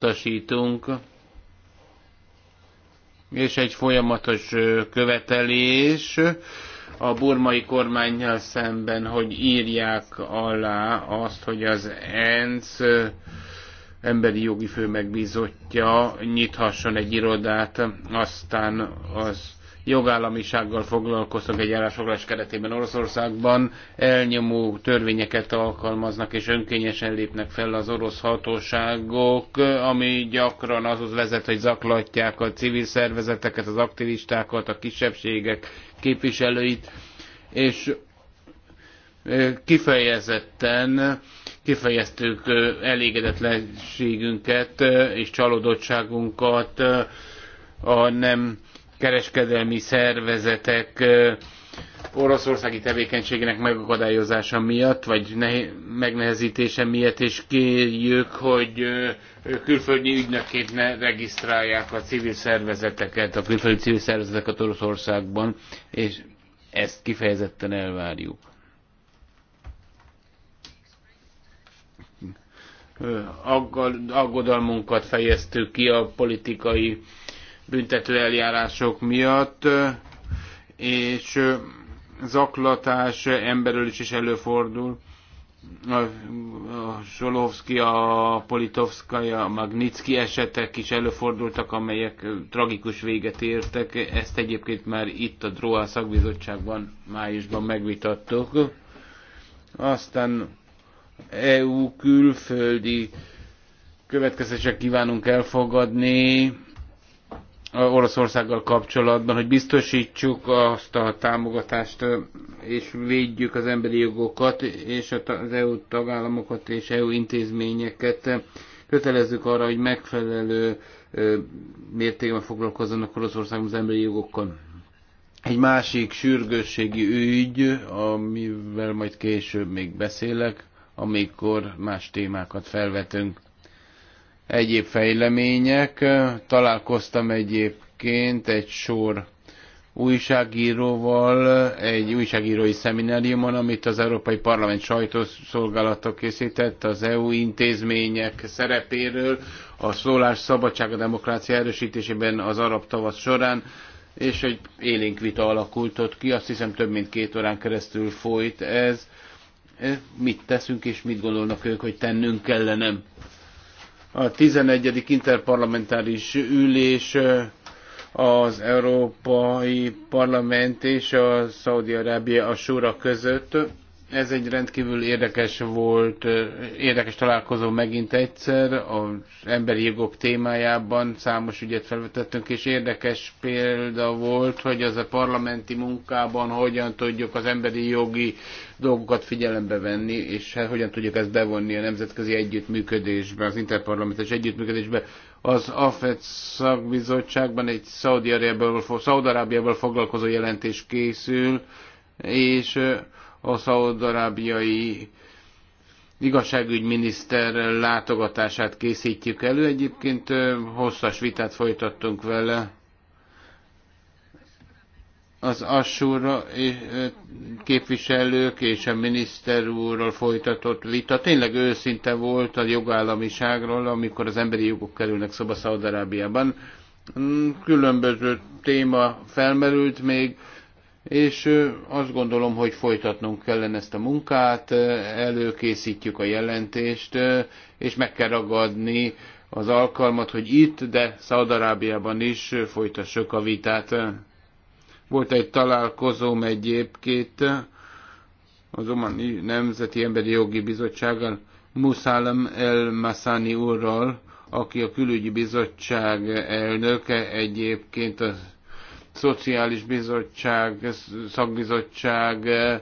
utasítunk, és egy folyamatos követelés a burmai kormányjal szemben, hogy írják alá azt, hogy az ENSZ emberi jogi főmegbízottja nyithasson egy irodát, aztán az jogállamisággal foglalkoztak egy állásfoglalás keretében Oroszországban, elnyomó törvényeket alkalmaznak és önkényesen lépnek fel az orosz hatóságok, ami gyakran azhoz vezet, hogy zaklatják a civil szervezeteket, az aktivistákat, a kisebbségek képviselőit, és kifejezetten kifejeztük elégedetlenségünket és csalódottságunkat a nem kereskedelmi szervezetek oroszországi tevékenységének megakadályozása miatt, vagy nehe- megnehezítése miatt, és kérjük, hogy külföldi ügynökként ne regisztrálják a civil szervezeteket, a külföldi civil szervezeteket Oroszországban, és ezt kifejezetten elvárjuk. Aggodalmunkat fejeztük ki a politikai büntető eljárások miatt, és zaklatás emberről is, is előfordul. A Solovski, a Politovszki, a Magnitsky esetek is előfordultak, amelyek tragikus véget értek. Ezt egyébként már itt a DROA szakbizottságban májusban megvitattuk. Aztán EU külföldi következtetések kívánunk elfogadni Oroszországgal kapcsolatban, hogy biztosítsuk azt a támogatást, és védjük az emberi jogokat, és az EU tagállamokat és EU intézményeket. Kötelezzük arra, hogy megfelelő mértékben foglalkozzanak Oroszország az emberi jogokkal. Egy másik sürgősségi ügy, amivel majd később még beszélek, amikor más témákat felvetünk egyéb fejlemények. Találkoztam egyébként egy sor újságíróval egy újságírói szemináriumon, amit az Európai Parlament sajtószolgálata készített az EU intézmények szerepéről, a szólás szabadság a demokrácia erősítésében az arab tavasz során, és egy élénk vita alakult ott ki, azt hiszem több mint két órán keresztül folyt ez. Mit teszünk és mit gondolnak ők, hogy tennünk kellene? A 11. interparlamentáris ülés az Európai Parlament és a Szaudi-Arábia a Sura között ez egy rendkívül érdekes volt, érdekes találkozó megint egyszer, az emberi jogok témájában számos ügyet felvetettünk, és érdekes példa volt, hogy az a parlamenti munkában hogyan tudjuk az emberi jogi dolgokat figyelembe venni, és hát hogyan tudjuk ezt bevonni a nemzetközi együttműködésbe, az interparlamentes együttműködésbe. Az AFED szakbizottságban egy Szaudarábiával foglalkozó jelentés készül, és a szaudarábiai igazságügyminiszter látogatását készítjük elő. Egyébként hosszas vitát folytattunk vele az Assúra képviselők és a miniszter úrral folytatott vita tényleg őszinte volt a jogállamiságról, amikor az emberi jogok kerülnek szoba Szaudarábiában. Mm, különböző téma felmerült még, és azt gondolom, hogy folytatnunk kellene ezt a munkát, előkészítjük a jelentést, és meg kell ragadni az alkalmat, hogy itt, de Szaudarábiában is folytassuk a vitát. Volt egy találkozóm egyébként az Omani Nemzeti Emberi Jogi Bizottsággal, Muszálem El Masani úrral, aki a külügyi bizottság elnöke egyébként az Szociális Bizottság, Szakbizottság eh,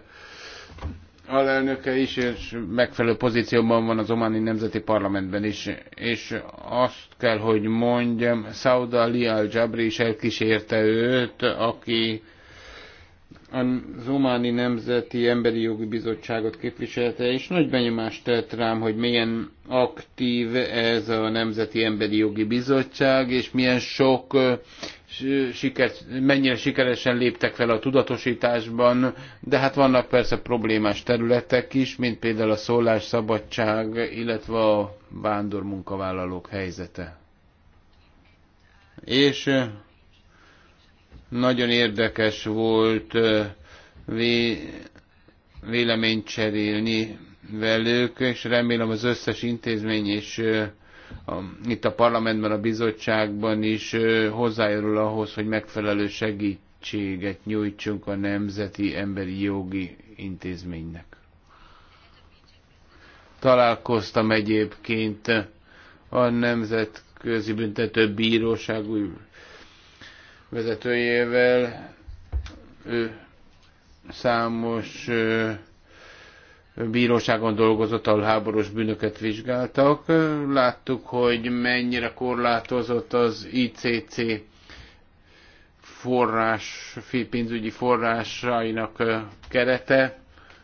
alelnöke is, és megfelelő pozícióban van az Ománi Nemzeti Parlamentben is, és azt kell, hogy mondjam, Sauda Ali al-Jabri is elkísérte őt, aki az Ománi Nemzeti Emberi Jogi Bizottságot képviselte, és nagy benyomást tett rám, hogy milyen aktív ez a Nemzeti Emberi Jogi Bizottság, és milyen sok eh, sikert, mennyire sikeresen léptek fel a tudatosításban, de hát vannak persze problémás területek is, mint például a szólásszabadság, illetve a vándor munkavállalók helyzete. És nagyon érdekes volt vé, véleményt cserélni velük, és remélem az összes intézmény és itt a parlamentben, a bizottságban is hozzájárul ahhoz, hogy megfelelő segítséget nyújtsunk a Nemzeti Emberi Jogi Intézménynek. Találkoztam egyébként a Nemzetközi Büntető Bíróság új vezetőjével. Ő számos bíróságon dolgozott, ahol háborús bűnöket vizsgáltak. Láttuk, hogy mennyire korlátozott az ICC forrás, pénzügyi forrásainak kerete,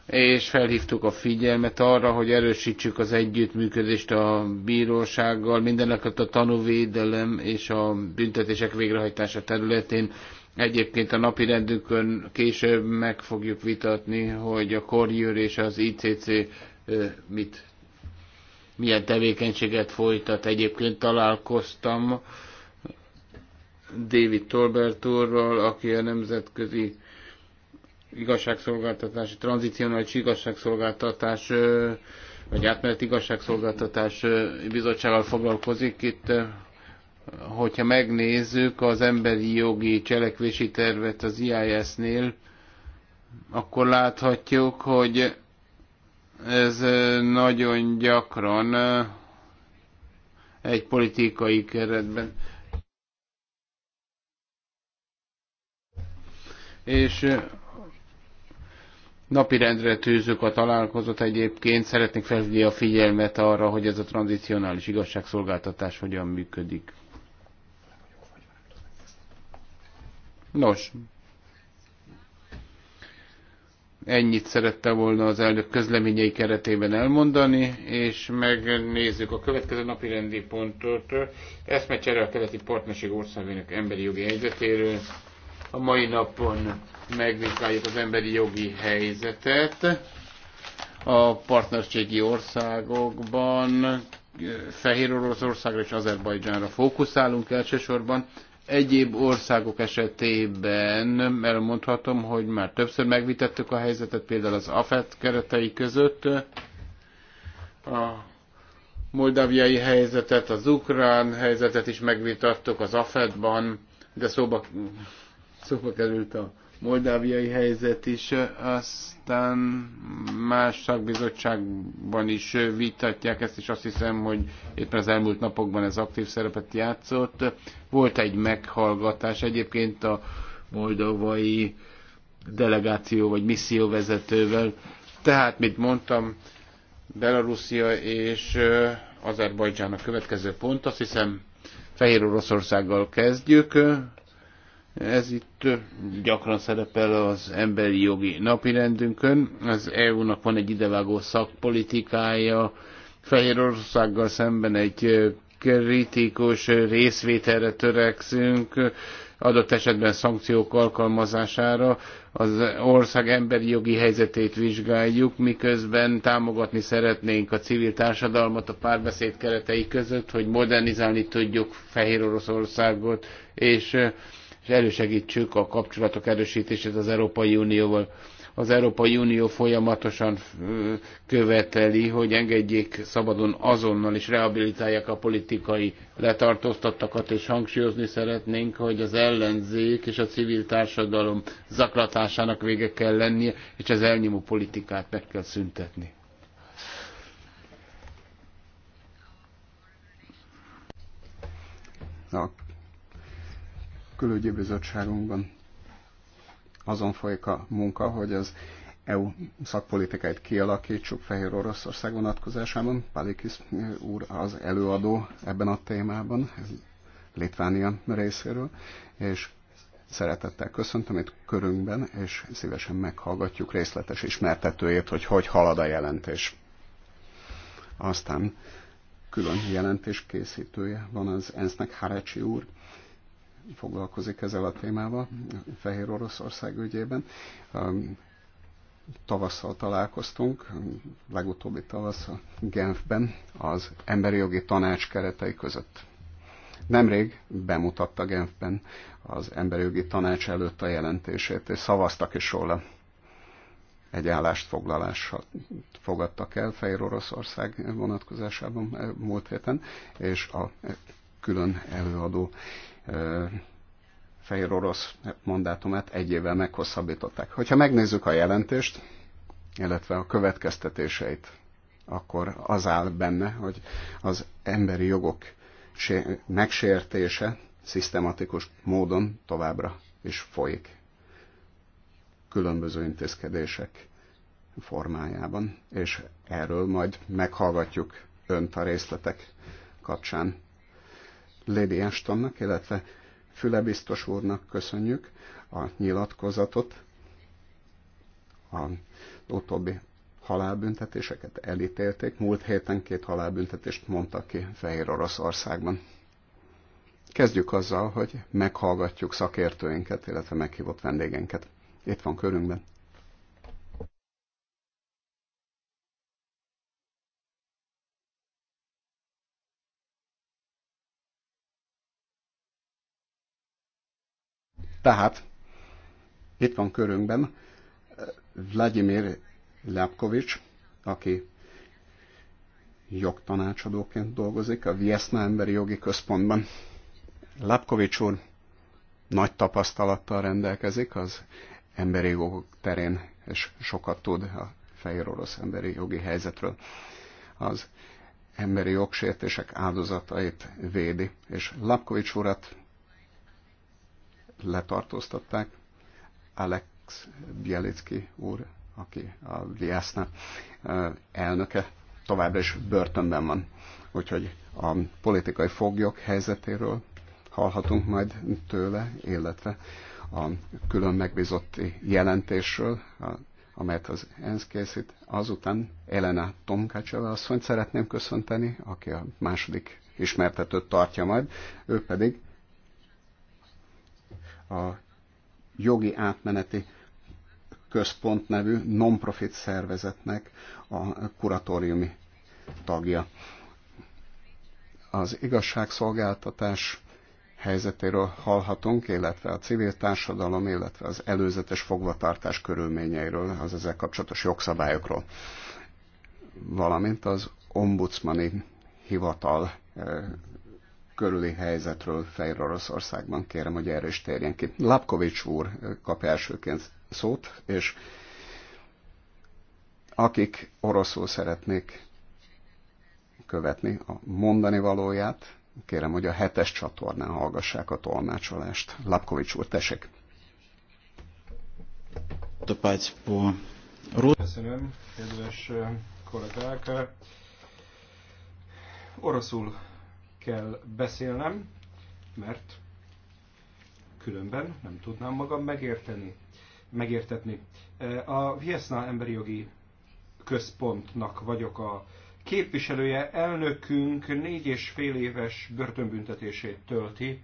és felhívtuk a figyelmet arra, hogy erősítsük az együttműködést a bírósággal, mindenek a tanúvédelem és a büntetések végrehajtása területén Egyébként a napi rendünkön később meg fogjuk vitatni, hogy a Korjőr és az ICC mit, milyen tevékenységet folytat. Egyébként találkoztam David Tolbert úrral, aki a nemzetközi Igazságszolgáltatási, tranzicionális igazságszolgáltatás vagy átmeneti igazságszolgáltatás bizottsággal foglalkozik. Itt hogyha megnézzük az emberi jogi cselekvési tervet az IIS-nél, akkor láthatjuk, hogy ez nagyon gyakran egy politikai keretben. És napirendre tűzök a találkozót egyébként. Szeretnék felhívni a figyelmet arra, hogy ez a tranzicionális igazságszolgáltatás hogyan működik. Nos, ennyit szerette volna az elnök közleményei keretében elmondani, és megnézzük a következő napi rendi pontot. Eszmecsere a keleti partnerség országainak emberi jogi helyzetéről. A mai napon megvizsgáljuk az emberi jogi helyzetet a partnerségi országokban, Fehér Oroszországra és Azerbajdzsánra fókuszálunk elsősorban. Egyéb országok esetében elmondhatom, hogy már többször megvitettük a helyzetet, például az AFET keretei között, a moldáviai helyzetet, az ukrán helyzetet is megvitattuk az AFET-ban, de szóba szóba került a moldáviai helyzet is, aztán más szakbizottságban is vitatják ezt, és azt hiszem, hogy éppen az elmúlt napokban ez aktív szerepet játszott. Volt egy meghallgatás egyébként a moldovai delegáció vagy misszió vezetővel. Tehát, mint mondtam, Belarusia és Azerbajdzsán a következő pont. Azt hiszem, Fehér Oroszországgal kezdjük. Ez itt gyakran szerepel az emberi jogi napirendünkön. Az EU-nak van egy idevágó szakpolitikája, Országgal szemben egy kritikus részvételre törekszünk, adott esetben szankciók alkalmazására, az ország emberi jogi helyzetét vizsgáljuk, miközben támogatni szeretnénk a civil társadalmat a párbeszéd keretei között, hogy modernizálni tudjuk Fehér Oroszországot, és elősegítsük a kapcsolatok erősítését az Európai Unióval. Az Európai Unió folyamatosan követeli, hogy engedjék szabadon azonnal is rehabilitálják a politikai letartóztattakat, és hangsúlyozni szeretnénk, hogy az ellenzék és a civil társadalom zaklatásának vége kell lennie, és az elnyomó politikát meg kell szüntetni. Na külügyi bizottságunkban azon folyik a munka, hogy az EU szakpolitikáit kialakítsuk Fehér Oroszország vonatkozásában. Palikis eh, úr az előadó ebben a témában, Litvánia részéről, és szeretettel köszöntöm itt körünkben, és szívesen meghallgatjuk részletes ismertetőjét, hogy hogy halad a jelentés. Aztán külön jelentés készítője van az ENSZ-nek Harecsi úr, foglalkozik ezzel a témával, Fehér Oroszország ügyében. Tavasszal találkoztunk, legutóbbi tavasz a Genfben, az Emberi Jogi Tanács keretei között. Nemrég bemutatta Genfben az Emberi Jogi Tanács előtt a jelentését, és szavaztak is róla egy állásfoglalással fogadtak el Fehér Oroszország vonatkozásában e, múlt héten, és a külön előadó fehér orosz mandátumát egy évvel meghosszabbították. Hogyha megnézzük a jelentést, illetve a következtetéseit, akkor az áll benne, hogy az emberi jogok megsértése szisztematikus módon továbbra is folyik. Különböző intézkedések formájában, és erről majd meghallgatjuk önt a részletek kapcsán Lady Ashtonnak, illetve Füle biztos úrnak köszönjük a nyilatkozatot, az utóbbi halálbüntetéseket elítélték. Múlt héten két halálbüntetést mondtak ki Fehér Oroszországban. Kezdjük azzal, hogy meghallgatjuk szakértőinket, illetve meghívott vendégeinket. Itt van körünkben. Tehát itt van körünkben eh, Vladimir Lepkovics, aki jogtanácsadóként dolgozik a Vieszna Emberi Jogi Központban. Lepkovics úr nagy tapasztalattal rendelkezik az emberi jogok terén, és sokat tud a fehér orosz emberi jogi helyzetről. Az emberi jogsértések áldozatait védi, és Lapkovics urat letartóztatták. Alex Bielicki úr, aki a Diászna elnöke, továbbra is börtönben van. Úgyhogy a politikai foglyok helyzetéről hallhatunk majd tőle, illetve a külön megbízott jelentésről, amelyet az ENSZ készít. Azután Elena Tomkácseva asszonyt szeretném köszönteni, aki a második ismertetőt tartja majd, ő pedig a jogi átmeneti központ nevű non-profit szervezetnek a kuratóriumi tagja. Az igazságszolgáltatás helyzetéről hallhatunk, illetve a civil társadalom, illetve az előzetes fogvatartás körülményeiről, az ezzel kapcsolatos jogszabályokról, valamint az ombudsmani hivatal eh, körüli helyzetről Fejr Oroszországban kérem, hogy erre is térjen ki. Lapkovics úr kap elsőként szót, és akik oroszul szeretnék követni a mondani valóját, kérem, hogy a hetes csatornán hallgassák a tolmácsolást. Lapkovics úr, tessék! Köszönöm, kedves kollégák! Oroszul kell beszélnem, mert különben nem tudnám magam megérteni, megértetni. E, a Viesna Emberi Jogi Központnak vagyok a képviselője, elnökünk négy és fél éves börtönbüntetését tölti,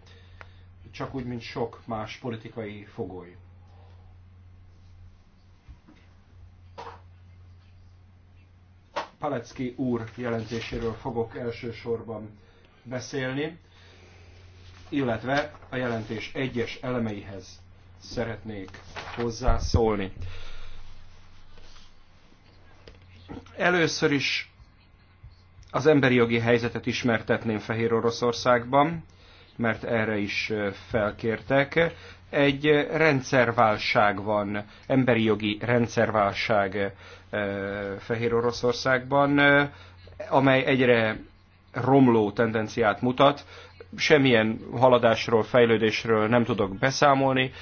csak úgy, mint sok más politikai fogoly. Palecki úr jelentéséről fogok elsősorban beszélni, illetve a jelentés egyes elemeihez szeretnék hozzászólni. Először is az emberi jogi helyzetet ismertetném Fehér Oroszországban, mert erre is felkértek. Egy rendszerválság van, emberi jogi rendszerválság Fehér Oroszországban, amely egyre romló tendenciát mutat. Semmilyen haladásról, fejlődésről nem tudok beszámolni.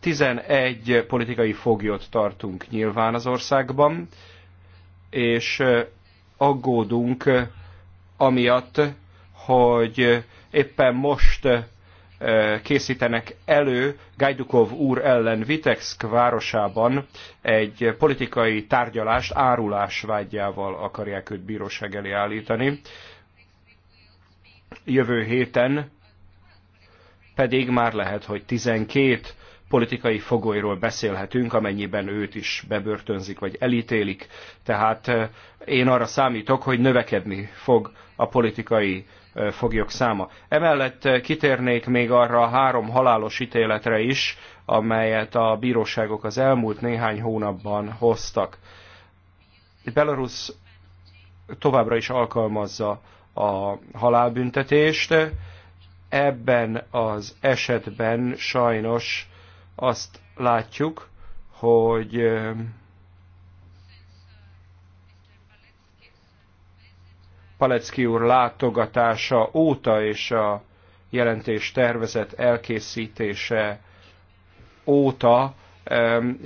11 politikai foglyot tartunk nyilván az országban, és aggódunk amiatt, hogy éppen most készítenek elő Gajdukov úr ellen Vitexk városában egy politikai tárgyalást árulás vágyával akarják őt bíróság elé állítani. Jövő héten pedig már lehet, hogy 12 politikai fogolyról beszélhetünk, amennyiben őt is bebörtönzik vagy elítélik. Tehát eh, én arra számítok, hogy növekedni fog a politikai eh, foglyok száma. Emellett eh, kitérnék még arra a három halálos ítéletre is, amelyet a bíróságok az elmúlt néhány hónapban hoztak. Belarus továbbra is alkalmazza a halálbüntetést. Ebben az esetben sajnos azt látjuk, hogy eh, Palecki úr látogatása óta és a jelentés tervezet elkészítése óta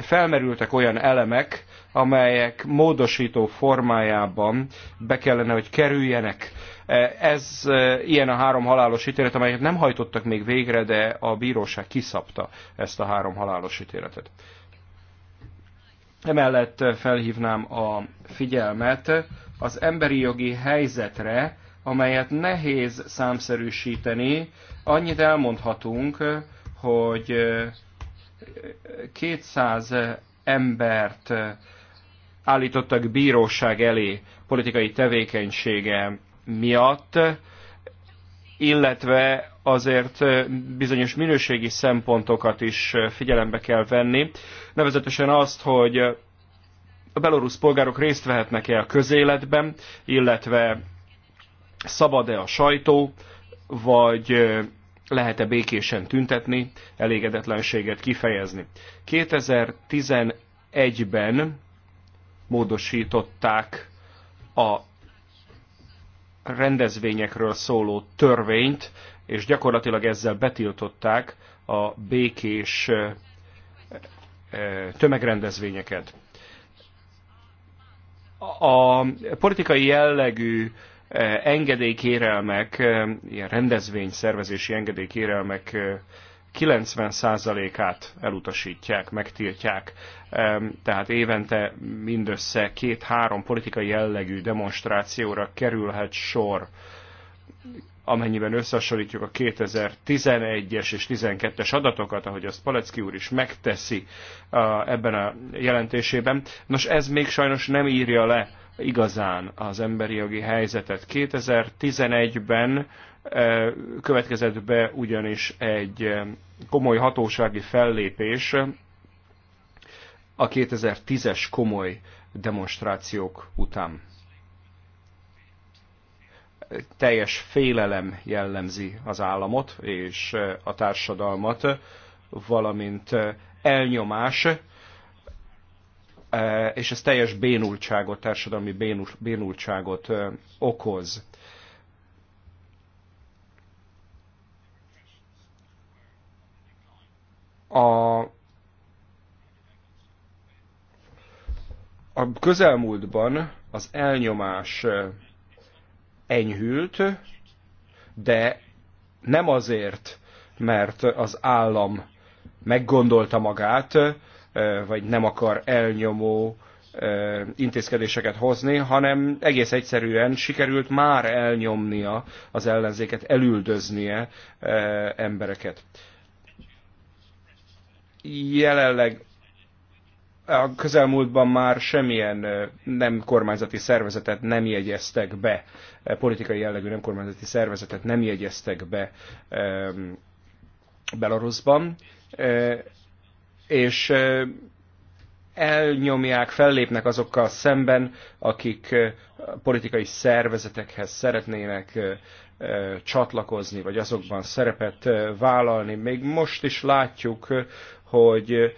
felmerültek olyan elemek, amelyek módosító formájában be kellene, hogy kerüljenek. E, ez e, ilyen a három halálos ítélet, amelyet nem hajtottak még végre, de a bíróság kiszabta ezt a három halálos ítéletet. Emellett felhívnám a figyelmet az emberi jogi helyzetre, amelyet nehéz számszerűsíteni. Annyit elmondhatunk, hogy 200 embert állítottak bíróság elé politikai tevékenysége miatt, illetve azért bizonyos minőségi szempontokat is figyelembe kell venni, nevezetesen azt, hogy a belorusz polgárok részt vehetnek-e a közéletben, illetve szabad-e a sajtó, vagy lehet-e békésen tüntetni, elégedetlenséget kifejezni. 2011-ben módosították a rendezvényekről szóló törvényt, és gyakorlatilag ezzel betiltották a békés tömegrendezvényeket. A politikai jellegű Eh, engedélykérelmek, eh, ilyen szervezési engedélykérelmek 90%-át eh, elutasítják, megtiltják. Tehát évente mindössze két-három politikai jellegű demonstrációra kerülhet sor amennyiben összehasonlítjuk a 2011-es és 12-es adatokat, ahogy azt Palecki úr is megteszi ebben a jelentésében. Nos, ez még sajnos nem írja le igazán az emberi jogi helyzetet. 2011-ben eh, következett be ugyanis egy eh, komoly hatósági fellépés a 2010-es komoly demonstrációk után. Teljes félelem jellemzi az államot és eh, a társadalmat, valamint elnyomás, Eh, és ez teljes bénultságot, társadalmi bénul, bénultságot eh, okoz. A, a közelmúltban az elnyomás eh, enyhült, de nem azért, mert az állam meggondolta magát, vagy nem akar elnyomó intézkedéseket hozni, hanem egész egyszerűen sikerült már elnyomnia az ellenzéket, elüldöznie embereket. Jelenleg a közelmúltban már semmilyen nem kormányzati szervezetet nem jegyeztek be, politikai jellegű nem kormányzati szervezetet nem jegyeztek be Belarusban és elnyomják, fellépnek azokkal szemben, akik politikai szervezetekhez szeretnének csatlakozni, vagy azokban szerepet vállalni. Még most is látjuk, hogy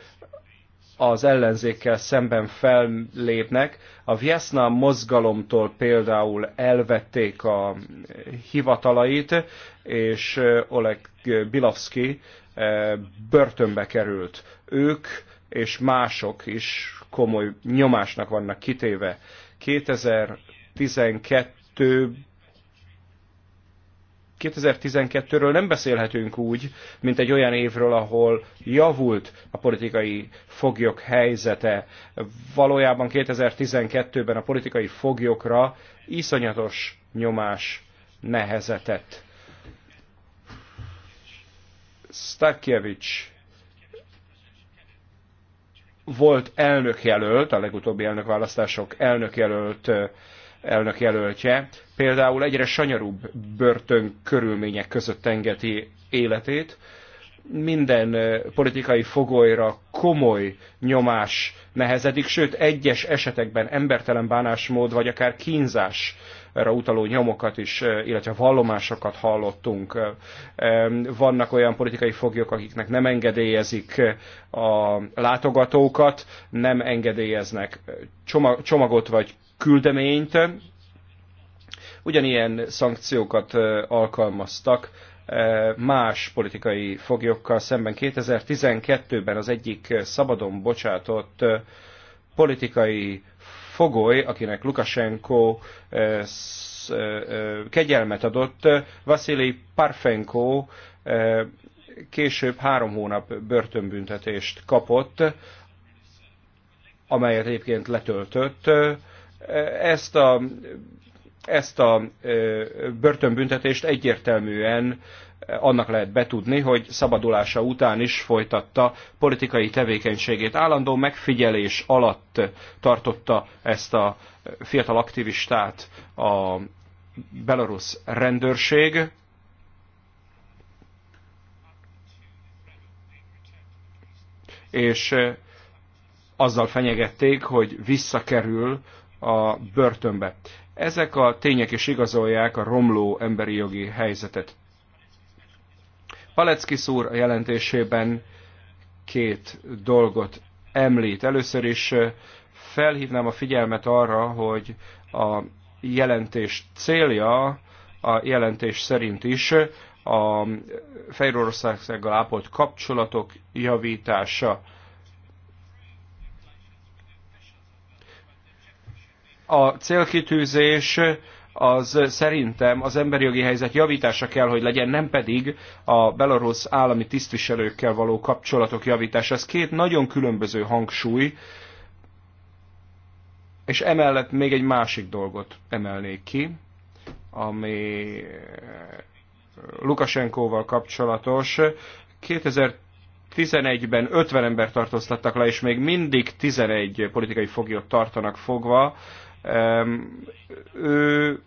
az ellenzékkel szemben fellépnek. A Vietnam mozgalomtól például elvették a hivatalait, és Oleg Bilavski börtönbe került ők és mások is komoly nyomásnak vannak kitéve. 2012 2012-ről nem beszélhetünk úgy, mint egy olyan évről, ahol javult a politikai foglyok helyzete. Valójában 2012-ben a politikai foglyokra iszonyatos nyomás nehezetett. Starkiewicz volt elnökjelölt, a legutóbbi elnökválasztások elnökjelölt elnökjelöltje például egyre sanyarúbb börtön körülmények között engeti életét. Minden politikai fogolyra komoly nyomás nehezedik, sőt egyes esetekben embertelen bánásmód vagy akár kínzás erre utaló nyomokat is, eh, illetve vallomásokat hallottunk. Eh, vannak olyan politikai foglyok, akiknek nem engedélyezik eh, a látogatókat, nem engedélyeznek csomagot vagy küldeményt. Ugyanilyen szankciókat alkalmaztak más politikai foglyokkal szemben. 2012-ben az egyik szabadon bocsátott politikai fogoly, akinek Lukashenko eh, eh, eh, kegyelmet adott, Vasili Parfenko később három hónap börtönbüntetést kapott, amelyet egyébként letöltött. Ezt a, ezt a börtönbüntetést egyértelműen annak lehet betudni, hogy szabadulása után is folytatta politikai tevékenységét. Állandó megfigyelés alatt tartotta ezt a fiatal aktivistát a belarusz rendőrség. És eh, azzal fenyegették, hogy visszakerül a börtönbe. Ezek a tények is igazolják a romló emberi jogi helyzetet. Palecki úr a jelentésében két dolgot említ. Először is felhívnám a figyelmet arra, hogy a jelentés célja a jelentés szerint is a Fejrországszággal ápolt kapcsolatok javítása. A célkitűzés az szerintem az emberi jogi helyzet javítása kell, hogy legyen, nem pedig a belorosz állami tisztviselőkkel való kapcsolatok javítása. Ez két nagyon különböző hangsúly, és emellett még egy másik dolgot emelnék ki, ami Lukasenkóval kapcsolatos. 2011-ben 50 ember tartóztattak le, és még mindig 11 politikai foglyot tartanak fogva ő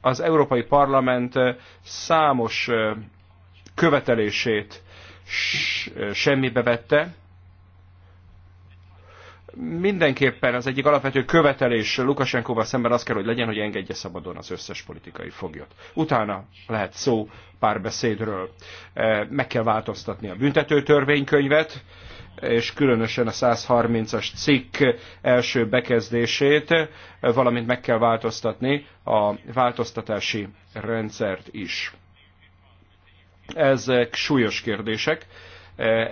az Európai Parlament számos követelését semmibe vette. Mindenképpen az egyik alapvető követelés Lukasenkóval szemben az kell, hogy legyen, hogy engedje szabadon az összes politikai foglyot. Utána lehet szó párbeszédről. Meg kell változtatni a büntető törvénykönyvet, és különösen a 130-as cikk első bekezdését, valamint meg kell változtatni a változtatási rendszert is. Ezek súlyos kérdések.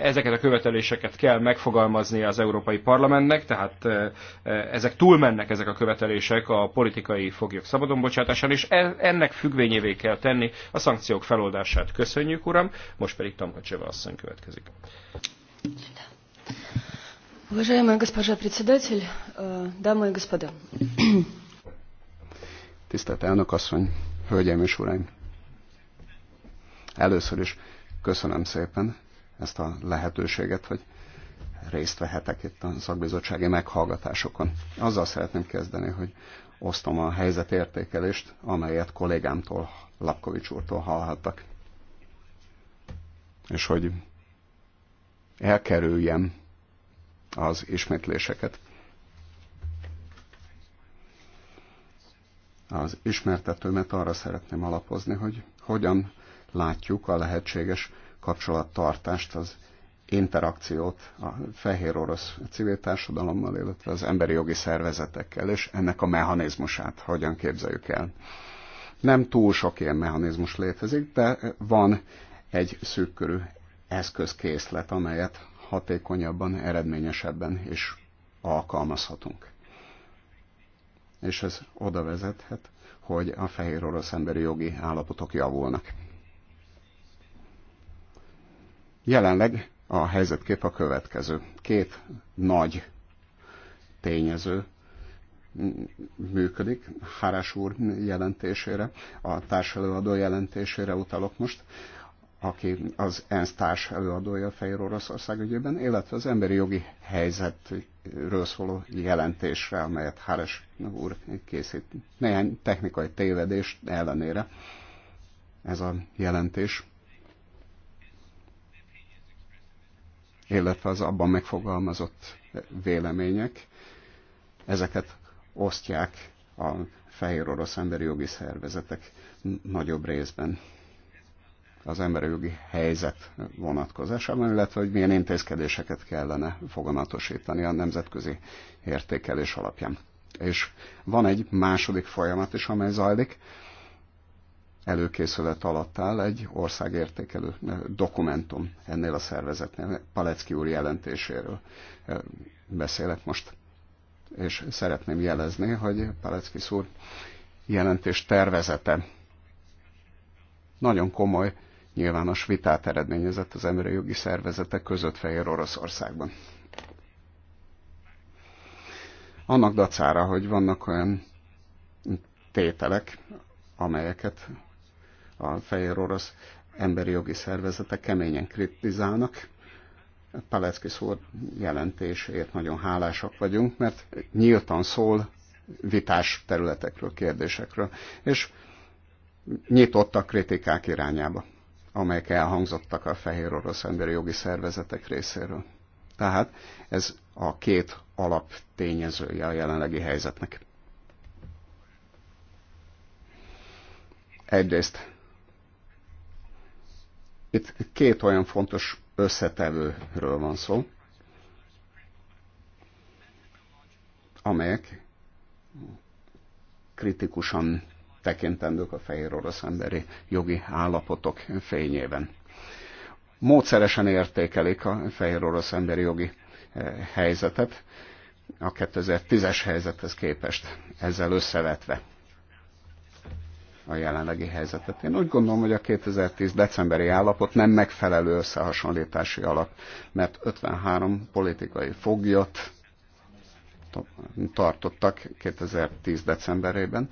Ezeket a követeléseket kell megfogalmazni az Európai Parlamentnek, tehát e, ezek túlmennek ezek a követelések a politikai foglyok szabadonbocsátásán, és e, ennek függvényévé kell tenni a szankciók feloldását. Köszönjük, uram! Most pedig Cseva asszony következik. Köszönöm. Уважаемая госпожа председатель, э, дамы и господа. Tisztelt elnök asszony, hölgyeim és uraim! Először is köszönöm szépen ezt a lehetőséget, hogy részt vehetek itt a szakbizottsági meghallgatásokon. Azzal szeretném kezdeni, hogy osztom a helyzetértékelést, amelyet kollégámtól, Lapkovics úrtól hallhattak. És hogy elkerüljem az ismétléseket. Az ismertetőmet arra szeretném alapozni, hogy hogyan látjuk a lehetséges kapcsolattartást, az interakciót a fehér orosz civil társadalommal, illetve az emberi jogi szervezetekkel, és ennek a mechanizmusát hogyan képzeljük el. Nem túl sok ilyen mechanizmus létezik, de van egy szűkörű eszközkészlet, amelyet hatékonyabban, eredményesebben is alkalmazhatunk. És ez oda vezethet, hogy a fehér orosz emberi jogi állapotok javulnak. Jelenleg a helyzetkép a következő. Két nagy tényező működik, Hárás úr jelentésére, a társadalmadó jelentésére utalok most aki az ENSZ társ előadója Fehér Oroszország ügyében, illetve az emberi jogi helyzetről szóló jelentésre, amelyet Háres úr készít. Néhány technikai tévedés ellenére ez a jelentés, illetve az abban megfogalmazott vélemények, ezeket osztják a fehér orosz emberi jogi szervezetek nagyobb részben az emberi jogi helyzet vonatkozásában, illetve hogy milyen intézkedéseket kellene foganatosítani a nemzetközi értékelés alapján. És van egy második folyamat is, amely zajlik. Előkészület alatt áll egy országértékelő eh, dokumentum ennél a szervezetnél. Palecki úr jelentéséről eh, beszélek most. És szeretném jelezni, hogy Palecki úr jelentés tervezete nagyon komoly nyilvános vitát eredményezett az emberi jogi szervezetek között Fehér Oroszországban. Annak dacára, hogy vannak olyan tételek, amelyeket a Fehér Orosz emberi jogi szervezetek keményen kritizálnak, Palecki szór jelentésért nagyon hálásak vagyunk, mert nyíltan szól vitás területekről, kérdésekről, és nyitott a kritikák irányába amelyek elhangzottak a fehér orosz emberi jogi szervezetek részéről. Tehát ez a két alap tényezője a jelenlegi helyzetnek. Egyrészt itt két olyan fontos összetevőről van szó, amelyek kritikusan tekintendők a fehér orosz emberi jogi állapotok fényében. Módszeresen értékelik a fehér orosz emberi jogi eh, helyzetet a 2010-es helyzethez képest, ezzel összevetve a jelenlegi helyzetet. Én úgy gondolom, hogy a 2010 decemberi állapot nem megfelelő összehasonlítási alap, mert 53 politikai foglyot tartottak 2010 decemberében,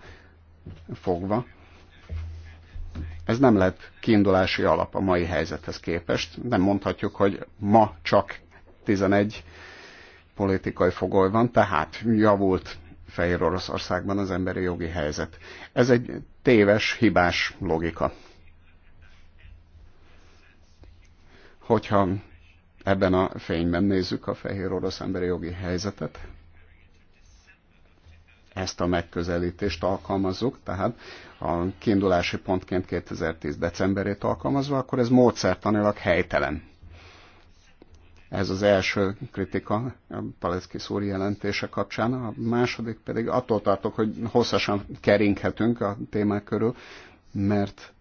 fogva ez nem lett kiindulási alap a mai helyzethez képest. Nem mondhatjuk, hogy ma csak 11 politikai fogoly van, tehát javult Fehér Oroszországban az emberi jogi helyzet. Ez egy téves, hibás logika. Hogyha ebben a fényben nézzük a fehér orosz emberi jogi helyzetet, ezt a megközelítést alkalmazzuk, tehát a kiindulási pontként 2010. decemberét alkalmazva, akkor ez módszertanilag helytelen. Ez az első kritika a Paleszki szúri jelentése kapcsán, a második pedig attól tartok, hogy hosszasan keringhetünk a témák körül, mert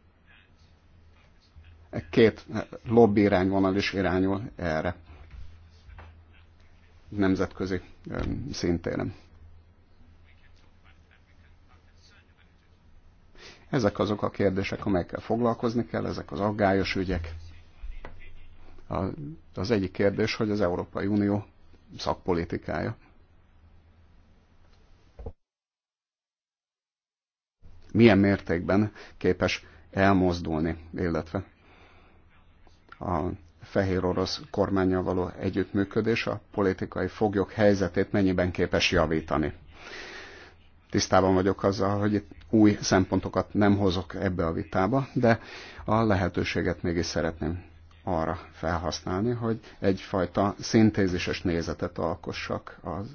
két lobby irányvonal is irányul erre nemzetközi szintéren. Ezek azok a kérdések, amelyekkel foglalkozni kell, ezek az aggályos ügyek. Az egyik kérdés, hogy az Európai Unió szakpolitikája. Milyen mértékben képes elmozdulni, illetve a fehér orosz kormányjal való együttműködés a politikai foglyok helyzetét mennyiben képes javítani tisztában vagyok azzal, hogy itt új szempontokat nem hozok ebbe a vitába, de a lehetőséget mégis szeretném arra felhasználni, hogy egyfajta szintézises nézetet alkossak az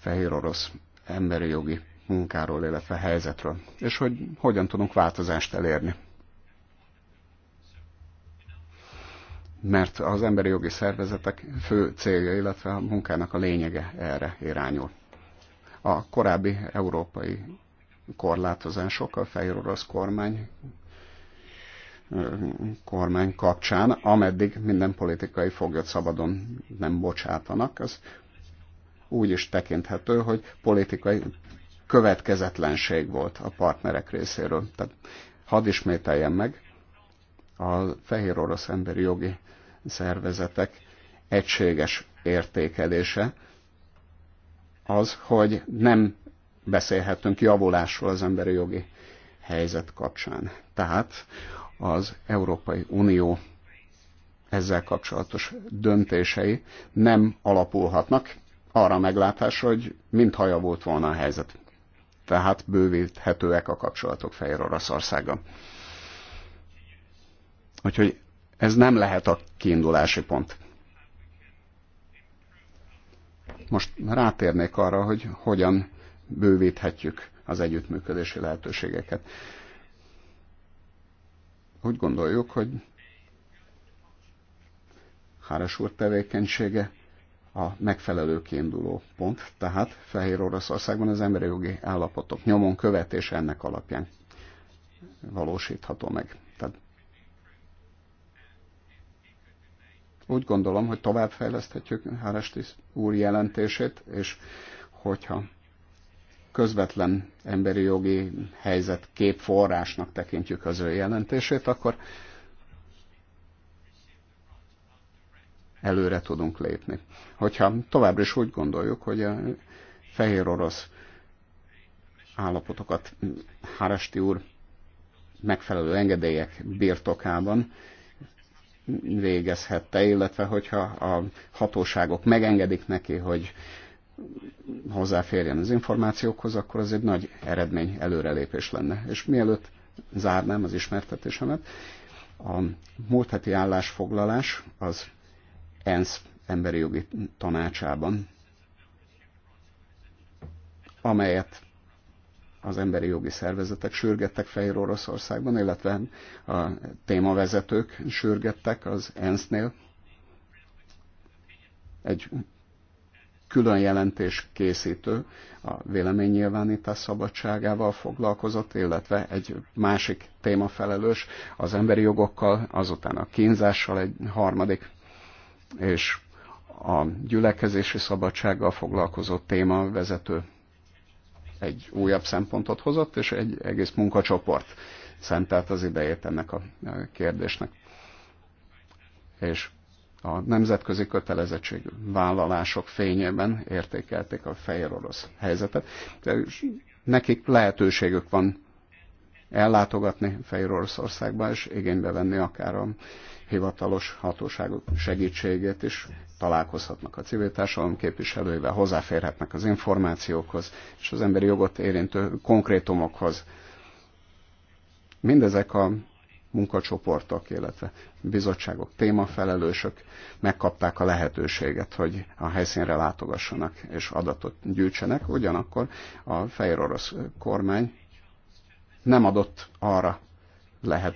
fehér orosz emberi jogi munkáról, illetve helyzetről, és hogy hogyan tudunk változást elérni. Mert az emberi jogi szervezetek fő célja, illetve a munkának a lényege erre irányul a korábbi európai korlátozások a fehér orosz kormány kormány kapcsán, ameddig minden politikai foglyot szabadon nem bocsátanak, az úgy is tekinthető, hogy politikai következetlenség volt a partnerek részéről. Tehát hadd ismételjem meg, a fehér orosz emberi jogi szervezetek egységes értékelése az, hogy nem beszélhetünk javulásról az emberi jogi helyzet kapcsán. Tehát az Európai Unió ezzel kapcsolatos döntései nem alapulhatnak arra a meglátásra, hogy mintha javult volna a helyzet. Tehát bővíthetőek a kapcsolatok Fehér Oroszországa. Úgyhogy ez nem lehet a kiindulási pont. Most rátérnék arra, hogy hogyan bővíthetjük az együttműködési lehetőségeket. Úgy gondoljuk, hogy Háres úr tevékenysége a megfelelő kiinduló pont, tehát Fehér Oroszországban az emberi jogi állapotok nyomon követése ennek alapján valósítható meg. Úgy gondolom, hogy továbbfejleszthetjük Hárestis úr jelentését, és hogyha közvetlen emberi jogi helyzet képforrásnak tekintjük az ő jelentését, akkor előre tudunk lépni. Hogyha továbbra is úgy gondoljuk, hogy a fehér orosz állapotokat Háresti úr megfelelő engedélyek birtokában végezhette, illetve hogyha a hatóságok megengedik neki, hogy hozzáférjen az információkhoz, akkor az egy nagy eredmény, előrelépés lenne. És mielőtt zárnám az ismertetésemet, a múlt heti állásfoglalás az ENSZ emberi jogi tanácsában, amelyet az emberi jogi szervezetek sürgettek Fehér Oroszországban, illetve a témavezetők sürgettek az ENSZ-nél. Egy külön jelentés készítő a véleménynyilvánítás szabadságával foglalkozott, illetve egy másik témafelelős az emberi jogokkal, azután a kínzással egy harmadik, és a gyülekezési szabadsággal foglalkozó témavezető egy újabb szempontot hozott, és egy egész munkacsoport szentelt az idejét ennek a e, kérdésnek. És a nemzetközi kötelezettség vállalások fényében értékelték a fehér orosz helyzetet. De nekik lehetőségük van ellátogatni Fehér Oroszországba, és igénybe venni akár a hivatalos hatóságok segítségét is találkozhatnak a civil társadalom képviselőivel, hozzáférhetnek az információkhoz és az emberi jogot érintő konkrétumokhoz. Mindezek a munkacsoportok, illetve bizottságok, témafelelősök megkapták a lehetőséget, hogy a helyszínre látogassanak és adatot gyűjtsenek, ugyanakkor a fehér orosz kormány nem adott arra lehet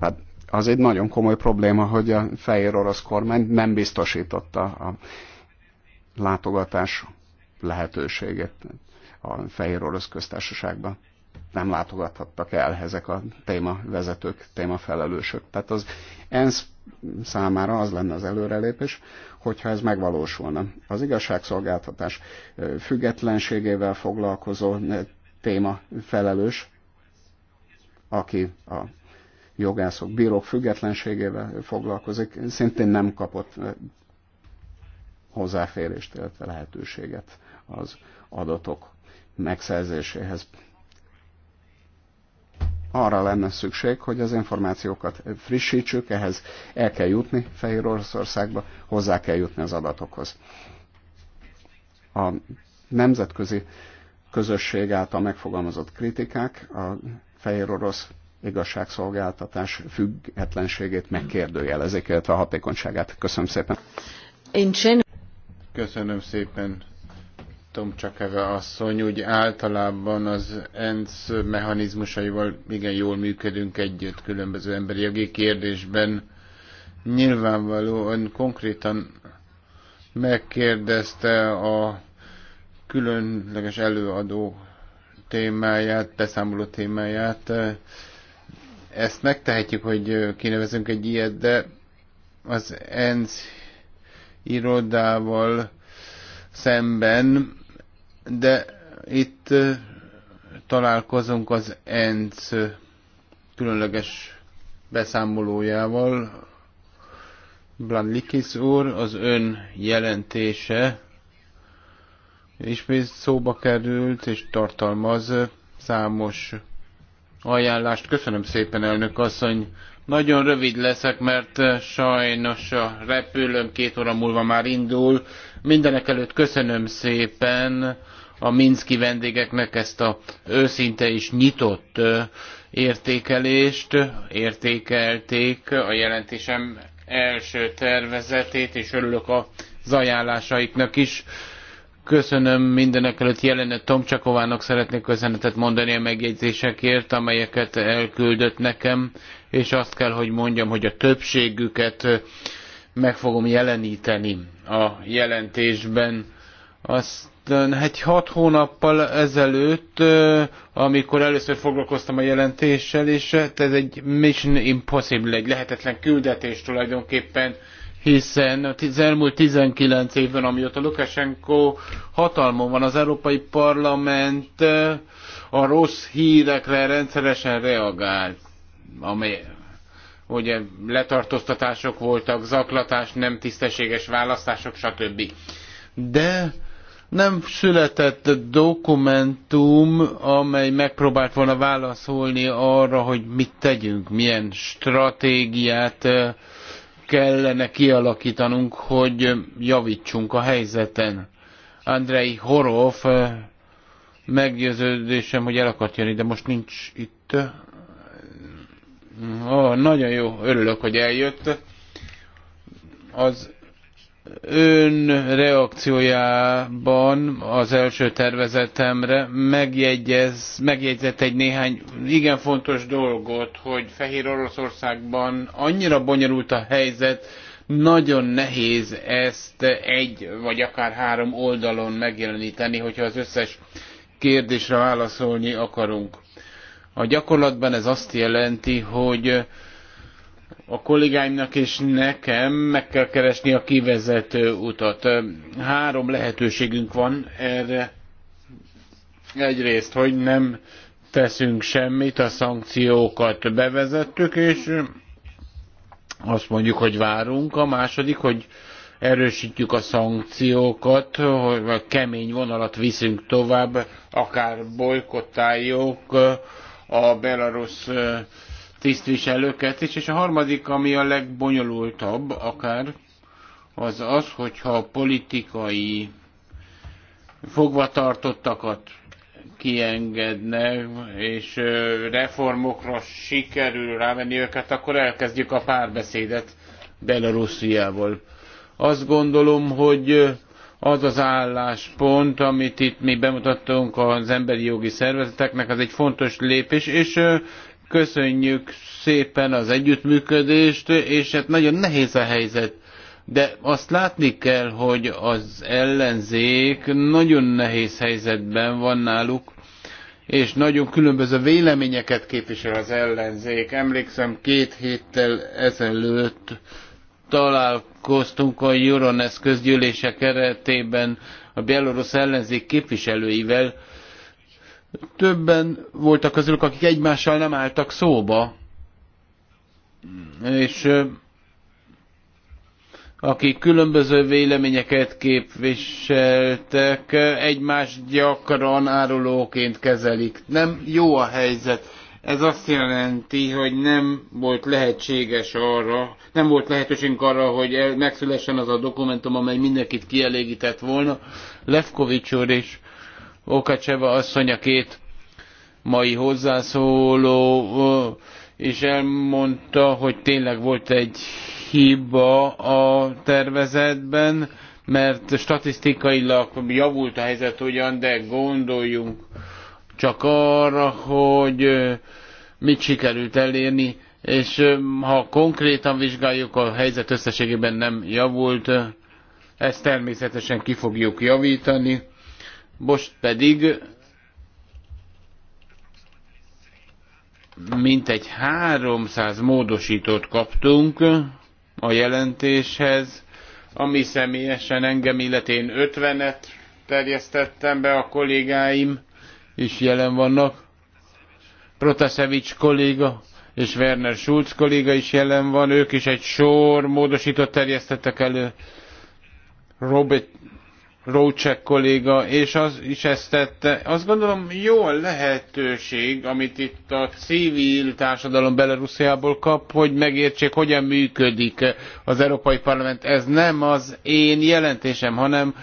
Hát az egy nagyon komoly probléma, hogy a fehér orosz kormány nem biztosította a látogatás lehetőséget a fehér orosz köztársaságban. Nem látogathattak el ezek a témavezetők, témafelelősök. Tehát az ENSZ számára az lenne az előrelépés, hogyha ez megvalósulna. Az igazságszolgáltatás függetlenségével foglalkozó téma felelős, aki a jogászok, bírók függetlenségével foglalkozik, szintén nem kapott eh, hozzáférést, illetve lehetőséget az adatok megszerzéséhez. Arra lenne szükség, hogy az információkat frissítsük, ehhez el kell jutni Fehér Oroszországba, hozzá kell jutni az adatokhoz. A nemzetközi közösség által megfogalmazott kritikák a fehér orosz igazságszolgáltatás függetlenségét megkérdőjelezik, illetve a hatékonyságát. Köszönöm szépen. Köszönöm szépen. Tom Csakeve asszony, úgy általában az ENSZ mechanizmusaival igen jól működünk együtt különböző emberi jogi kérdésben. Nyilvánvalóan konkrétan megkérdezte a különleges előadó témáját, beszámoló témáját, ezt megtehetjük, hogy kinevezünk egy ilyet, de az ENSZ irodával szemben, de itt találkozunk az ENSZ különleges beszámolójával. Blanlikis úr, az ön jelentése ismét szóba került és tartalmaz számos ajánlást. Köszönöm szépen, elnök asszony. Nagyon rövid leszek, mert eh, sajnos a repülőm két óra múlva már indul. Mindenek előtt köszönöm szépen a Minszki vendégeknek ezt a őszinte és nyitott eh, értékelést. Értékelték a jelentésem első tervezetét, és örülök a ajánlásaiknak is. Köszönöm mindenekelőtt előtt jelenet Tomcsakovának szeretnék köszönetet mondani a megjegyzésekért, amelyeket elküldött nekem, és azt kell, hogy mondjam, hogy a többségüket meg fogom jeleníteni a jelentésben. Aztán egy hat hónappal ezelőtt, amikor először foglalkoztam a jelentéssel, és ez egy mission impossible, egy lehetetlen küldetés tulajdonképpen, hiszen az elmúlt 19 évben, amióta Lukashenko hatalmon van, az Európai Parlament a rossz hírekre rendszeresen reagál, amely ugye letartóztatások voltak, zaklatás, nem tisztességes választások, stb. De nem született dokumentum, amely megpróbált volna válaszolni arra, hogy mit tegyünk, milyen stratégiát kellene kialakítanunk, hogy javítsunk a helyzeten. Andrei Horov eh, meggyőződésem, hogy el akart jönni, de most nincs itt. Oh, nagyon jó, örülök, hogy eljött. Az ön reakciójában az első tervezetemre megjegyez, megjegyzett egy néhány igen fontos dolgot, hogy Fehér Oroszországban annyira bonyolult a helyzet, nagyon nehéz ezt egy vagy akár három oldalon megjeleníteni, hogyha az összes kérdésre válaszolni akarunk. A gyakorlatban ez azt jelenti, hogy a kollégáimnak és nekem meg kell keresni a kivezető utat. Három lehetőségünk van erre. Egyrészt, hogy nem teszünk semmit, a szankciókat bevezettük, és azt mondjuk, hogy várunk. A második, hogy erősítjük a szankciókat, hogy a kemény vonalat viszünk tovább, akár bolykottáljuk a belarusz tisztviselőket is, és a harmadik, ami a legbonyolultabb akár, az az, hogyha politikai fogvatartottakat kiengednek, és reformokra sikerül rávenni őket, akkor elkezdjük a párbeszédet Belarusziával. Azt gondolom, hogy az az álláspont, amit itt mi bemutattunk az emberi jogi szervezeteknek, az egy fontos lépés, és Köszönjük szépen az együttműködést, és hát nagyon nehéz a helyzet. De azt látni kell, hogy az ellenzék nagyon nehéz helyzetben van náluk, és nagyon különböző véleményeket képvisel az ellenzék. Emlékszem, két héttel ezelőtt találkoztunk a Euronesz közgyűlése keretében a belorusz ellenzék képviselőivel, Többen voltak közülük, akik egymással nem álltak szóba, és akik különböző véleményeket képviseltek, egymást gyakran árulóként kezelik. Nem jó a helyzet. Ez azt jelenti, hogy nem volt lehetséges arra, nem volt lehetőségünk arra, hogy megszülessen az a dokumentum, amely mindenkit kielégített volna. Lefkovics úr is Okacseva asszony a két mai hozzászóló, és elmondta, hogy tényleg volt egy hiba a tervezetben, mert statisztikailag javult a helyzet ugyan, de gondoljunk csak arra, hogy mit sikerült elérni, és ha konkrétan vizsgáljuk, a helyzet összességében nem javult, ezt természetesen ki fogjuk javítani most pedig mintegy 300 módosítót kaptunk a jelentéshez, ami személyesen engem illetén 50-et terjesztettem be, a kollégáim is jelen vannak. Protasevics kolléga és Werner Schulz kolléga is jelen van, ők is egy sor módosított terjesztettek elő. Robert Rócsek kolléga, és az is ezt tette. Azt gondolom, jó a lehetőség, amit itt a civil társadalom Belarusziából kap, hogy megértsék, hogyan működik az Európai Parlament. Ez nem az én jelentésem, hanem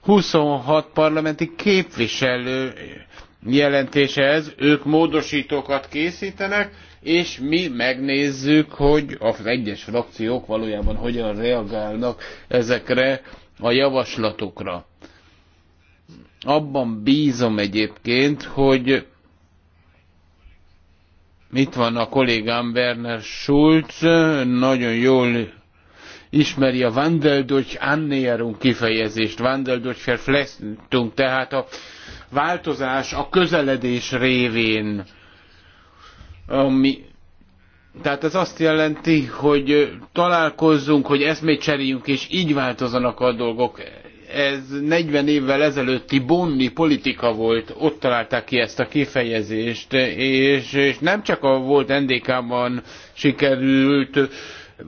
26 parlamenti képviselő jelentése ez. Ők módosítókat készítenek, és mi megnézzük, hogy az egyes frakciók valójában hogyan reagálnak ezekre a javaslatokra. Abban bízom egyébként, hogy itt van a kollégám Werner Schulz, nagyon jól ismeri a Wandeldurch Annäherung kifejezést, Wandeldurch Verflechtung, tehát a változás a közeledés révén, ami tehát ez azt jelenti, hogy találkozzunk, hogy eszmét cseréljünk, és így változanak a dolgok. Ez 40 évvel ezelőtti bonni politika volt, ott találták ki ezt a kifejezést, és, és nem csak a volt NDK-ban sikerült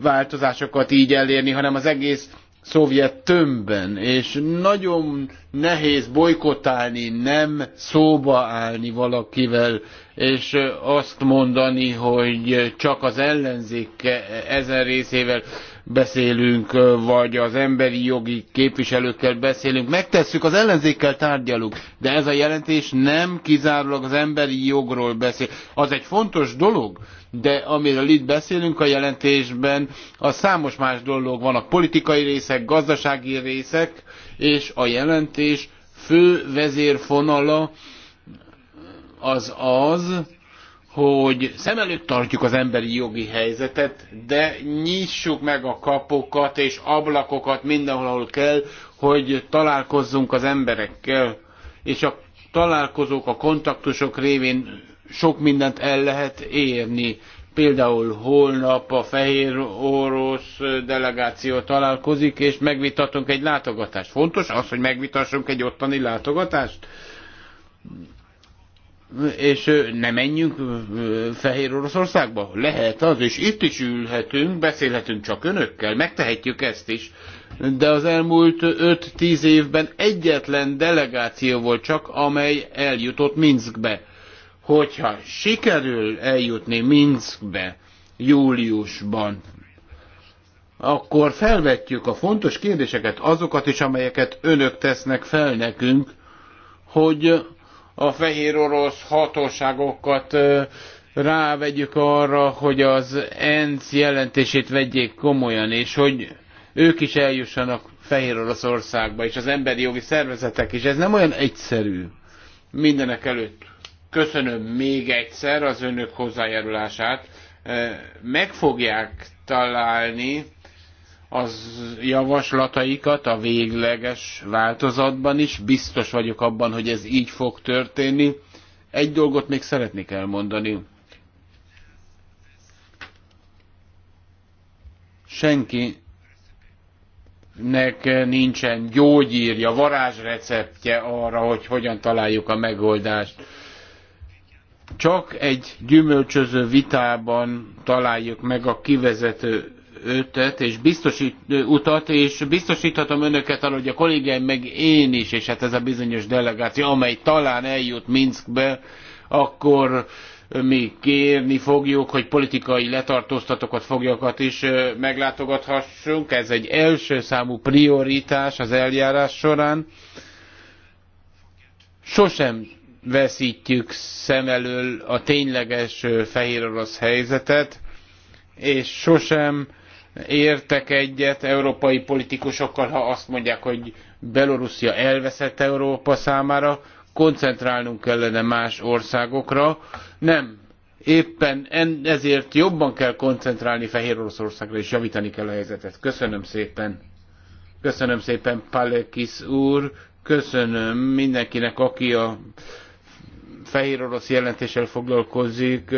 változásokat így elérni, hanem az egész szovjet tömbben, és nagyon nehéz bolykotálni, nem szóba állni valakivel, és azt mondani, hogy csak az ellenzék e, ezen részével beszélünk, vagy az emberi jogi képviselőkkel beszélünk, megtesszük, az ellenzékkel tárgyalunk, de ez a jelentés nem kizárólag az emberi jogról beszél. Az egy fontos dolog, de amiről itt beszélünk a jelentésben, a számos más dolog van, a politikai részek, gazdasági részek, és a jelentés fő vezérfonala, az az, hogy szem előtt tartjuk az emberi jogi helyzetet, de nyissuk meg a kapokat és ablakokat mindenhol, ahol kell, hogy találkozzunk az emberekkel, és a találkozók, a kontaktusok révén sok mindent el lehet érni. Például holnap a fehér orosz delegáció találkozik, és megvitatunk egy látogatást. Fontos az, hogy megvitassunk egy ottani látogatást? és ne menjünk Fehér Oroszországba? Lehet az, és itt is ülhetünk, beszélhetünk csak önökkel, megtehetjük ezt is. De az elmúlt 5-10 évben egyetlen delegáció volt csak, amely eljutott Minskbe. Hogyha sikerül eljutni Minskbe júliusban, akkor felvetjük a fontos kérdéseket, azokat is, amelyeket önök tesznek fel nekünk, hogy a fehér orosz hatóságokat rávegyük arra, hogy az enc jelentését vegyék komolyan, és hogy ők is eljussanak Fehér Oroszországba, és az emberi jogi szervezetek is. Ez nem olyan egyszerű. Mindenek előtt köszönöm még egyszer az önök hozzájárulását. Meg fogják találni az javaslataikat a végleges változatban is. Biztos vagyok abban, hogy ez így fog történni. Egy dolgot még szeretnék elmondani. Senki nek nincsen gyógyírja, varázsreceptje arra, hogy hogyan találjuk a megoldást. Csak egy gyümölcsöző vitában találjuk meg a kivezető ötöt, és biztosít, utat, és biztosíthatom önöket arra, hogy a kollégáim meg én is, és hát ez a bizonyos delegáció, amely talán eljut Minskbe, akkor mi kérni fogjuk, hogy politikai letartóztatokat, foglyokat is meglátogathassunk. Ez egy első számú prioritás az eljárás során. Sosem veszítjük szem elől a tényleges fehér orosz helyzetet, és sosem értek egyet európai politikusokkal, ha azt mondják, hogy Belorusszia elveszett Európa számára, koncentrálnunk kellene más országokra. Nem, éppen ezért jobban kell koncentrálni Fehér Oroszországra, és javítani kell a helyzetet. Köszönöm szépen. Köszönöm szépen, Palekis úr. Köszönöm mindenkinek, aki a fehér orosz jelentéssel foglalkozik.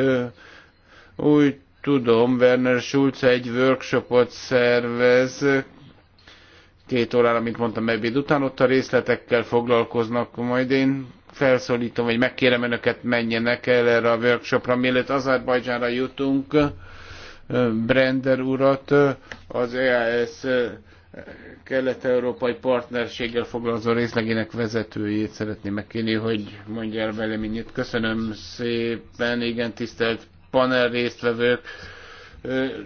Úgy tudom, Werner Schulz egy workshopot szervez két órára, mint mondtam, ebéd után, ott a részletekkel foglalkoznak, majd én felszólítom, vagy megkérem önöket menjenek el erre a workshopra, mielőtt Azerbajdzsánra jutunk, Brender urat az EAS kelet-európai partnerséggel foglalkozó részlegének vezetőjét szeretném megkérni, hogy mondja el véleményét. Köszönöm szépen, igen, tisztelt panel résztvevők.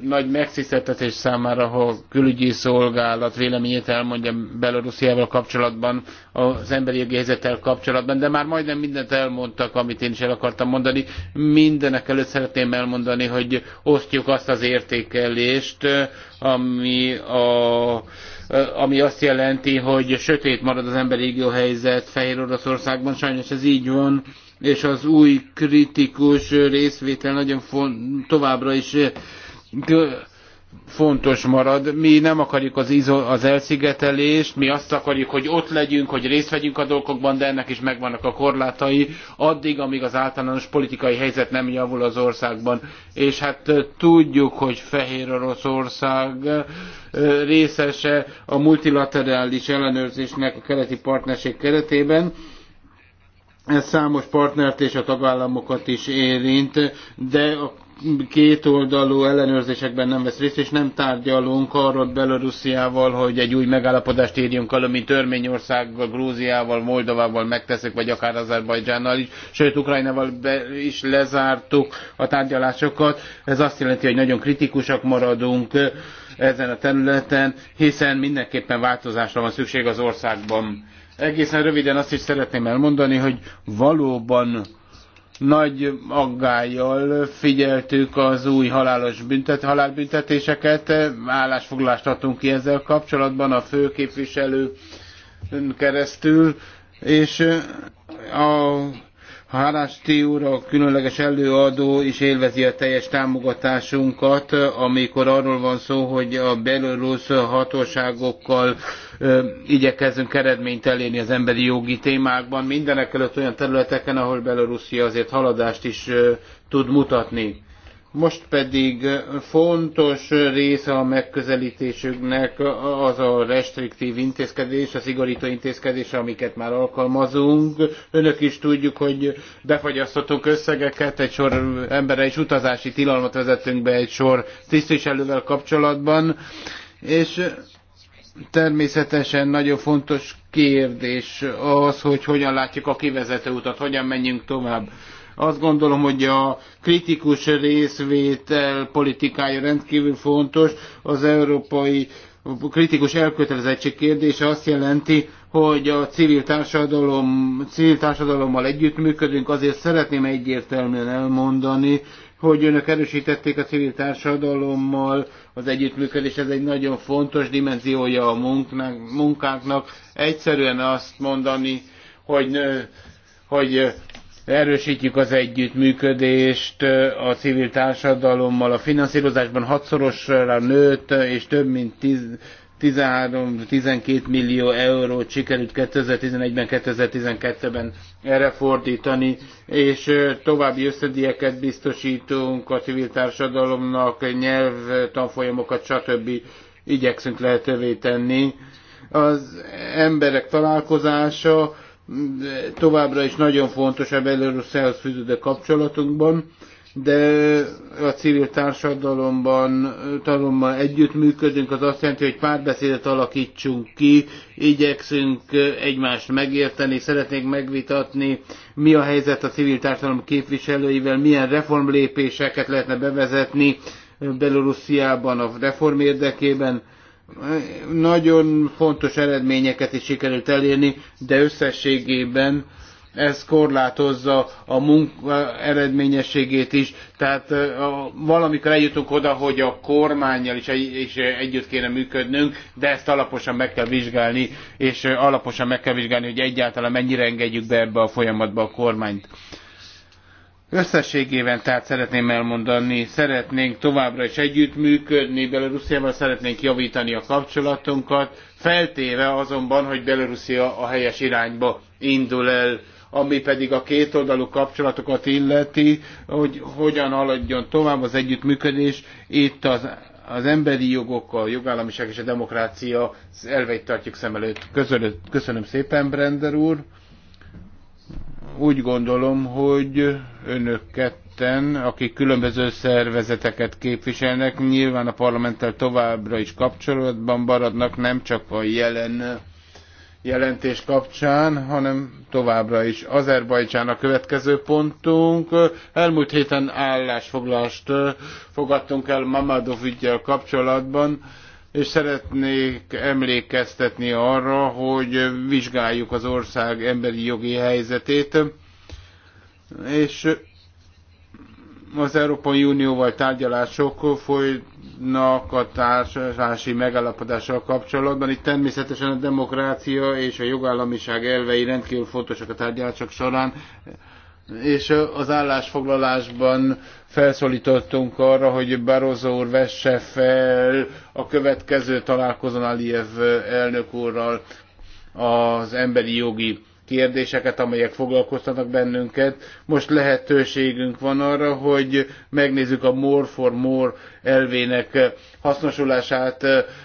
Nagy megtiszteltetés számára, ha a külügyi szolgálat véleményét elmondja Belorussziával kapcsolatban, az emberi jogi helyzettel kapcsolatban, de már majdnem mindent elmondtak, amit én is el akartam mondani. Mindenek előtt szeretném elmondani, hogy osztjuk azt az értékelést, ami a ami azt jelenti, hogy sötét marad az emberi helyzet Fehér Oroszországban, sajnos ez így van és az új kritikus részvétel nagyon továbbra is eh, fontos marad. Mi nem akarjuk az, izo, az elszigetelést, mi azt akarjuk, hogy ott legyünk, hogy részt vegyünk a dolgokban, de ennek is megvannak a korlátai, addig, amíg az általános politikai helyzet nem javul az országban. És hát eh, tudjuk, hogy Fehér Oroszország eh, részese a multilaterális ellenőrzésnek a keleti partnerség keretében, ez számos partnert és a tagállamokat is érint, de a kétoldalú ellenőrzésekben nem vesz részt, és nem tárgyalunk arról Belorussziával, hogy egy új megállapodást írjunk alá, mint Törményországgal, Grúziával, Moldovával megteszek, vagy akár Azerbajdzsánnal is, sőt Ukrajnával be is lezártuk a tárgyalásokat. Ez azt jelenti, hogy nagyon kritikusak maradunk ezen a területen, hiszen mindenképpen változásra van szükség az országban Egészen röviden azt is szeretném elmondani, hogy valóban nagy aggájjal figyeltük az új halálos büntet, halálbüntetéseket, állásfoglalást adtunk ki ezzel kapcsolatban a főképviselő keresztül, és a Hálásti úr, a különleges előadó is élvezi a teljes támogatásunkat, amikor arról van szó, hogy a belorusz hatóságokkal ö, igyekezzünk eredményt elérni az emberi jogi témákban, mindenek előtt olyan területeken, ahol Belorusszia azért haladást is ö, tud mutatni most pedig fontos része a megközelítésünknek az a restriktív intézkedés, a szigorító intézkedés, amiket már alkalmazunk. Önök is tudjuk, hogy befagyasztottunk összegeket, egy sor emberre is utazási tilalmat vezettünk be egy sor tisztviselővel kapcsolatban, és természetesen nagyon fontos kérdés az, hogy hogyan látjuk a kivezető utat, hogyan menjünk tovább azt gondolom, hogy a kritikus részvétel politikája rendkívül fontos. Az európai kritikus elkötelezettség kérdése azt jelenti, hogy a civil, társadalom, civil társadalommal együttműködünk, azért szeretném egyértelműen elmondani, hogy önök erősítették a civil társadalommal az együttműködés, ez egy nagyon fontos dimenziója a munkánknak. Egyszerűen azt mondani, hogy, hogy erősítjük az együttműködést a civil társadalommal. A finanszírozásban hatszorosra nőtt, és több mint 13-12 millió eurót sikerült 2011-ben, 2012-ben erre fordítani, és további összedieket biztosítunk a civil társadalomnak, nyelvtanfolyamokat, stb. igyekszünk lehetővé tenni. Az emberek találkozása, továbbra is nagyon fontos a Belarushoz fűződő kapcsolatunkban, de a civil társadalomban talommal együttműködünk, az azt jelenti, hogy párbeszédet alakítsunk ki, igyekszünk egymást megérteni, szeretnénk megvitatni, mi a helyzet a civil társadalom képviselőivel, milyen reformlépéseket lehetne bevezetni Belorussziában a reform érdekében, nagyon fontos eredményeket is sikerült elérni, de összességében ez korlátozza a munka eredményességét is. Tehát valamikor eljutunk oda, hogy a kormányjal is, is együtt kéne működnünk, de ezt alaposan meg kell vizsgálni, és alaposan meg kell vizsgálni, hogy egyáltalán mennyire engedjük be ebbe a folyamatba a kormányt. Összességében tehát szeretném elmondani, szeretnénk továbbra is együttműködni, Belorussziával szeretnénk javítani a kapcsolatunkat, feltéve azonban, hogy Belorusszia a helyes irányba indul el, ami pedig a kétoldalú kapcsolatokat illeti, hogy hogyan haladjon tovább az együttműködés, itt az, az emberi jogok, a jogállamiság és a demokrácia elveit tartjuk szem előtt. Köszönöm, köszönöm szépen, Brender úr! Úgy gondolom, hogy önök ketten, akik különböző szervezeteket képviselnek, nyilván a parlamenttel továbbra is kapcsolatban maradnak, nem csak a jelen jelentés kapcsán, hanem továbbra is. Azerbajcsán a következő pontunk. Elmúlt héten állásfoglalást fogadtunk el Mamadov ügyel kapcsolatban és szeretnék emlékeztetni arra, hogy vizsgáljuk az ország emberi jogi helyzetét, és az Európai Unióval tárgyalások folynak a társasási megállapodással kapcsolatban. Itt természetesen a demokrácia és a jogállamiság elvei rendkívül fontosak a tárgyalások során és az állásfoglalásban felszólítottunk arra, hogy Barroso úr vesse fel a következő találkozón Aliyev elnök úrral az emberi jogi kérdéseket, amelyek foglalkoztatnak bennünket. Most lehetőségünk van arra, hogy megnézzük a More for More elvének hasznosulását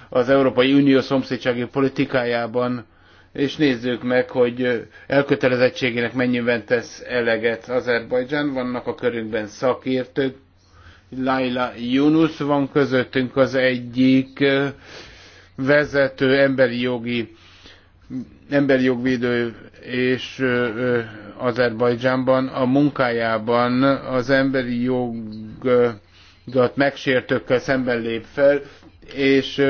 az Európai Unió szomszédsági politikájában és nézzük meg, hogy elkötelezettségének mennyiben tesz eleget Azerbajdzsán. Vannak a körünkben szakértők, Laila Yunus van közöttünk az egyik vezető emberi jogi emberi jogvédő és Azerbajdzsánban a munkájában az emberi jogot megsértőkkel szemben lép fel, és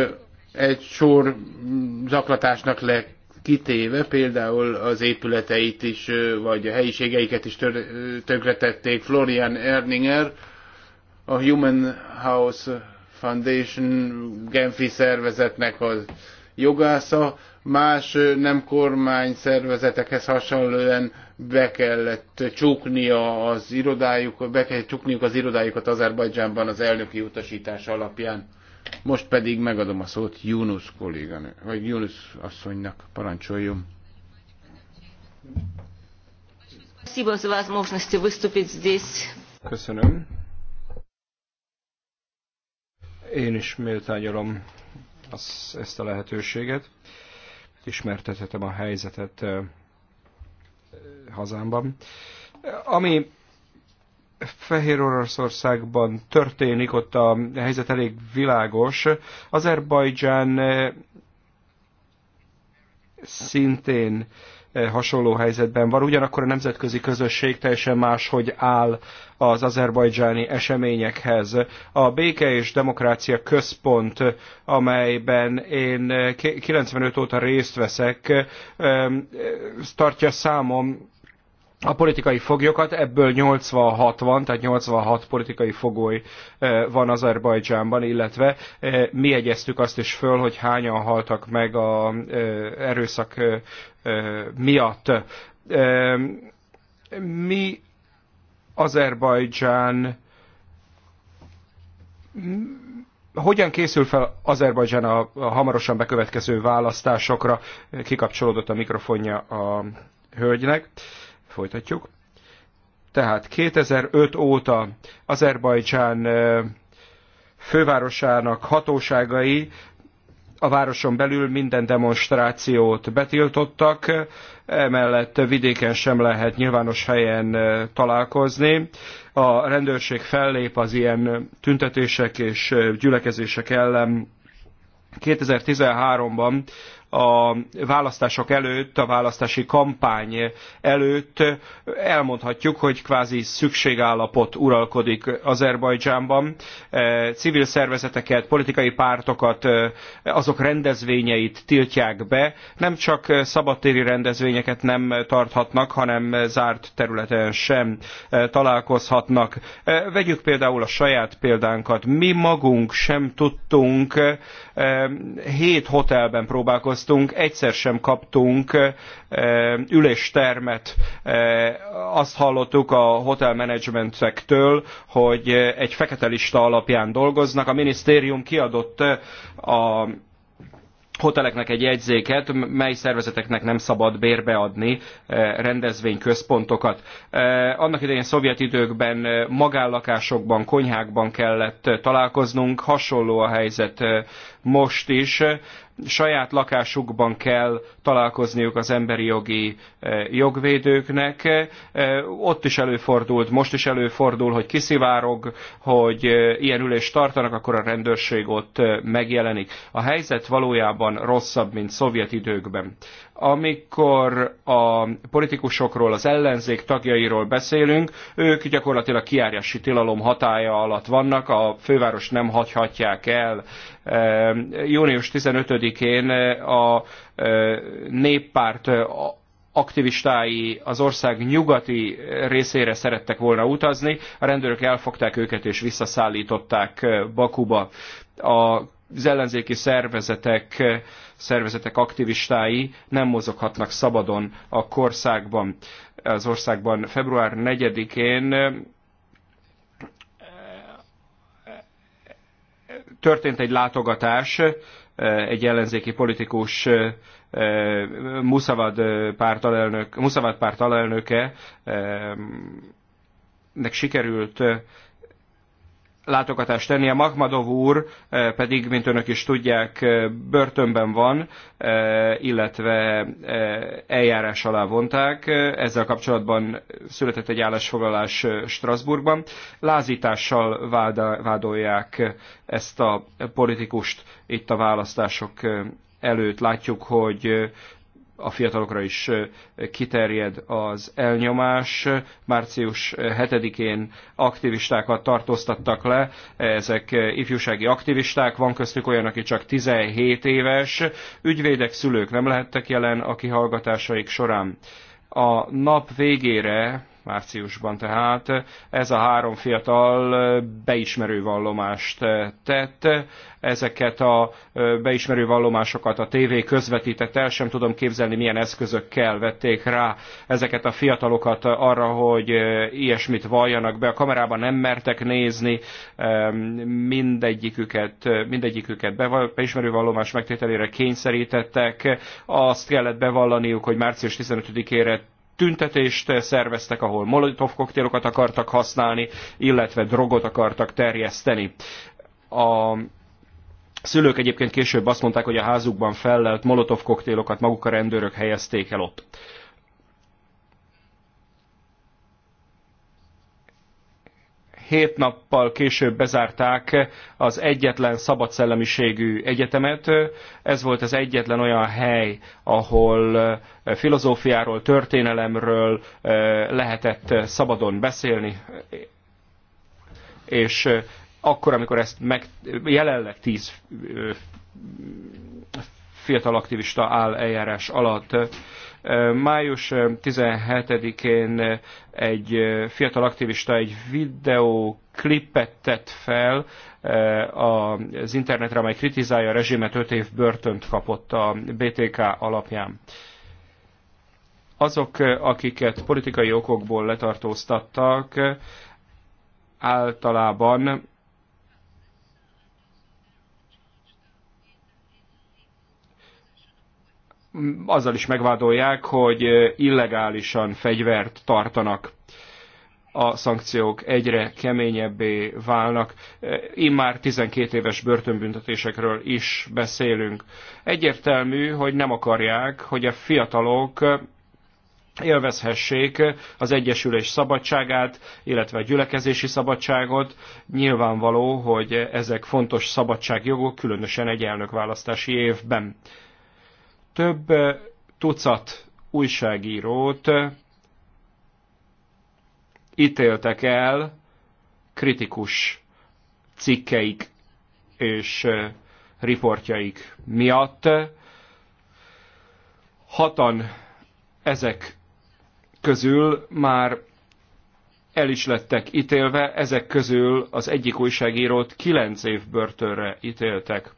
egy sor zaklatásnak lett kitéve, például az épületeit is, vagy a helyiségeiket is tör, tönkretették. Florian Erninger, a Human House Foundation Genfi szervezetnek az jogásza, más nem kormány szervezetekhez hasonlóan be kellett csuknia az irodájuk, be kellett csukniuk az irodájukat Azerbajdzsánban az elnöki utasítás alapján. Most pedig megadom a szót Júnusz kolléganő, vagy Júnusz asszonynak parancsoljon. Köszönöm. Én is méltányolom az, ezt a lehetőséget. Ismertethetem a helyzetet eh, hazámban. Ami Fehér Oroszországban történik, ott a helyzet elég világos. Azerbajdzsán eh, szintén eh, hasonló helyzetben van. Ugyanakkor a nemzetközi közösség teljesen más, hogy áll az azerbajdzsáni eseményekhez. A Béke és Demokrácia Központ, amelyben én 95 eh, óta részt veszek, tartja számom a politikai foglyokat, ebből 86 van, tehát 86 politikai fogoly eh, van Azerbajdzsánban, illetve eh, mi egyeztük azt is föl, hogy hányan haltak meg a eh, erőszak miatt. Mi Azerbajdzsán hogyan készül fel Azerbajdzsán a, a hamarosan bekövetkező választásokra? Kikapcsolódott a mikrofonja a hölgynek. Ö, Folytatjuk. Tehát 2005 óta Azerbajcsán fővárosának hatóságai a városon belül minden demonstrációt betiltottak, emellett vidéken sem lehet nyilvános helyen találkozni. A rendőrség fellép az ilyen tüntetések és gyülekezések ellen. 2013-ban a választások előtt, a választási kampány előtt elmondhatjuk, hogy kvázi szükségállapot uralkodik Azerbajdzsánban. E, civil szervezeteket, politikai pártokat, e, azok rendezvényeit tiltják be. Nem csak szabadtéri rendezvényeket nem tarthatnak, hanem zárt területen sem e, találkozhatnak. Vegyük például a saját példánkat. Mi magunk sem tudtunk hét hotelben próbálkozni, találkoztunk, egyszer sem kaptunk üléstermet. Azt hallottuk a hotel hogy egy fekete lista alapján dolgoznak. A minisztérium kiadott a hoteleknek egy jegyzéket, mely szervezeteknek nem szabad bérbeadni rendezvényközpontokat. Annak idején szovjet időkben magállakásokban, konyhákban kellett találkoznunk, hasonló a helyzet most is eh, saját lakásukban kell találkozniuk az emberi jogi eh, jogvédőknek. Eh, ott is előfordult, most is előfordul, hogy kiszivárog, hogy ilyen ülést tartanak, akkor a rendőrség ott megjelenik. A helyzet valójában rosszabb, mint szovjet időkben amikor a politikusokról, az ellenzék tagjairól beszélünk, ők gyakorlatilag kiárási tilalom hatája alatt vannak, a főváros nem hagyhatják el. Június 15-én a néppárt aktivistái az ország nyugati részére szerettek volna utazni, a rendőrök elfogták őket és visszaszállították Bakuba. Az ellenzéki szervezetek szervezetek aktivistái nem mozoghatnak szabadon a kországban. Az országban február 4-én eh, történt egy látogatás, eh, egy ellenzéki politikus eh, Muszavad párt, alelnök, Muszavad párt alelnöke nek sikerült látogatást tenni. A Magmadov úr eh, pedig, mint önök is tudják, eh, börtönben van, eh, illetve eljárás alá vonták. Ezzel kapcsolatban született egy állásfoglalás Strasbourgban. Lázítással vádolják ezt a politikust itt a választások előtt. Látjuk, hogy a fiatalokra is kiterjed az elnyomás. Március 7-én aktivistákat tartóztattak le, ezek ifjúsági aktivisták, van köztük olyan, aki csak 17 éves, ügyvédek, szülők nem lehettek jelen a kihallgatásaik során. A nap végére márciusban. Tehát ez a három fiatal beismerő vallomást tett. Ezeket a beismerő vallomásokat a tévé közvetített el, sem tudom képzelni, milyen eszközökkel vették rá ezeket a fiatalokat arra, hogy ilyesmit valljanak be. A kamerában nem mertek nézni, mindegyiküket, mindegyiküket beismerő vallomás megtételére kényszerítettek. Azt kellett bevallaniuk, hogy március 15-ére tüntetést szerveztek, ahol molotov koktélokat akartak használni, illetve drogot akartak terjeszteni. A szülők egyébként később azt mondták, hogy a házukban fellelt molotov koktélokat maguk a rendőrök helyezték el ott. hét nappal később bezárták az egyetlen szabadszellemiségű egyetemet. Ez volt az egyetlen olyan hely, ahol eh, filozófiáról, történelemről eh, lehetett eh, szabadon beszélni. És akkor, amikor ezt meg, jelenleg tíz fiatal aktivista áll eljárás alatt, Május 17-én egy fiatal aktivista egy videó klipet tett fel az internetre, amely kritizálja a rezsimet, 5 év börtönt kapott a BTK alapján azok, akiket politikai okokból letartóztattak, általában azzal is megvádolják, hogy illegálisan fegyvert tartanak. A szankciók egyre keményebbé válnak. Immár 12 éves börtönbüntetésekről is beszélünk. Egyértelmű, hogy nem akarják, hogy a fiatalok élvezhessék az egyesülés szabadságát, illetve a gyülekezési szabadságot. Nyilvánvaló, hogy ezek fontos szabadságjogok, különösen egy elnökválasztási évben több eh, tucat újságírót eh, ítéltek el kritikus cikkeik és eh, riportjaik miatt. Hatan ezek közül már el is lettek ítélve, ezek közül az egyik újságírót kilenc év börtönre ítéltek.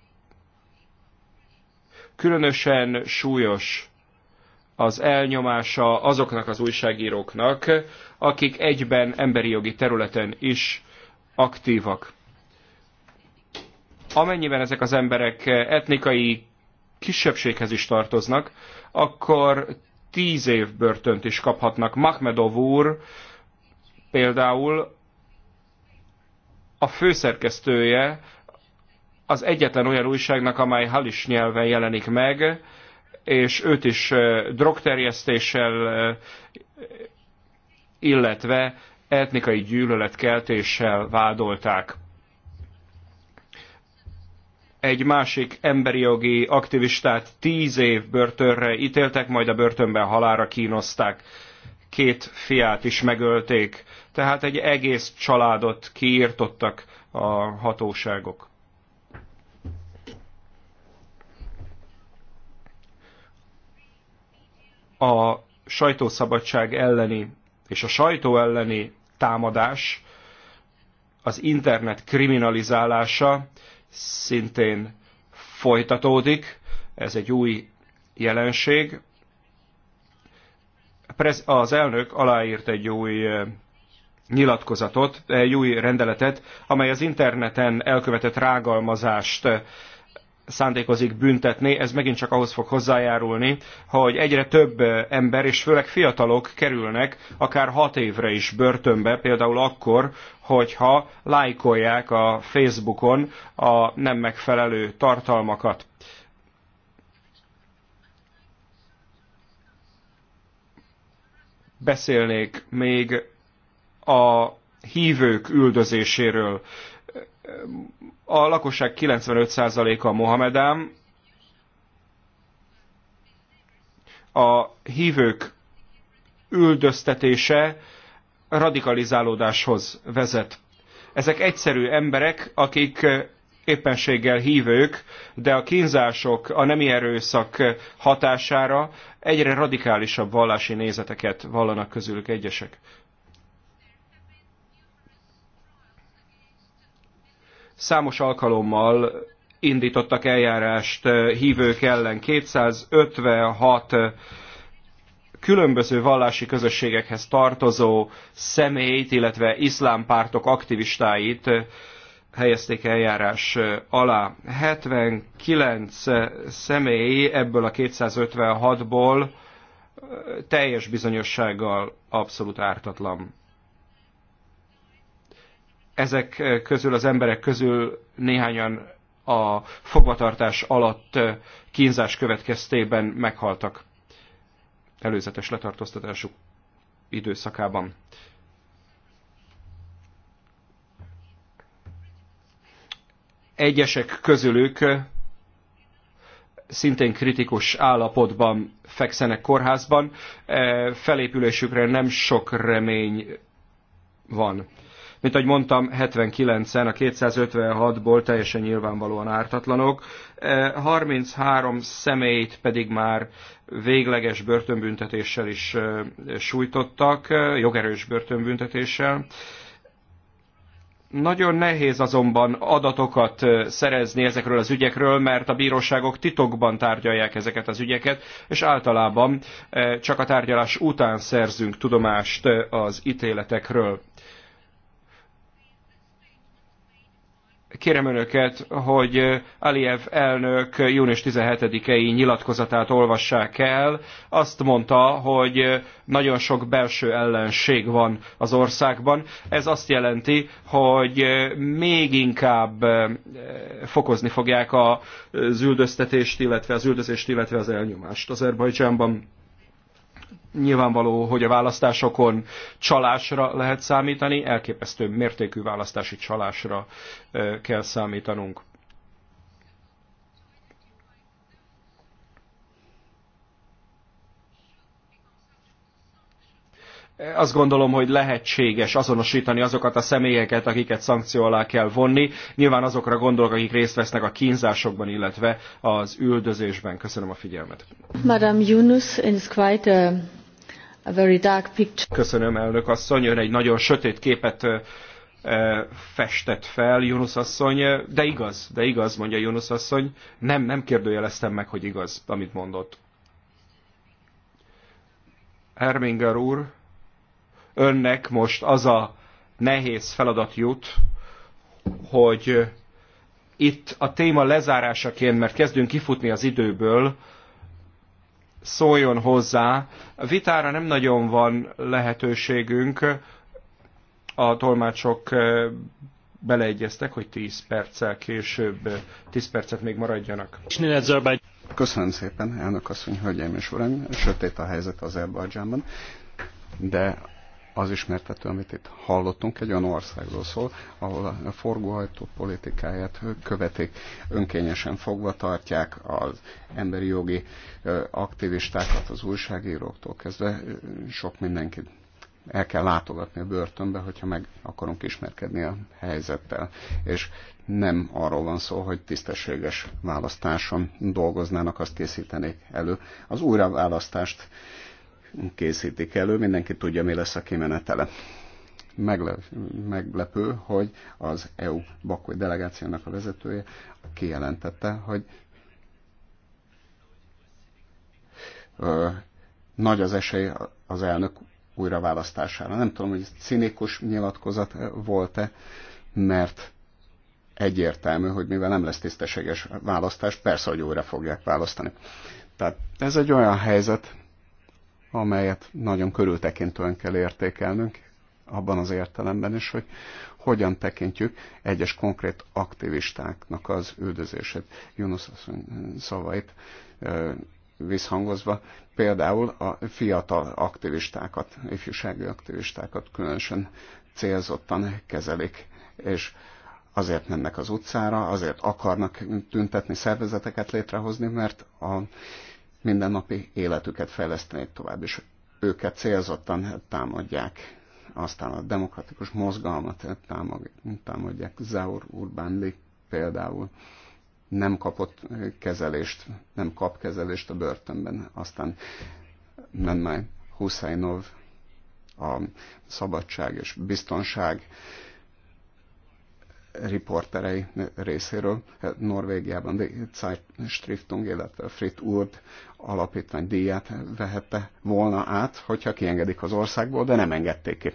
Különösen súlyos az elnyomása azoknak az újságíróknak, akik egyben emberi jogi területen is aktívak. Amennyiben ezek az emberek etnikai kisebbséghez is tartoznak, akkor tíz év börtönt is kaphatnak. Mahmedov úr például a főszerkesztője az egyetlen olyan újságnak, amely halis nyelven jelenik meg, és őt is drogterjesztéssel, illetve etnikai gyűlöletkeltéssel vádolták. Egy másik emberi jogi aktivistát tíz év börtönre ítéltek, majd a börtönben halára kínozták. Két fiát is megölték, tehát egy egész családot kiírtottak a hatóságok. a sajtószabadság elleni és a sajtó elleni támadás, az internet kriminalizálása szintén folytatódik. Ez egy új jelenség. Az elnök aláírt egy új nyilatkozatot, egy új rendeletet, amely az interneten elkövetett rágalmazást szándékozik büntetni, ez megint csak ahhoz fog hozzájárulni, hogy egyre több ember, és főleg fiatalok kerülnek akár hat évre is börtönbe, például akkor, hogyha lájkolják a Facebookon a nem megfelelő tartalmakat. Beszélnék még a hívők üldözéséről a lakosság 95%-a Mohamedám, A hívők üldöztetése radikalizálódáshoz vezet. Ezek egyszerű emberek, akik eh, éppenséggel hívők, de a kínzások, a nemi erőszak hatására egyre radikálisabb vallási nézeteket vallanak közülük egyesek. Számos alkalommal indítottak eljárást eh, hívők ellen 256 eh, különböző vallási közösségekhez tartozó személyt, illetve iszlámpártok aktivistáit eh, helyezték eljárás alá. 79 személy ebből a 256-ból teljes bizonyossággal abszolút ártatlan ezek eh, közül, az emberek közül néhányan a fogvatartás alatt eh, kínzás következtében meghaltak előzetes letartóztatásuk időszakában. Egyesek közülük eh, szintén kritikus állapotban fekszenek kórházban, felépülésükre nem sok remény van. Mint ahogy mondtam, 79-en a 256-ból teljesen nyilvánvalóan ártatlanok, 33 e, személyt pedig már végleges börtönbüntetéssel is e, sújtottak, e, jogerős börtönbüntetéssel. Nagyon nehéz azonban adatokat szerezni ezekről az ügyekről, mert a bíróságok titokban tárgyalják ezeket az ügyeket, és általában csak a tárgyalás után szerzünk tudomást az ítéletekről. Kérem önöket, hogy Aliyev elnök június 17-i nyilatkozatát olvassák el. Azt mondta, hogy nagyon sok belső ellenség van az országban. Ez azt jelenti, hogy még inkább fokozni fogják az üldöztetést, illetve az üldözést, illetve az elnyomást Azerbajdzsánban Nyilvánvaló, hogy a választásokon csalásra lehet számítani, elképesztő mértékű választási csalásra kell számítanunk. azt gondolom, hogy lehetséges azonosítani azokat a személyeket, akiket szankció alá kell vonni. Nyilván azokra gondolok, akik részt vesznek a kínzásokban, illetve az üldözésben. Köszönöm a figyelmet. Madame Yunus, it is quite a a very dark picture. Köszönöm, elnök asszony, ön egy nagyon sötét képet festett fel Yunus asszony, de igaz, de igaz, mondja Yunus asszony. Nem, nem kérdőjeleztem meg, hogy igaz, amit mondott. Erminger úr, önnek most az a nehéz feladat jut, hogy itt a téma lezárásaként, mert kezdünk kifutni az időből, szóljon hozzá. A vitára nem nagyon van lehetőségünk, a tolmácsok eh, beleegyeztek, hogy 10 perccel később, 10 percet még maradjanak. Köszönöm szépen, elnök asszony, hölgyeim és uraim. Sötét a helyzet Azerbajdzsánban, de az ismertető, amit itt hallottunk, egy olyan országról szól, ahol a forgóhajtó politikáját követik, önkényesen fogva tartják az emberi jogi aktivistákat, az újságíróktól kezdve sok mindenkit el kell látogatni a börtönbe, hogyha meg akarunk ismerkedni a helyzettel. És nem arról van szó, hogy tisztességes választáson dolgoznának, azt készítenék elő. Az újraválasztást választást készítik elő, mindenki tudja, mi lesz a kimenetele. Megle, meglepő, hogy az EU Bakói delegációnak a vezetője kijelentette, hogy ö, nagy az esély az elnök újraválasztására. Nem tudom, hogy cinikus nyilatkozat volt-e, mert egyértelmű, hogy mivel nem lesz tisztességes választás, persze, hogy újra fogják választani. Tehát ez egy olyan helyzet, amelyet nagyon körültekintően kell értékelnünk, abban az értelemben is, hogy hogyan tekintjük egyes konkrét aktivistáknak az üldözését, Yunus szavait visszhangozva, például a fiatal aktivistákat, ifjúsági aktivistákat különösen célzottan kezelik, és azért mennek az utcára, azért akarnak tüntetni, szervezeteket létrehozni, mert a mindennapi életüket fejleszteni tovább, és őket célzottan támadják. Aztán a demokratikus mozgalmat támadják. Zaur Urbánli például nem kapott kezelést, nem kap kezelést a börtönben. Aztán Menmai Husainov a szabadság és biztonság riporterei részéről hát Norvégiában Zeitstriftung, illetve Frit Urd alapítvány díját vehette volna át, hogyha kiengedik az országból, de nem engedték ki.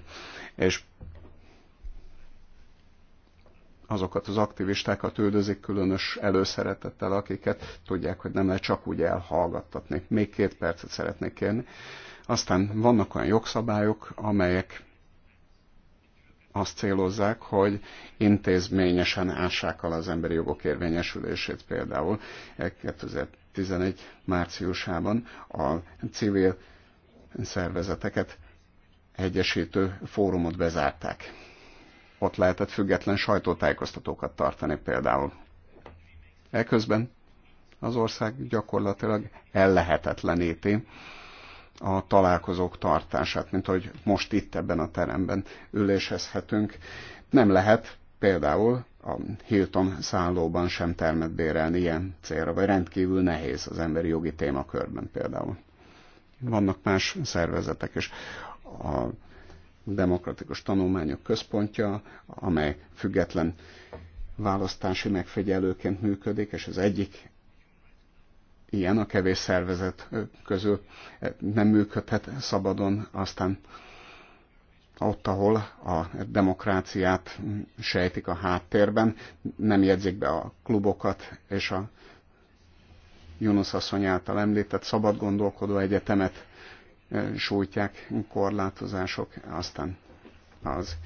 És azokat az aktivistákat üldözik különös előszeretettel, akiket tudják, hogy nem lehet csak úgy elhallgattatni. Még két percet szeretnék kérni. Aztán vannak olyan jogszabályok, amelyek azt célozzák, hogy intézményesen ássák alá az emberi jogok érvényesülését például 2011 e márciusában a civil szervezeteket egyesítő fórumot bezárták. Ott lehetett független sajtótájékoztatókat tartani például. Eközben az ország gyakorlatilag ellehetetleníti a találkozók tartását, mint hogy most itt ebben a teremben ülésezhetünk. Nem lehet például a Hilton szállóban sem termet bérelni ilyen célra, vagy rendkívül nehéz az emberi jogi témakörben például. Vannak más szervezetek is. A Demokratikus Tanulmányok Központja, amely független választási megfigyelőként működik, és az egyik ilyen a kevés szervezet közül nem működhet szabadon, aztán ott, ahol a demokráciát sejtik a háttérben, nem jegyzik be a klubokat és a Jonas asszony által említett szabad gondolkodó egyetemet sújtják korlátozások, aztán az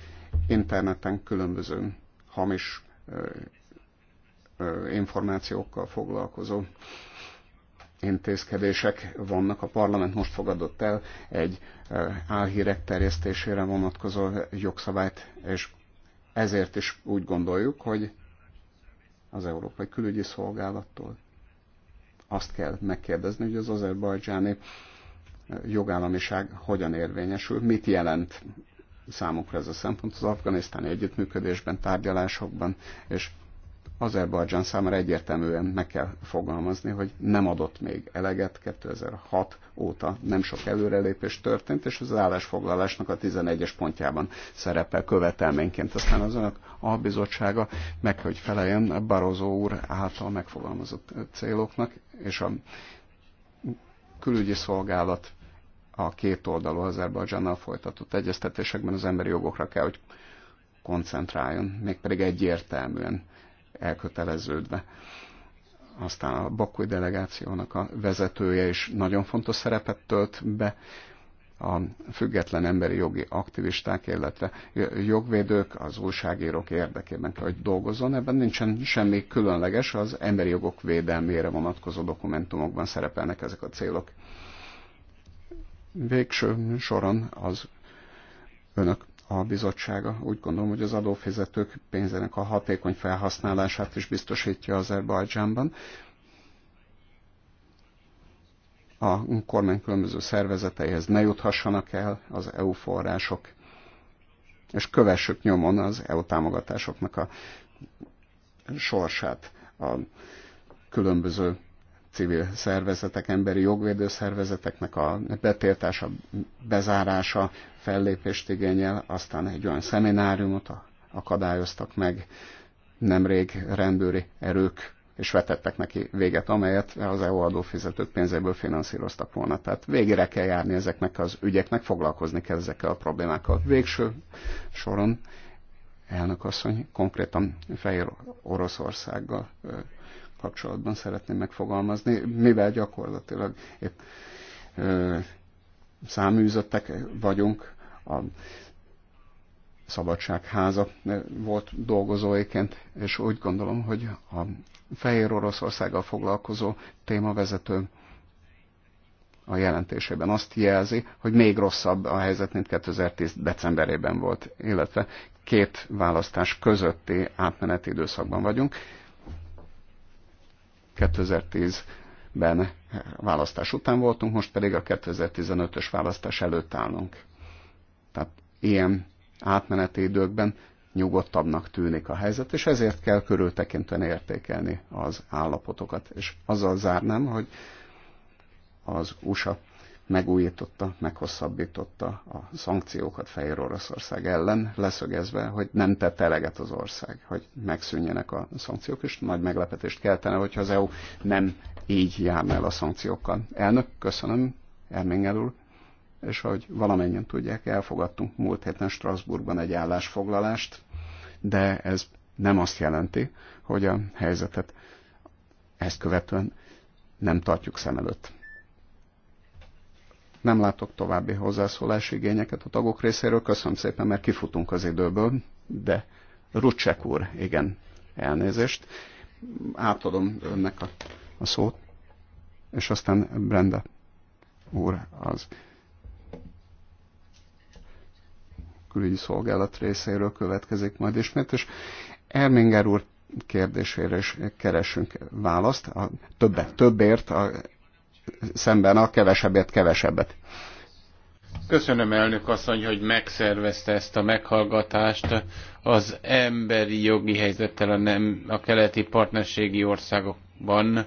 interneten különböző hamis információkkal foglalkozó intézkedések vannak. A parlament most fogadott el egy eh, álhírek terjesztésére vonatkozó jogszabályt, és ezért is úgy gondoljuk, hogy az Európai Külügyi Szolgálattól azt kell megkérdezni, hogy az azerbajdzsáni eh, jogállamiság hogyan érvényesül, mit jelent számukra ez a szempont az afganisztáni együttműködésben, tárgyalásokban, és Azerbajdzsán számára egyértelműen meg kell fogalmazni, hogy nem adott még eleget, 2006 óta nem sok előrelépés történt, és az állásfoglalásnak a 11-es pontjában szerepel követelményként. Aztán az önök bizottsága meg, hogy feleljen Barozó úr által megfogalmazott céloknak, és a külügyi szolgálat a két oldalú Azerbajdzsánnal folytatott egyeztetésekben az emberi jogokra kell, hogy koncentráljon, mégpedig egyértelműen elköteleződve. Aztán a Bakúi delegációnak a vezetője is nagyon fontos szerepet tölt be, a független emberi jogi aktivisták, illetve jogvédők, az újságírók érdekében kell, hogy dolgozzon. Ebben nincsen semmi különleges, az emberi jogok védelmére vonatkozó dokumentumokban szerepelnek ezek a célok. Végső soron az önök a bizottsága. Úgy gondolom, hogy az adófizetők pénzének a hatékony felhasználását is biztosítja Azerbajdzsánban. A kormány különböző szervezeteihez ne juthassanak el az EU források, és kövessük nyomon az EU támogatásoknak a sorsát a különböző civil szervezetek, emberi jogvédő szervezeteknek a betiltása, bezárása, fellépést igényel, aztán egy olyan szemináriumot akadályoztak meg nemrég rendőri erők, és vetettek neki véget, amelyet az EU adófizetők pénzéből finanszíroztak volna. Tehát végére kell járni ezeknek az ügyeknek, foglalkozni kell ezekkel a problémákkal. Végső soron asszony konkrétan Fehér Oroszországgal kapcsolatban szeretném megfogalmazni, mivel gyakorlatilag itt száműzöttek vagyunk a Szabadságháza volt dolgozóiként, és úgy gondolom, hogy a Fehér Oroszországgal foglalkozó témavezető a jelentésében azt jelzi, hogy még rosszabb a helyzet, mint 2010 decemberében volt, illetve két választás közötti átmeneti időszakban vagyunk. 2010-ben választás után voltunk, most pedig a 2015-ös választás előtt állunk. Tehát ilyen átmeneti időkben nyugodtabbnak tűnik a helyzet, és ezért kell körültekintően értékelni az állapotokat. És azzal zárnám, hogy az USA megújította, meghosszabbította a szankciókat Fehér Oroszország ellen, leszögezve, hogy nem tett eleget az ország, hogy megszűnjenek a szankciók, és nagy meglepetést keltene, hogyha az EU nem így járna el a szankciókkal. Elnök, köszönöm, Ermengel úr, és hogy valamennyien tudják, elfogadtunk múlt héten Strasbourgban egy állásfoglalást, de ez nem azt jelenti, hogy a helyzetet ezt követően nem tartjuk szem előtt. Nem látok további hozzászólási igényeket a tagok részéről. Köszönöm szépen, mert kifutunk az időből, de Rucsek úr, igen, elnézést. Átadom önnek a, a szót, és aztán Brenda úr az külügyi szolgálat részéről következik majd ismét, és Erminger úr kérdésére is keresünk választ, a többet többért, a, szemben a kevesebbet kevesebbet. Köszönöm elnök asszony, hogy megszervezte ezt a meghallgatást az emberi jogi helyzettel a, nem, a keleti partnerségi országokban.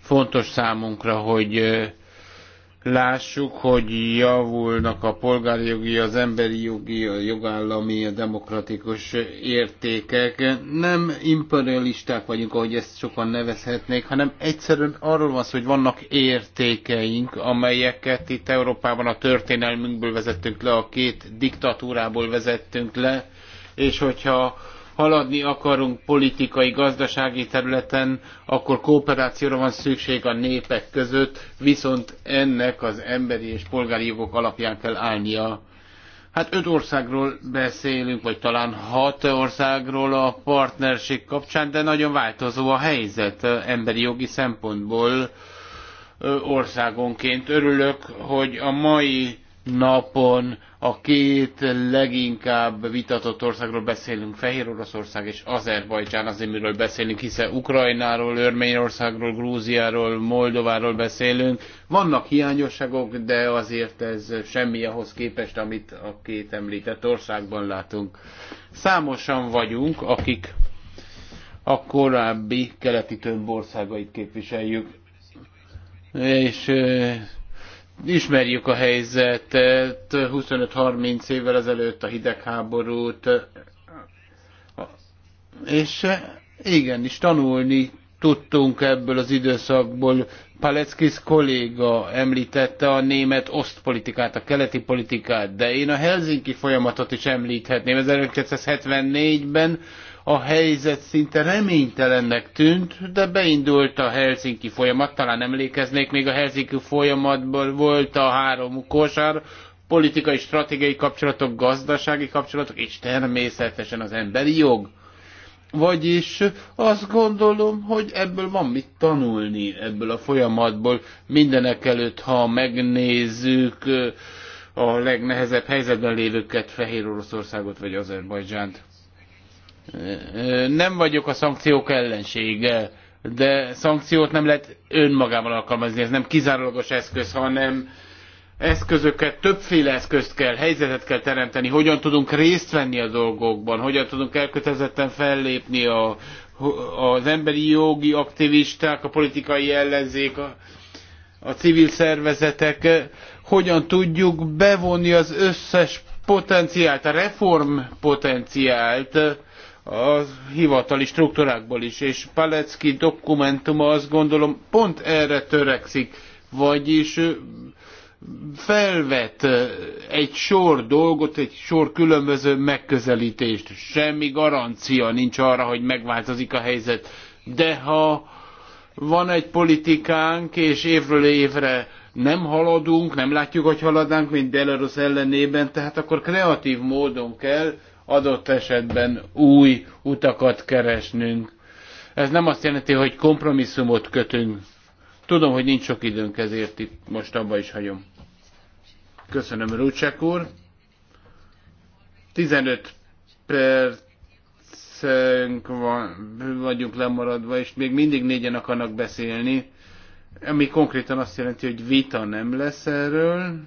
Fontos számunkra, hogy Lássuk, hogy javulnak a polgári jogi, az emberi jogi, a jogállami, a demokratikus értékek. Nem imperialisták vagyunk, ahogy ezt sokan nevezhetnék, hanem egyszerűen arról van szó, hogy vannak értékeink, amelyeket itt Európában a történelmünkből vezettünk le, a két diktatúrából vezettünk le, és hogyha haladni akarunk politikai, gazdasági területen, akkor kooperációra van szükség a népek között, viszont ennek az emberi és polgári jogok alapján kell állnia. Hát öt országról beszélünk, vagy talán hat országról a partnerség kapcsán, de nagyon változó a helyzet emberi jogi szempontból országonként. Örülök, hogy a mai napon a két leginkább vitatott országról beszélünk, Fehér Oroszország és Azerbajdzsán, azért miről beszélünk, hiszen Ukrajnáról, Örményországról, Grúziáról, Moldováról beszélünk. Vannak hiányosságok, de azért ez semmi ahhoz képest, amit a két említett országban látunk. Számosan vagyunk, akik a korábbi keleti több országait képviseljük. És Ismerjük a helyzetet, 25-30 évvel ezelőtt a hidegháborút, és igenis tanulni tudtunk ebből az időszakból, Paleckis kolléga említette a német osztpolitikát, a keleti politikát, de én a Helsinki folyamatot is említhetném. 1974-ben a helyzet szinte reménytelennek tűnt, de beindult a Helsinki folyamat, talán emlékeznék, még a Helsinki folyamatból volt a három kosár, politikai, stratégiai kapcsolatok, gazdasági kapcsolatok, és természetesen az emberi jog vagyis azt gondolom, hogy ebből van mit tanulni, ebből a folyamatból. Mindenek előtt, ha megnézzük a legnehezebb helyzetben lévőket, Fehér Oroszországot vagy Azerbajdzsánt. Nem vagyok a szankciók ellensége, de szankciót nem lehet önmagával alkalmazni, ez nem kizárólagos eszköz, hanem eszközöket, többféle eszközt kell, helyzetet kell teremteni, hogyan tudunk részt venni a dolgokban, hogyan tudunk elkötelezetten fellépni a, az emberi jogi aktivisták, a politikai ellenzék, a, a civil szervezetek, hogyan tudjuk bevonni az összes potenciált, a reform potenciált a hivatali struktúrákból is, és Palecki dokumentuma azt gondolom pont erre törekszik, vagyis felvet egy sor dolgot, egy sor különböző megközelítést. Semmi garancia nincs arra, hogy megváltozik a helyzet. De ha van egy politikánk, és évről évre nem haladunk, nem látjuk, hogy haladnánk, mint Belarus ellenében, tehát akkor kreatív módon kell adott esetben új utakat keresnünk. Ez nem azt jelenti, hogy kompromisszumot kötünk. Tudom, hogy nincs sok időnk, ezért itt most abba is hagyom. Köszönöm, Rucsek úr. 15 percünk van, vagyunk lemaradva, és még mindig négyen akarnak beszélni, ami konkrétan azt jelenti, hogy vita nem lesz erről,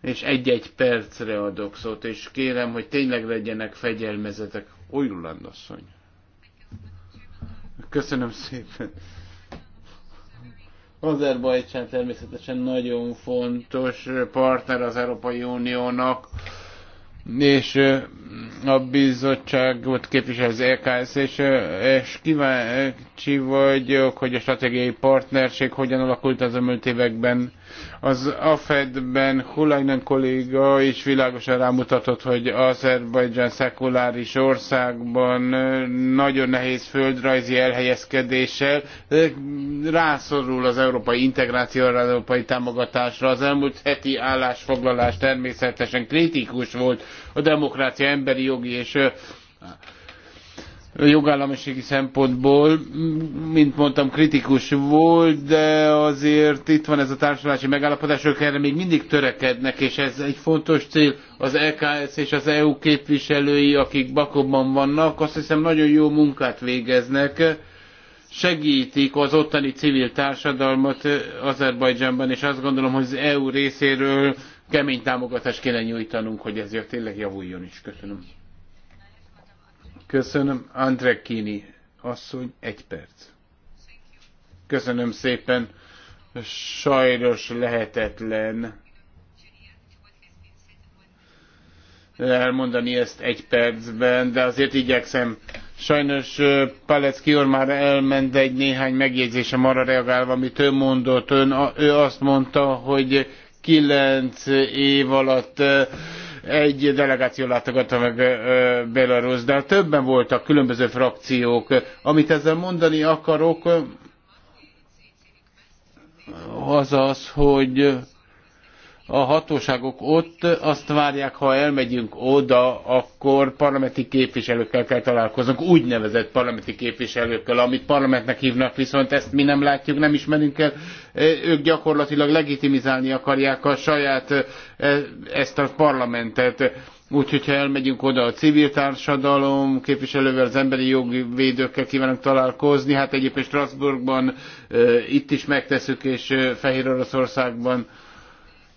és egy-egy percre adok szót, és kérem, hogy tényleg legyenek fegyelmezetek. Olyuland Köszönöm szépen. Azerbajcsán természetesen nagyon fontos partner az Európai Uniónak, és a bizottságot képvisel az EKSZ, és, és kíváncsi vagyok, hogy a stratégiai partnerség hogyan alakult az elmúlt években az AFED-ben Hulajnen kolléga is világosan rámutatott, hogy Azerbajdzsán szekuláris országban nagyon nehéz földrajzi elhelyezkedéssel rászorul az európai integrációra, az európai támogatásra. Az elmúlt heti állásfoglalás természetesen kritikus volt a demokrácia, emberi jogi és jogállamisági szempontból, mint mondtam, kritikus volt, de azért itt van ez a társulási megállapodás, ők erre még mindig törekednek, és ez egy fontos cél. Az EKS és az EU képviselői, akik Bakobban vannak, azt hiszem nagyon jó munkát végeznek, segítik az ottani civil társadalmat Azerbajdzsánban, és azt gondolom, hogy az EU részéről kemény támogatást kéne nyújtanunk, hogy ez tényleg javuljon is. Köszönöm. Köszönöm, Andre Kini asszony, egy perc. Köszönöm szépen. Sajnos lehetetlen elmondani ezt egy percben, de azért igyekszem. Sajnos Palecki úr már elment, egy néhány megjegyzésem arra reagálva, amit ő mondott. Ön, ő azt mondta, hogy kilenc év alatt egy delegáció látogatta meg Belarus, de többen voltak különböző frakciók. Amit ezzel mondani akarok, az az, hogy a hatóságok ott azt várják, ha elmegyünk oda, akkor parlamenti képviselőkkel kell találkoznunk, úgynevezett parlamenti képviselőkkel, amit parlamentnek hívnak, viszont ezt mi nem látjuk, nem ismerünk el. E, ők gyakorlatilag legitimizálni akarják a saját e, ezt a parlamentet. Úgyhogy ha elmegyünk oda a civil társadalom képviselővel, az emberi jogi védőkkel kívánunk találkozni, hát egyébként Strasbourgban, e, itt is megteszük, és Fehér Oroszországban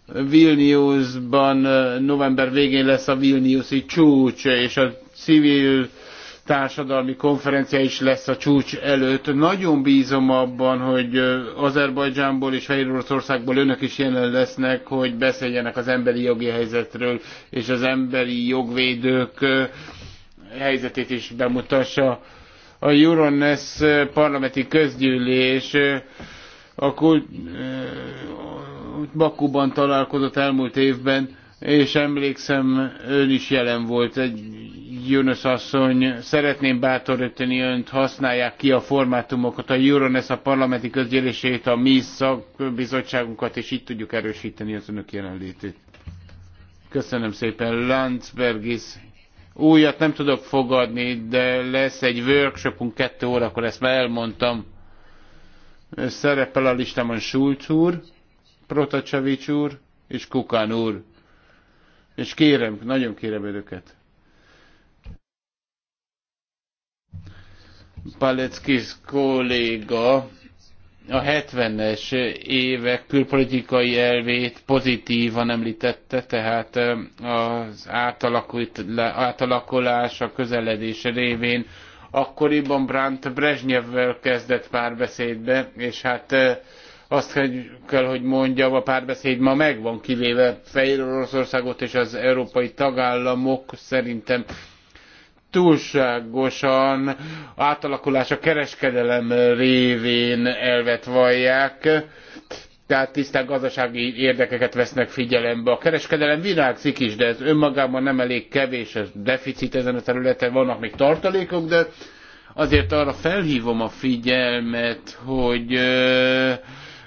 Vilniusban november végén lesz a Vilniuszi csúcs, és a civil társadalmi konferencia is lesz a csúcs előtt. Nagyon bízom abban, hogy Azerbajdzsánból és Fehér Oroszországból önök is jelen lesznek, hogy beszéljenek az emberi jogi helyzetről, és az emberi jogvédők helyzetét is bemutassa. A Euronest parlamenti közgyűlés a kult, Bakuban találkozott elmúlt évben, és emlékszem, ön is jelen volt egy Jönös asszony. Szeretném bátorítani önt, használják ki a formátumokat, a Euronesz a parlamenti közgyűlését, a mi szakbizottságunkat, és így tudjuk erősíteni az önök jelenlétét. Köszönöm szépen, Landsbergis. Újat nem tudok fogadni, de lesz egy workshopunk kettő órakor, ezt már elmondtam. Szerepel a listámon Schulz úr Protacsevics úr és Kukán úr. És kérem, nagyon kérem önöket. Paleckis kolléga a 70-es évek külpolitikai elvét pozitívan említette, tehát az átalakulás, a közeledés révén akkoriban Brandt Brezsnyevvel kezdett párbeszédbe, és hát azt kell, hogy mondjam, a párbeszéd ma megvan, kivéve Fehér Oroszországot és az európai tagállamok szerintem túlságosan átalakulás a kereskedelem révén elvet vallják, tehát tisztán gazdasági érdekeket vesznek figyelembe. A kereskedelem virágzik is, de ez önmagában nem elég kevés, ez deficit ezen a területen, vannak még tartalékok, de azért arra felhívom a figyelmet, hogy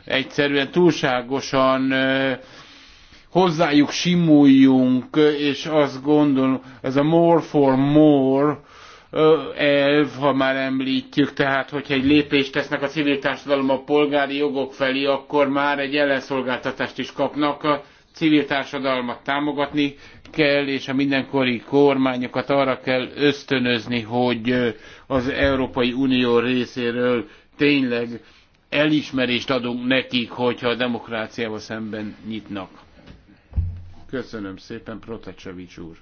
egyszerűen túlságosan hozzájuk simuljunk, és azt gondolom, ez a more for more elv, ha már említjük, tehát hogyha egy lépést tesznek a civil társadalom a polgári jogok felé, akkor már egy ellenszolgáltatást is kapnak. A civil társadalmat támogatni kell, és a mindenkori kormányokat arra kell ösztönözni, hogy az Európai Unió részéről tényleg elismerést adunk nekik, hogyha a demokráciával szemben nyitnak. Köszönöm szépen, Protecsevics úr.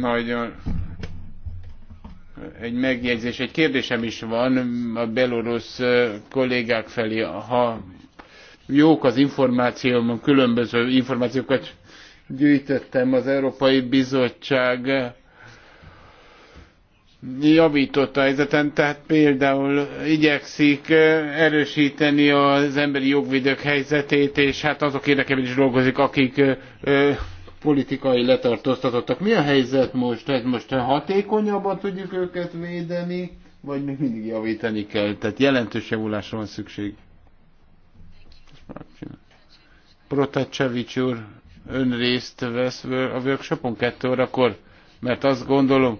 Nagyon egy megjegyzés, egy kérdésem is van a belorusz kollégák felé. Ha jók az információm, különböző információkat gyűjtöttem az Európai Bizottság javított a helyzeten, tehát például igyekszik eh, erősíteni az emberi jogvédők helyzetét, és hát azok érdekében is dolgozik, akik eh, eh, politikai letartóztatottak. Mi a helyzet most? Tehát most hatékonyabban tudjuk őket védeni, vagy még mindig javítani kell? Tehát jelentős javulásra van szükség. Protacevics úr, ön részt vesz a workshopon kettő órakor, mert azt gondolom,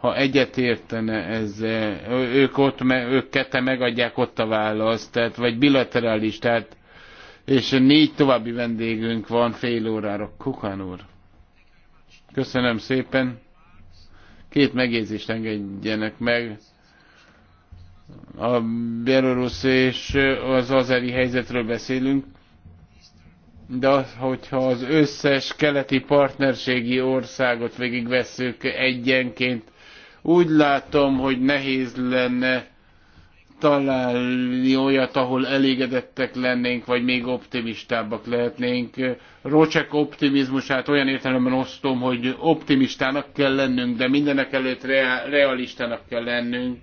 ha egyetértene ezzel, ők, ott, ők kette megadják ott a választ, tehát, vagy bilaterális, tehát, és négy további vendégünk van fél órára. Kukán úr. Köszönöm szépen. Két megjegyzést engedjenek meg. A belorusz és az azeri helyzetről beszélünk, de hogyha az összes keleti partnerségi országot veszük egyenként, úgy látom, hogy nehéz lenne találni olyat, ahol elégedettek lennénk, vagy még optimistábbak lehetnénk. Rocsek optimizmusát olyan értelemben osztom, hogy optimistának kell lennünk, de mindenek előtt realistának kell lennünk.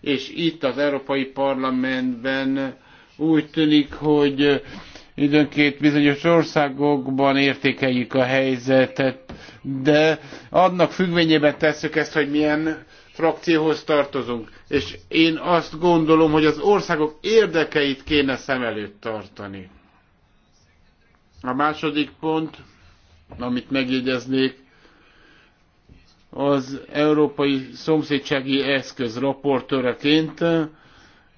És itt az Európai Parlamentben úgy tűnik, hogy Időnként bizonyos országokban értékeljük a helyzetet, de annak függvényében tesszük ezt, hogy milyen frakcióhoz tartozunk. És én azt gondolom, hogy az országok érdekeit kéne szem előtt tartani. A második pont, amit megjegyeznék, az Európai Szomszédsági Eszköz raportőreként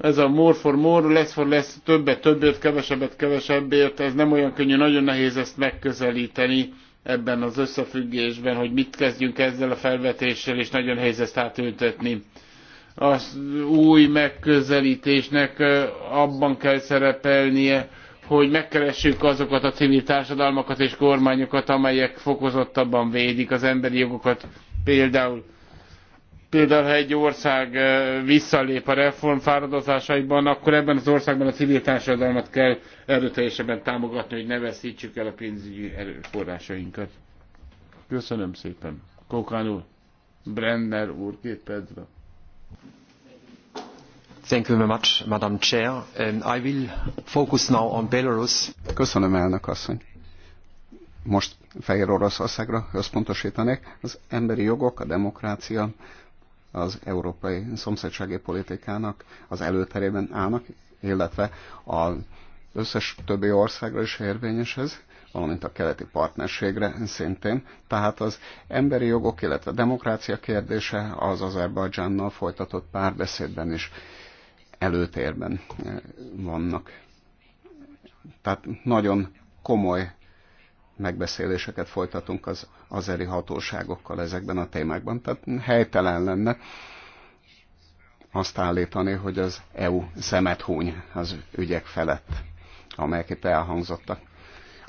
ez a more for more, less for less, többet többért, kevesebbet kevesebbért, ez nem olyan könnyű, nagyon nehéz ezt megközelíteni ebben az összefüggésben, hogy mit kezdjünk ezzel a felvetéssel, és nagyon nehéz ezt átültetni. Az új megközelítésnek abban kell szerepelnie, hogy megkeressük azokat a civil társadalmakat és kormányokat, amelyek fokozottabban védik az emberi jogokat, például Például, ha egy ország visszalép a reform fáradozásaiban, akkor ebben az országban a civil társadalmat kell erőteljesebben támogatni, hogy ne veszítsük el a pénzügyi erőforrásainkat. Köszönöm szépen. Kokán úr, Brenner úr, két percben. Thank you very much, Madam Chair. And um, I will focus now on Belarus. Köszönöm, elnök asszony. Most Fehér Oroszországra összpontosítanék. Az emberi jogok, a demokrácia, az európai szomszédsági politikának az előterében állnak, illetve az összes többi országra is érvényes ez, valamint a keleti partnerségre szintén. Tehát az emberi jogok, illetve a demokrácia kérdése az Azerbajdzsánnal folytatott párbeszédben is előtérben eh, vannak. Tehát nagyon komoly megbeszéléseket folytatunk az azeri hatóságokkal ezekben a témákban. Tehát helytelen lenne azt állítani, hogy az EU szemet húny az ügyek felett, amelyek itt elhangzottak.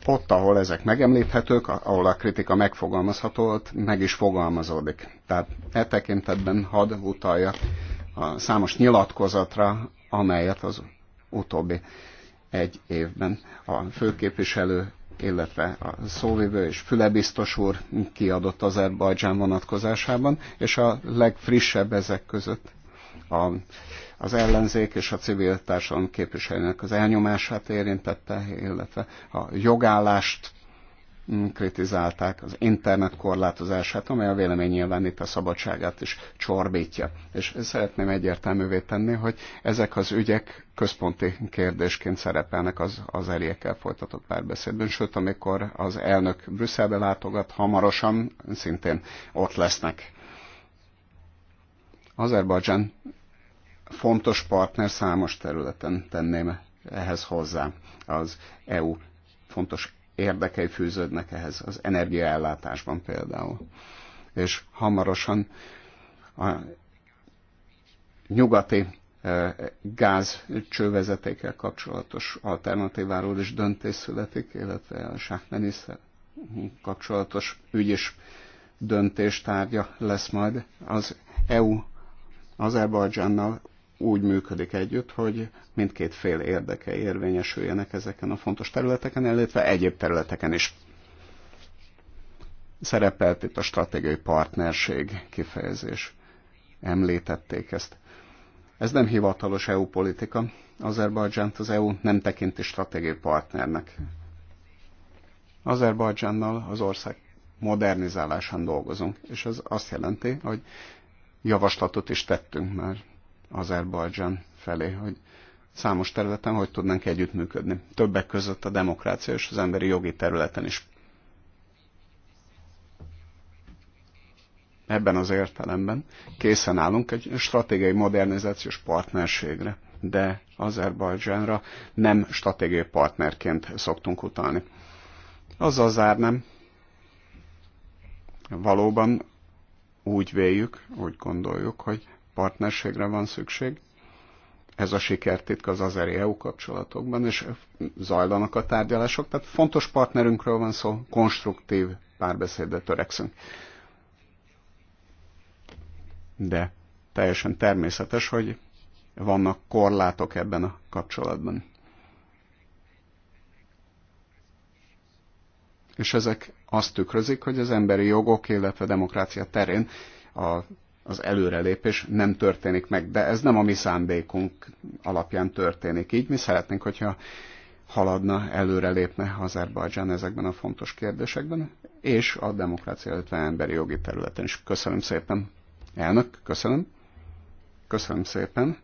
Ott, ahol ezek megemlíthetők, ahol a kritika megfogalmazható, ott meg is fogalmazódik. Tehát e tekintetben had utalja a számos nyilatkozatra, amelyet az utóbbi egy évben a főképviselő illetve a szóvivő és fülebiztos úr kiadott Azerbajdzsán vonatkozásában, és a legfrissebb ezek között a, az ellenzék és a civil társadalom képviselőnek az elnyomását érintette, illetve a jogállást Mm, kritizálták az internet korlátozását, amely a véleménynyilvánít a szabadságát is csorbítja. És szeretném egyértelművé tenni, hogy ezek az ügyek központi kérdésként szerepelnek az, az eliekkel folytatott párbeszédben, sőt, amikor az elnök Brüsszelbe látogat, hamarosan szintén ott lesznek. Azerbajdzsán fontos partner számos területen tenném ehhez hozzá az EU fontos érdekei fűződnek ehhez, az energiaellátásban például. És hamarosan a nyugati e, gázcsővezetékkel kapcsolatos alternatíváról is döntés születik, illetve a sákmeniszer kapcsolatos ügy is döntéstárgya lesz majd az EU Azerbajdzsánnal úgy működik együtt, hogy mindkét fél érdeke érvényesüljenek ezeken a fontos területeken, illetve egyéb területeken is. Szerepelt itt a stratégiai partnerség kifejezés. Említették ezt. Ez nem hivatalos EU politika. Azerbajdzsánt az EU nem tekinti stratégiai partnernek. Azerbajdzsánnal az ország modernizálásán dolgozunk, és ez azt jelenti, hogy javaslatot is tettünk már Azerbajdzsán felé, hogy számos területen hogy tudnánk együttműködni. Többek között a demokrácia és az emberi jogi területen is. Ebben az értelemben készen állunk egy stratégiai modernizációs partnerségre, de Azerbajdzsánra nem stratégiai partnerként szoktunk utalni. Azzal zárnám, valóban úgy véljük, úgy gondoljuk, hogy partnerségre van szükség. Ez a sikertitka az azeri EU kapcsolatokban, és zajlanak a tárgyalások. Tehát fontos partnerünkről van szó, konstruktív párbeszédre törekszünk. De teljesen természetes, hogy vannak korlátok ebben a kapcsolatban. És ezek azt tükrözik, hogy az emberi jogok, illetve a demokrácia terén a az előrelépés nem történik meg, de ez nem a mi szándékunk alapján történik. Így mi szeretnénk, hogyha haladna, előrelépne Azerbajdzsán ezekben a fontos kérdésekben, és a demokrácia, illetve emberi jogi területen is. Köszönöm szépen. Elnök, köszönöm. Köszönöm szépen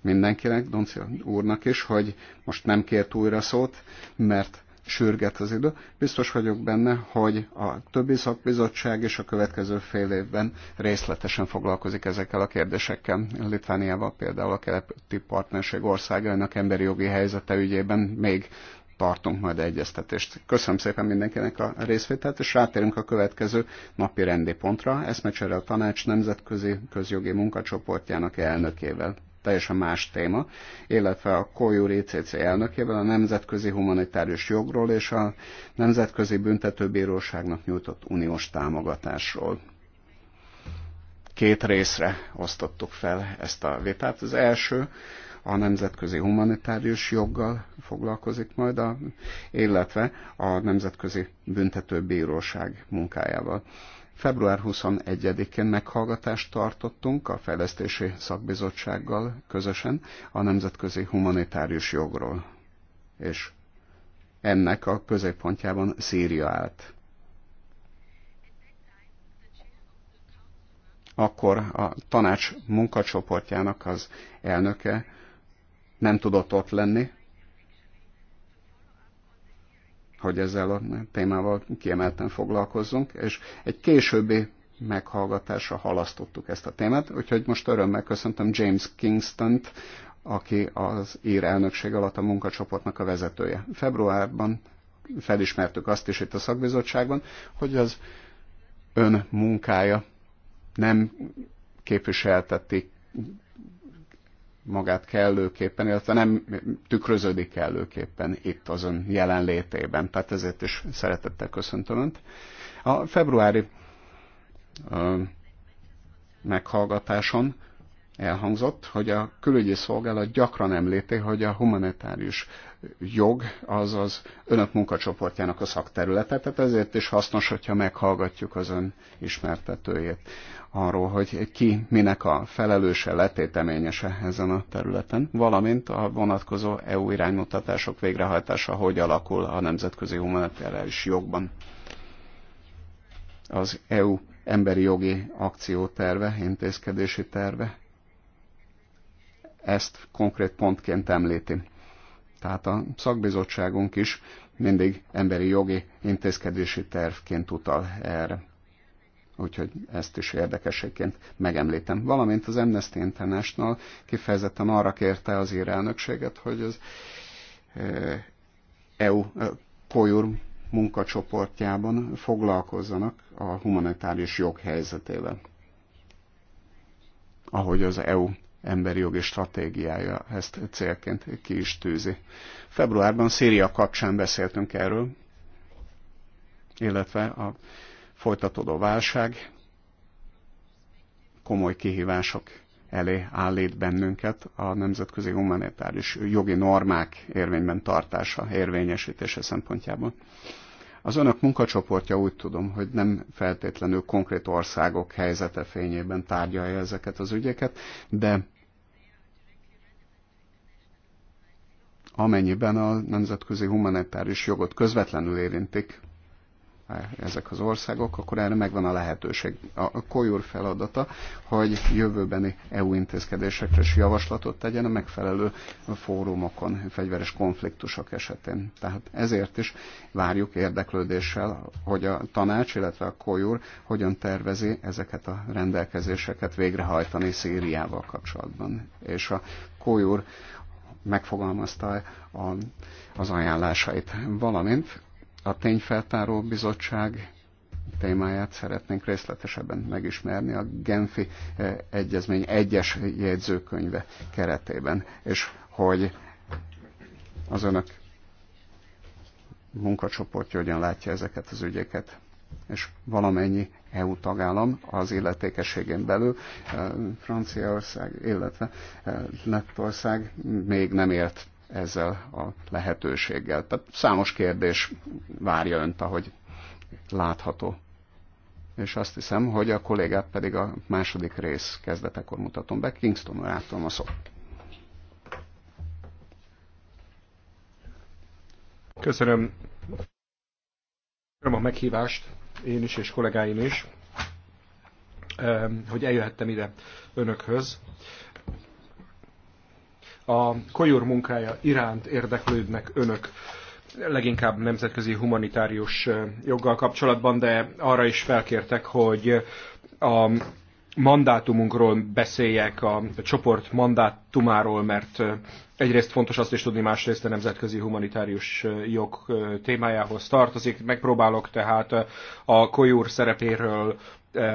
mindenkinek, Donci úrnak is, hogy most nem kért újra szót, mert sürget az idő. Biztos vagyok benne, hogy a többi szakbizottság és a következő fél évben részletesen foglalkozik ezekkel a kérdésekkel. Litvániával például a keleti partnerség országainak emberi jogi helyzete ügyében még tartunk majd egyeztetést. Köszönöm szépen mindenkinek a részvételt, és rátérünk a következő napi rendi pontra, eszmecsere a tanács nemzetközi közjogi munkacsoportjának elnökével teljesen más téma, illetve a Koyur ICC elnökével a nemzetközi humanitárius jogról és a Nemzetközi Büntetőbíróságnak nyújtott uniós támogatásról. Két részre osztottuk fel ezt a vitát. Az első a nemzetközi humanitárius joggal foglalkozik majd, a, illetve a Nemzetközi Büntetőbíróság munkájával. Február 21-én meghallgatást tartottunk a Fejlesztési Szakbizottsággal közösen a nemzetközi humanitárius jogról, és ennek a középpontjában Szíria állt. Akkor a tanács munkacsoportjának az elnöke nem tudott ott lenni, hogy ezzel a témával kiemelten foglalkozzunk, és egy későbbi meghallgatásra halasztottuk ezt a témát, úgyhogy most örömmel köszöntöm James Kingston-t, aki az ír elnökség alatt a munkacsoportnak a vezetője. Februárban felismertük azt is itt a szakbizottságban, hogy az ön munkája nem képviselteti magát kellőképpen, illetve nem tükröződik kellőképpen itt az ön jelenlétében. Tehát ezért is szeretettel köszöntöm önt. A februári ö, meghallgatáson elhangzott, hogy a külügyi szolgálat gyakran említi, hogy a humanitárius jog az az önök munkacsoportjának a szakterülete, tehát ezért is hasznos, hogyha meghallgatjuk az ön ismertetőjét arról, hogy ki minek a felelőse, letéteményese ezen a területen, valamint a vonatkozó EU iránymutatások végrehajtása hogy alakul a nemzetközi humanitárius jogban. Az EU emberi jogi akcióterve, intézkedési terve ezt konkrét pontként említi. Tehát a szakbizottságunk is mindig emberi jogi intézkedési tervként utal erre úgyhogy ezt is érdekeseként megemlítem. Valamint az Amnesty International kifejezetten arra kérte az ír elnökséget, hogy az EU Koyur munkacsoportjában foglalkozzanak a humanitárius jog helyzetével. Ahogy az EU emberi jogi stratégiája ezt célként ki is tűzi. Februárban Szíria kapcsán beszéltünk erről, illetve a folytatódó válság komoly kihívások elé állít bennünket a nemzetközi humanitárius jogi normák érvényben tartása, érvényesítése szempontjából. Az önök munkacsoportja úgy tudom, hogy nem feltétlenül konkrét országok helyzete fényében tárgyalja ezeket az ügyeket, de amennyiben a nemzetközi humanitárius jogot közvetlenül érintik, ezek az országok, akkor erre megvan a lehetőség. A kolyúr feladata, hogy jövőbeni EU intézkedésekre is javaslatot tegyen a megfelelő fórumokon, fegyveres konfliktusok esetén. Tehát ezért is várjuk érdeklődéssel, hogy a tanács, illetve a kolyúr hogyan tervezi ezeket a rendelkezéseket végrehajtani Szíriával kapcsolatban. És a kolyúr megfogalmazta a, az ajánlásait, valamint a Tényfeltáró Bizottság témáját szeretnénk részletesebben megismerni a Genfi eh, Egyezmény egyes jegyzőkönyve keretében, és hogy az önök munkacsoportja hogyan látja ezeket az ügyeket, és valamennyi EU tagállam az illetékességén belül, eh, Franciaország, illetve eh, Lettország még nem élt ezzel a lehetőséggel. Tehát számos kérdés várja önt, ahogy látható. És azt hiszem, hogy a kollégát pedig a második rész kezdetekor mutatom be. Kingston átom a szót. Köszönöm. Köszönöm a meghívást, én is és kollégáim is, eh, hogy eljöhettem ide önökhöz a Kojur munkája iránt érdeklődnek önök leginkább nemzetközi humanitárius joggal kapcsolatban, de arra is felkértek, hogy a mandátumunkról beszéljek, a csoport mandátumáról, mert egyrészt fontos azt is tudni, másrészt a nemzetközi humanitárius jog témájához tartozik. Megpróbálok tehát a kojúr szerepéről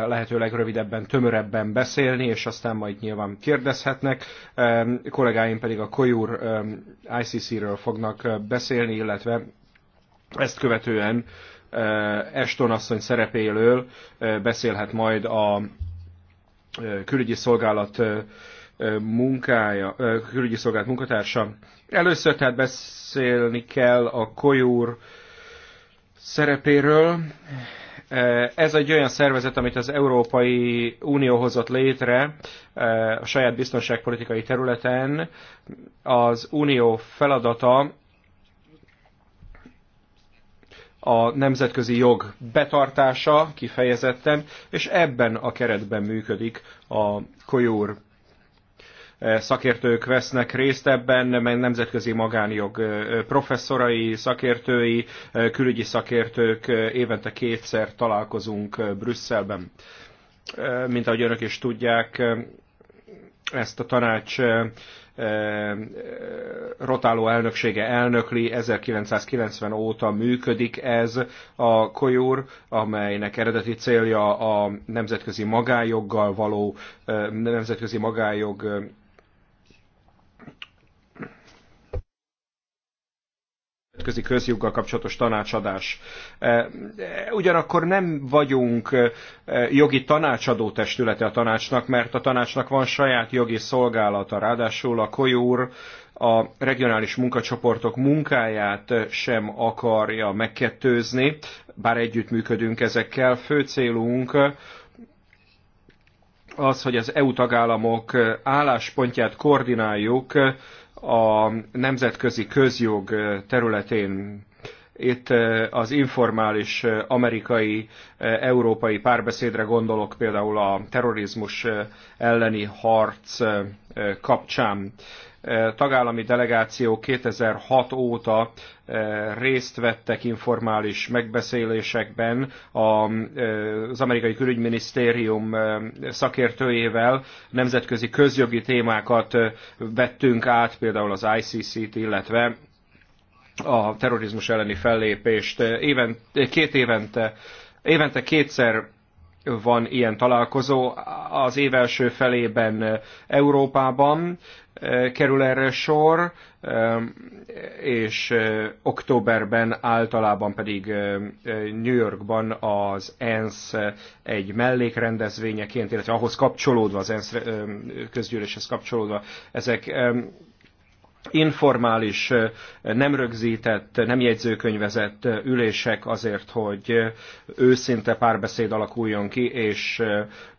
lehetőleg rövidebben, tömörebben beszélni, és aztán majd nyilván kérdezhetnek. Kollégáim pedig a Koyur ICC-ről fognak beszélni, illetve ezt követően Eston asszony szerepéről beszélhet majd a külügyi szolgálat munkája, külügyi szolgálat munkatársa. Először tehát beszélni kell a Koyur szerepéről, Eh, ez egy olyan szervezet, amit az Európai Unió hozott létre eh, a saját biztonságpolitikai területen. Az Unió feladata a nemzetközi jog betartása kifejezetten, és ebben a keretben működik a Kojúr Eh, szakértők vesznek részt ebben, meg nemzetközi magánjog eh, professzorai, szakértői, eh, külügyi szakértők, évente kétszer találkozunk Brüsszelben. Mint ahogy önök is tudják, ezt a tanács rotáló elnöksége elnökli, 1990 óta működik ez a kojúr, amelynek eredeti célja a nemzetközi magájoggal való, nemzetközi magájog nemzetközi közjoggal kapcsolatos tanácsadás. E, ugyanakkor nem vagyunk e, jogi tanácsadó testülete a tanácsnak, mert a tanácsnak van saját jogi szolgálata. Ráadásul a Kojúr a regionális munkacsoportok munkáját sem akarja megkettőzni, bár együttműködünk ezekkel. Fő célunk az, hogy az EU tagállamok álláspontját koordináljuk a nemzetközi közjog területén itt az informális amerikai, európai párbeszédre gondolok, például a terrorizmus elleni harc kapcsán. Eh, tagállami delegáció 2006 óta eh, részt vettek informális megbeszélésekben eh, az amerikai külügyminisztérium szakértőjével, nemzetközi közjogi témákat vettünk át, például az ICC-t, illetve a terrorizmus elleni fellépést. Éven, két évente, évente kétszer van ilyen találkozó. Az év első felében Európában, kerül erre sor, um, és uh, októberben általában pedig uh, New Yorkban az ENSZ uh, egy mellékrendezvényeként, illetve ahhoz kapcsolódva, az ENSZ um, közgyűléshez kapcsolódva ezek um, informális, nem rögzített, nem jegyzőkönyvezett ülések azért, hogy őszinte párbeszéd alakuljon ki, és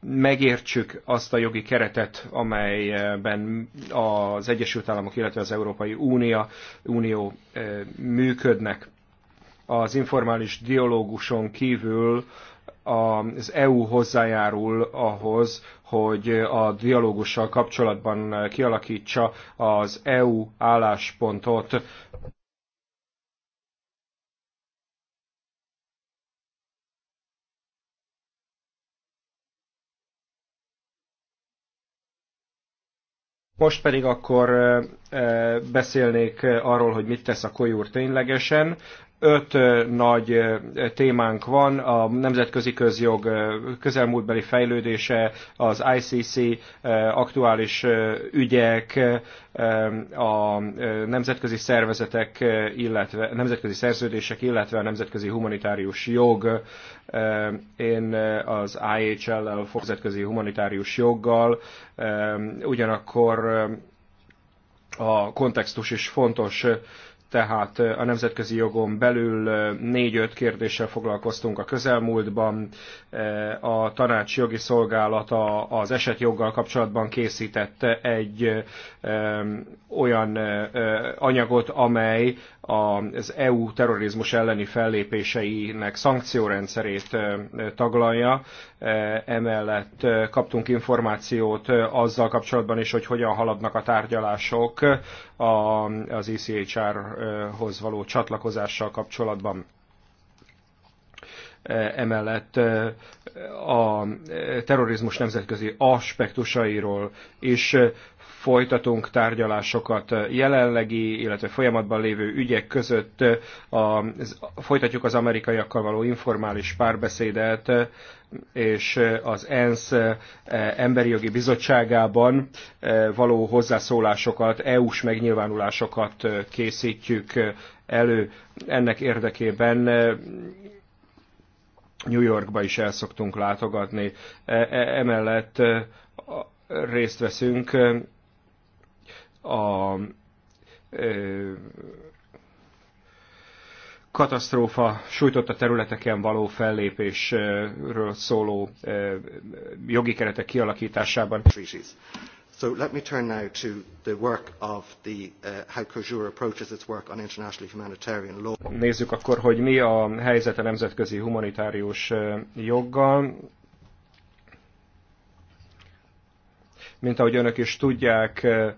megértsük azt a jogi keretet, amelyben az Egyesült Államok, illetve az Európai Unió, Unió működnek. Az informális dialóguson kívül az EU hozzájárul ahhoz, hogy a dialógussal kapcsolatban kialakítsa az EU álláspontot. Most pedig akkor eh, eh, beszélnék arról, hogy mit tesz a kojúr ténylegesen öt nagy témánk van, a nemzetközi közjog közelmúltbeli fejlődése, az ICC aktuális ügyek, a nemzetközi szervezetek, illetve nemzetközi szerződések, illetve a nemzetközi humanitárius jog. Én az IHL-lel, nemzetközi humanitárius joggal, ugyanakkor a kontextus is fontos tehát a nemzetközi jogon belül négy-öt kérdéssel foglalkoztunk a közelmúltban. A tanács jogi szolgálata az esetjoggal kapcsolatban készítette egy olyan anyagot, amely az EU terrorizmus elleni fellépéseinek szankciórendszerét taglalja. Emellett kaptunk információt azzal kapcsolatban is, hogy hogyan haladnak a tárgyalások a, az ECHR-hoz való csatlakozással kapcsolatban e, emellett e, a terrorizmus nemzetközi aspektusairól is folytatunk tárgyalásokat jelenlegi, illetve folyamatban lévő ügyek között. A, folytatjuk az amerikaiakkal való informális párbeszédet, és az ENSZ eh, Emberi Jogi Bizottságában eh, való hozzászólásokat, EU-s megnyilvánulásokat eh, készítjük elő. Ennek érdekében New Yorkba is el szoktunk látogatni. Emellett részt veszünk a ö, katasztrófa sújtotta területeken való fellépésről szóló jogi keretek kialakításában. So let me turn now to the work of the uh, how COSURE approaches its work on international humanitarian law. Nézzük akkor, hogy mi a helyzet a nemzetközi humanitárius joggal. Mint ahogy önök is tudják, uh,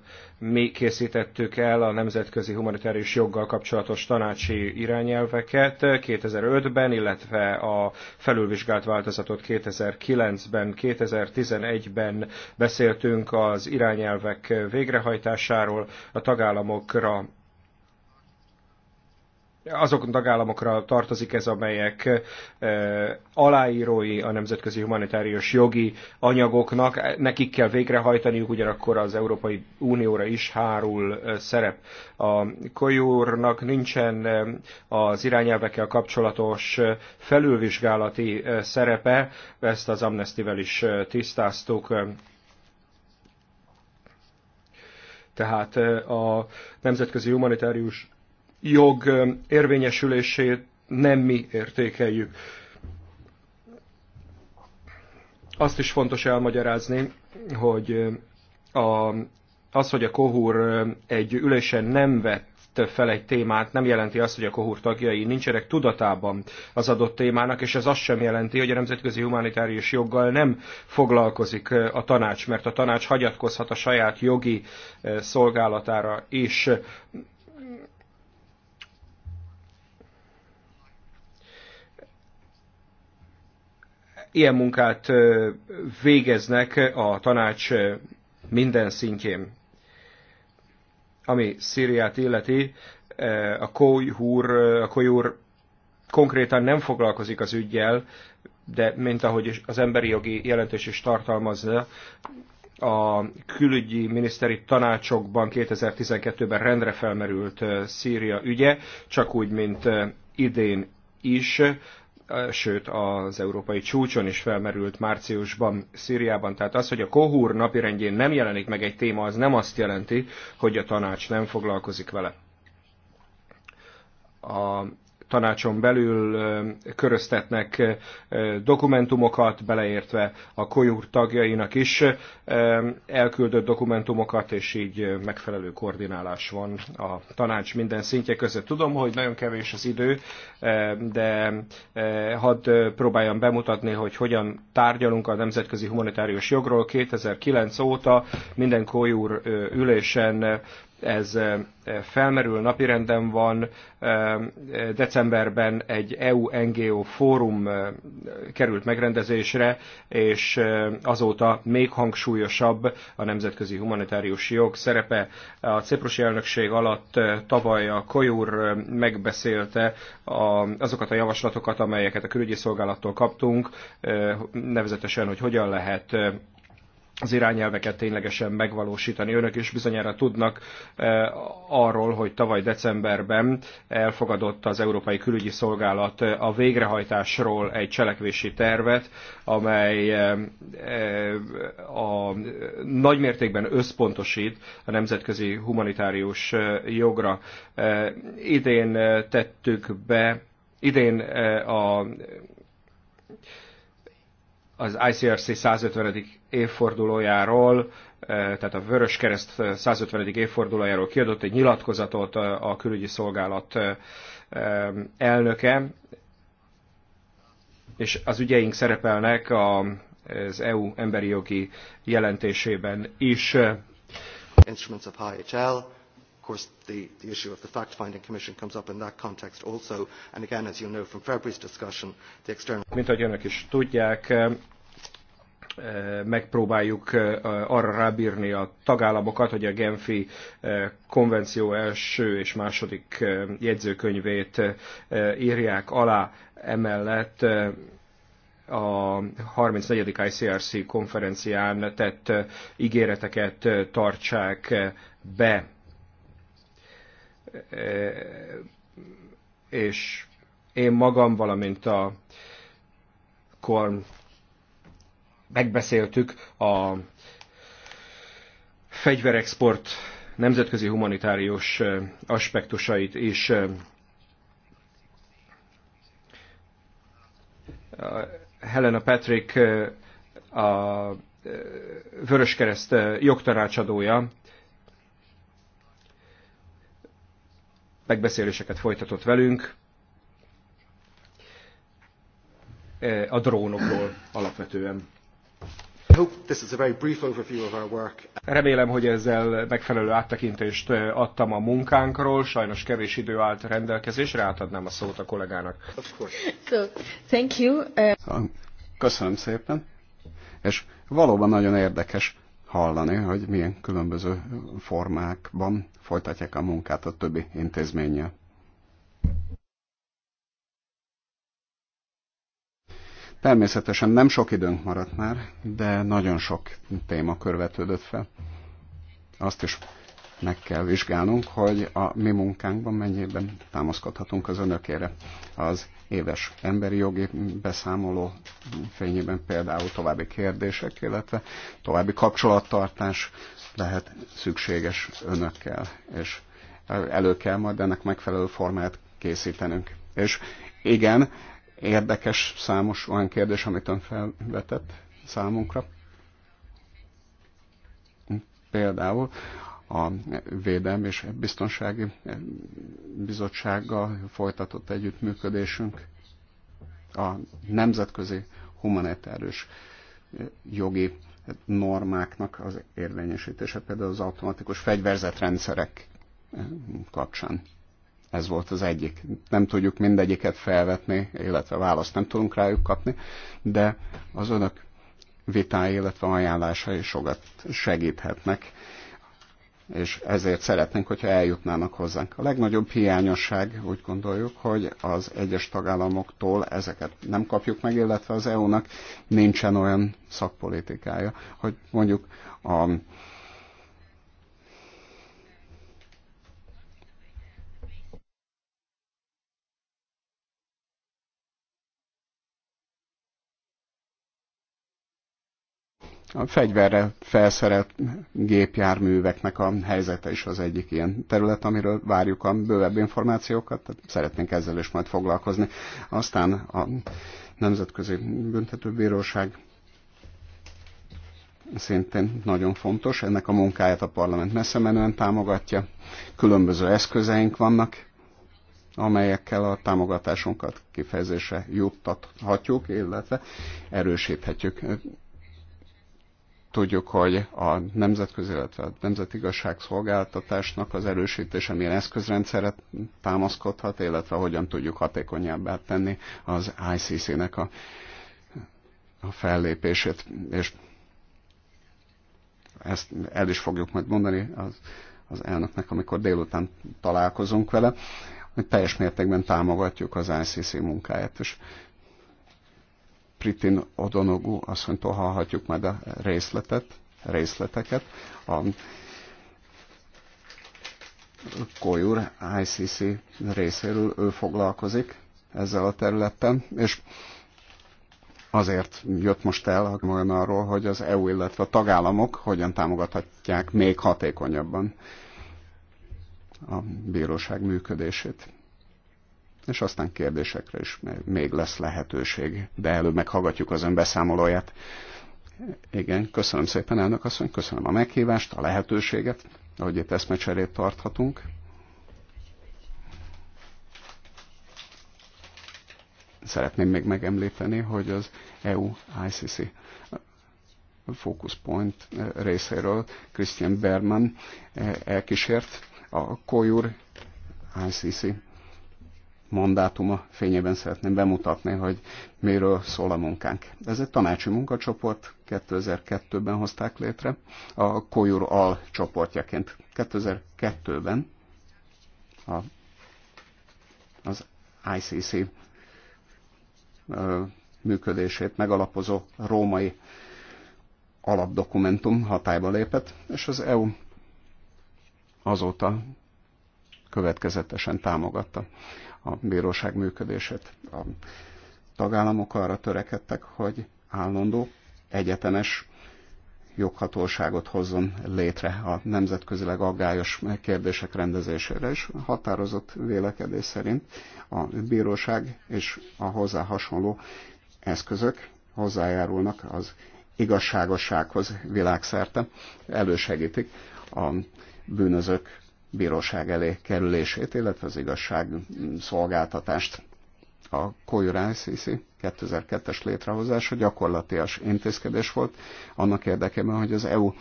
mi készítettük el a nemzetközi humanitárius joggal kapcsolatos tanácsi irányelveket 2005-ben, illetve a felülvizsgált változatot 2009-ben, 2011-ben beszéltünk az irányelvek végrehajtásáról, a tagállamokra azok tagállamokra tartozik ez, amelyek eh, aláírói a nemzetközi humanitárius jogi anyagoknak, nekik kell végrehajtaniuk, ugyanakkor az Európai Unióra is hárul eh, szerep. A Kojúrnak nincsen eh, az irányelvekkel kapcsolatos felülvizsgálati szerepe, ezt az Amnestivel is tisztáztuk, tehát a nemzetközi humanitárius jog érvényesülését nem mi értékeljük. Azt is fontos elmagyarázni, hogy a, az, hogy a Kohúr egy ülésen nem vett fel egy témát, nem jelenti azt, hogy a kohúr tagjai nincsenek tudatában az adott témának, és ez azt sem jelenti, hogy a nemzetközi humanitárius joggal nem foglalkozik a tanács, mert a tanács hagyatkozhat a saját jogi szolgálatára is. Ilyen munkát végeznek a tanács minden szintjén. Ami Szíriát illeti, a Kójhúr, a Kójúr konkrétan nem foglalkozik az ügyjel, de mint ahogy az emberi jogi jelentés is tartalmazza, a külügyi miniszteri tanácsokban 2012-ben rendre felmerült Szíria ügye, csak úgy, mint idén is sőt az európai csúcson is felmerült márciusban Szíriában. Tehát az, hogy a Kohúr napirendjén nem jelenik meg egy téma, az nem azt jelenti, hogy a tanács nem foglalkozik vele. A tanácson belül köröztetnek dokumentumokat, beleértve a kojúr tagjainak is elküldött dokumentumokat, és így megfelelő koordinálás van a tanács minden szintje között. Tudom, hogy nagyon kevés az idő, de hadd próbáljam bemutatni, hogy hogyan tárgyalunk a nemzetközi humanitárius jogról. 2009 óta minden kojúr ülésen ez felmerül, napirenden van. Decemberben egy EU-NGO fórum került megrendezésre, és azóta még hangsúlyosabb a nemzetközi humanitárius jog szerepe. A ciprusi elnökség alatt tavaly a Kojur megbeszélte azokat a javaslatokat, amelyeket a külügyi szolgálattól kaptunk, nevezetesen, hogy hogyan lehet az irányelveket ténylegesen megvalósítani. Önök is bizonyára tudnak eh, arról, hogy tavaly decemberben elfogadott az Európai Külügyi Szolgálat eh, a végrehajtásról egy cselekvési tervet, amely eh, a nagymértékben összpontosít a nemzetközi humanitárius jogra. Idén tettük be, idén a az ICRC 150. évfordulójáról, eh, tehát a Vörös Kereszt 150. Eh, évfordulójáról kiadott egy nyilatkozatot eh, a külügyi szolgálat elnöke, és az ügyeink szerepelnek az EU emberi jogi jelentésében is. Instruments of IHL. Of course, the, the issue of the fact-finding commission comes up in that context also. And again, as you know from February's discussion, the external... Mint ahogy önök is tudják, megpróbáljuk arra rábírni a tagállamokat, hogy a Genfi konvenció első és második jegyzőkönyvét írják alá, emellett a 34. ICRC konferencián tett ígéreteket tartsák be. És én magam, valamint a Korn megbeszéltük a fegyverexport nemzetközi humanitárius aspektusait is. Helena Patrick a Vöröskereszt jogtanácsadója megbeszéléseket folytatott velünk a drónokról alapvetően. Remélem, hogy ezzel megfelelő áttekintést eh, adtam a munkánkról. Sajnos kevés idő állt rendelkezésre, átadnám a szót a kollégának. So, thank you. Uh... Köszönöm szépen. És valóban nagyon érdekes hallani, hogy milyen különböző formákban folytatják a munkát a többi intézménnyel. Természetesen nem sok időnk maradt már, de nagyon sok téma körvetődött fel. Azt is meg kell vizsgálnunk, hogy a mi munkánkban mennyiben támaszkodhatunk az önökére. Az éves emberi jogi beszámoló fényében például további kérdések, illetve további kapcsolattartás lehet szükséges önökkel, és elő kell majd ennek megfelelő formát készítenünk. És igen, érdekes számos olyan kérdés, amit ön felvetett számunkra. Például a Védelmi és Biztonsági Bizottsággal folytatott együttműködésünk a nemzetközi humanitárius jogi normáknak az érvényesítése, például az automatikus fegyverzetrendszerek kapcsán. Ez volt az egyik. Nem tudjuk mindegyiket felvetni, illetve választ nem tudunk rájuk kapni, de az önök vitái, illetve ajánlásai sokat segíthetnek, és ezért szeretnénk, hogyha eljutnának hozzánk. A legnagyobb hiányosság, úgy gondoljuk, hogy az egyes tagállamoktól ezeket nem kapjuk meg, illetve az EU-nak nincsen olyan szakpolitikája, hogy mondjuk a a fegyverre felszerelt gépjárműveknek a helyzete is az egyik ilyen terület, amiről várjuk a bővebb információkat, tehát szeretnénk ezzel is majd foglalkozni. Aztán a Nemzetközi Büntetőbíróság szintén nagyon fontos, ennek a munkáját a parlament messze menően támogatja, különböző eszközeink vannak, amelyekkel a támogatásunkat kifejezésre juttathatjuk, illetve erősíthetjük. Tudjuk, hogy a nemzetközi, illetve a nemzetigazságszolgáltatásnak az erősítése milyen eszközrendszerre támaszkodhat, illetve hogyan tudjuk hatékonyabbá tenni az ICC-nek a, a fellépését. És ezt el is fogjuk majd mondani az, az elnöknek, amikor délután találkozunk vele, hogy teljes mértékben támogatjuk az ICC munkáját, és Pritin Odonogu asszonytól hallhatjuk majd a részletet, részleteket. A Koyur ICC részéről ő foglalkozik ezzel a területen, és azért jött most el olyan arról, hogy az EU, illetve a tagállamok hogyan támogathatják még hatékonyabban a bíróság működését és aztán kérdésekre is még lesz lehetőség, de előbb meghallgatjuk az ön beszámolóját. Igen, köszönöm szépen, elnök asszony, köszönöm a meghívást, a lehetőséget, ahogy itt eszmecserét tarthatunk. Szeretném még megemlíteni, hogy az EU-ICC Focus Point részéről Christian Berman eh, elkísért a COIUR ICC mandátuma fényében szeretném bemutatni, hogy miről szól a munkánk. Ez egy tanácsi munkacsoport, 2002-ben hozták létre, a Koyur Al csoportjaként. 2002-ben a, az ICC ö, működését megalapozó római alapdokumentum hatályba lépett, és az EU azóta következetesen támogatta a bíróság működését. A tagállamok arra törekedtek, hogy állandó, egyetemes joghatóságot hozzon létre a nemzetközileg aggályos kérdések rendezésére, és határozott vélekedés szerint a bíróság és a hozzá hasonló eszközök hozzájárulnak az igazságossághoz világszerte, elősegítik a bűnözök bíróság elé kerülését, illetve az igazság szolgáltatást A Koyurán cc 2002-es létrehozása gyakorlatias intézkedés volt annak érdekében, hogy az EU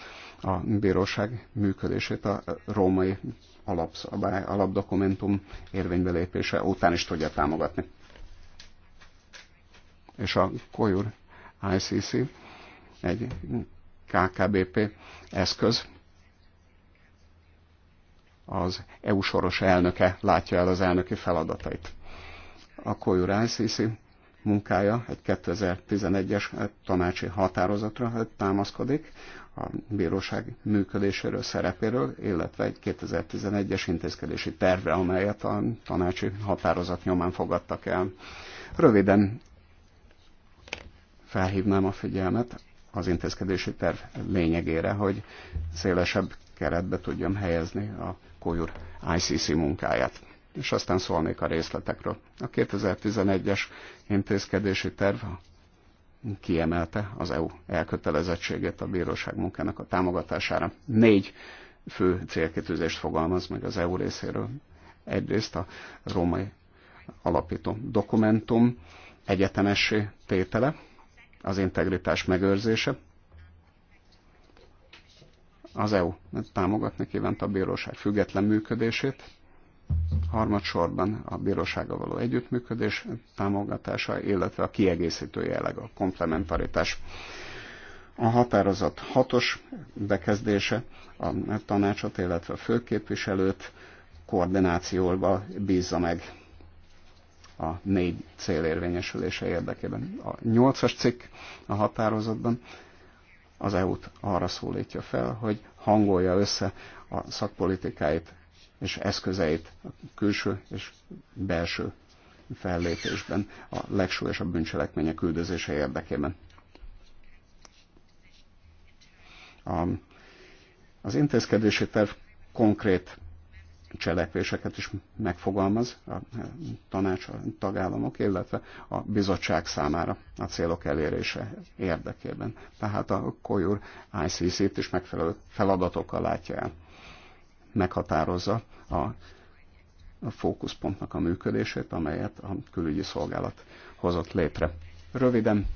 a bíróság működését a római alapszabály, alapdokumentum érvénybe lépése után is tudja támogatni. És a Koyur ICC egy KKBP eszköz, az EU soros elnöke látja el az elnöki feladatait. A Koyur ICC munkája egy 2011-es tanácsi határozatra támaszkodik, a bíróság működéséről, szerepéről, illetve egy 2011-es intézkedési tervre, amelyet a tanácsi határozat nyomán fogadtak el. Röviden felhívnám a figyelmet az intézkedési terv lényegére, hogy szélesebb keretbe tudjam helyezni a Kójur ICC munkáját. És aztán szólnék a részletekről. A 2011-es intézkedési terv kiemelte az EU elkötelezettségét a bíróság munkának a támogatására. Négy fő célkitűzést fogalmaz meg az EU részéről. Egyrészt a római alapító dokumentum egyetemessé tétele, az integritás megőrzése, az EU támogat neki a bíróság független működését, harmadsorban a bírósága való együttműködés támogatása, illetve a kiegészítő jelleg, a komplementaritás. A határozat hatos bekezdése a tanácsot, illetve a főképviselőt koordinációba bízza meg a négy cél érvényesülése érdekében. A nyolcas cikk a határozatban az EU-t arra szólítja fel, hogy hangolja össze a szakpolitikáit és eszközeit a külső és belső fellépésben a legsúlyosabb bűncselekmények küldözése érdekében. A, az intézkedési terv konkrét cselekvéseket is megfogalmaz a eh, tanács, a tagállamok, illetve a bizottság számára a célok elérése érdekében. Tehát a COJUR ICC-t is megfelelő feladatokkal látja el. Meghatározza a, a fókuszpontnak a működését, amelyet a külügyi szolgálat hozott létre. Röviden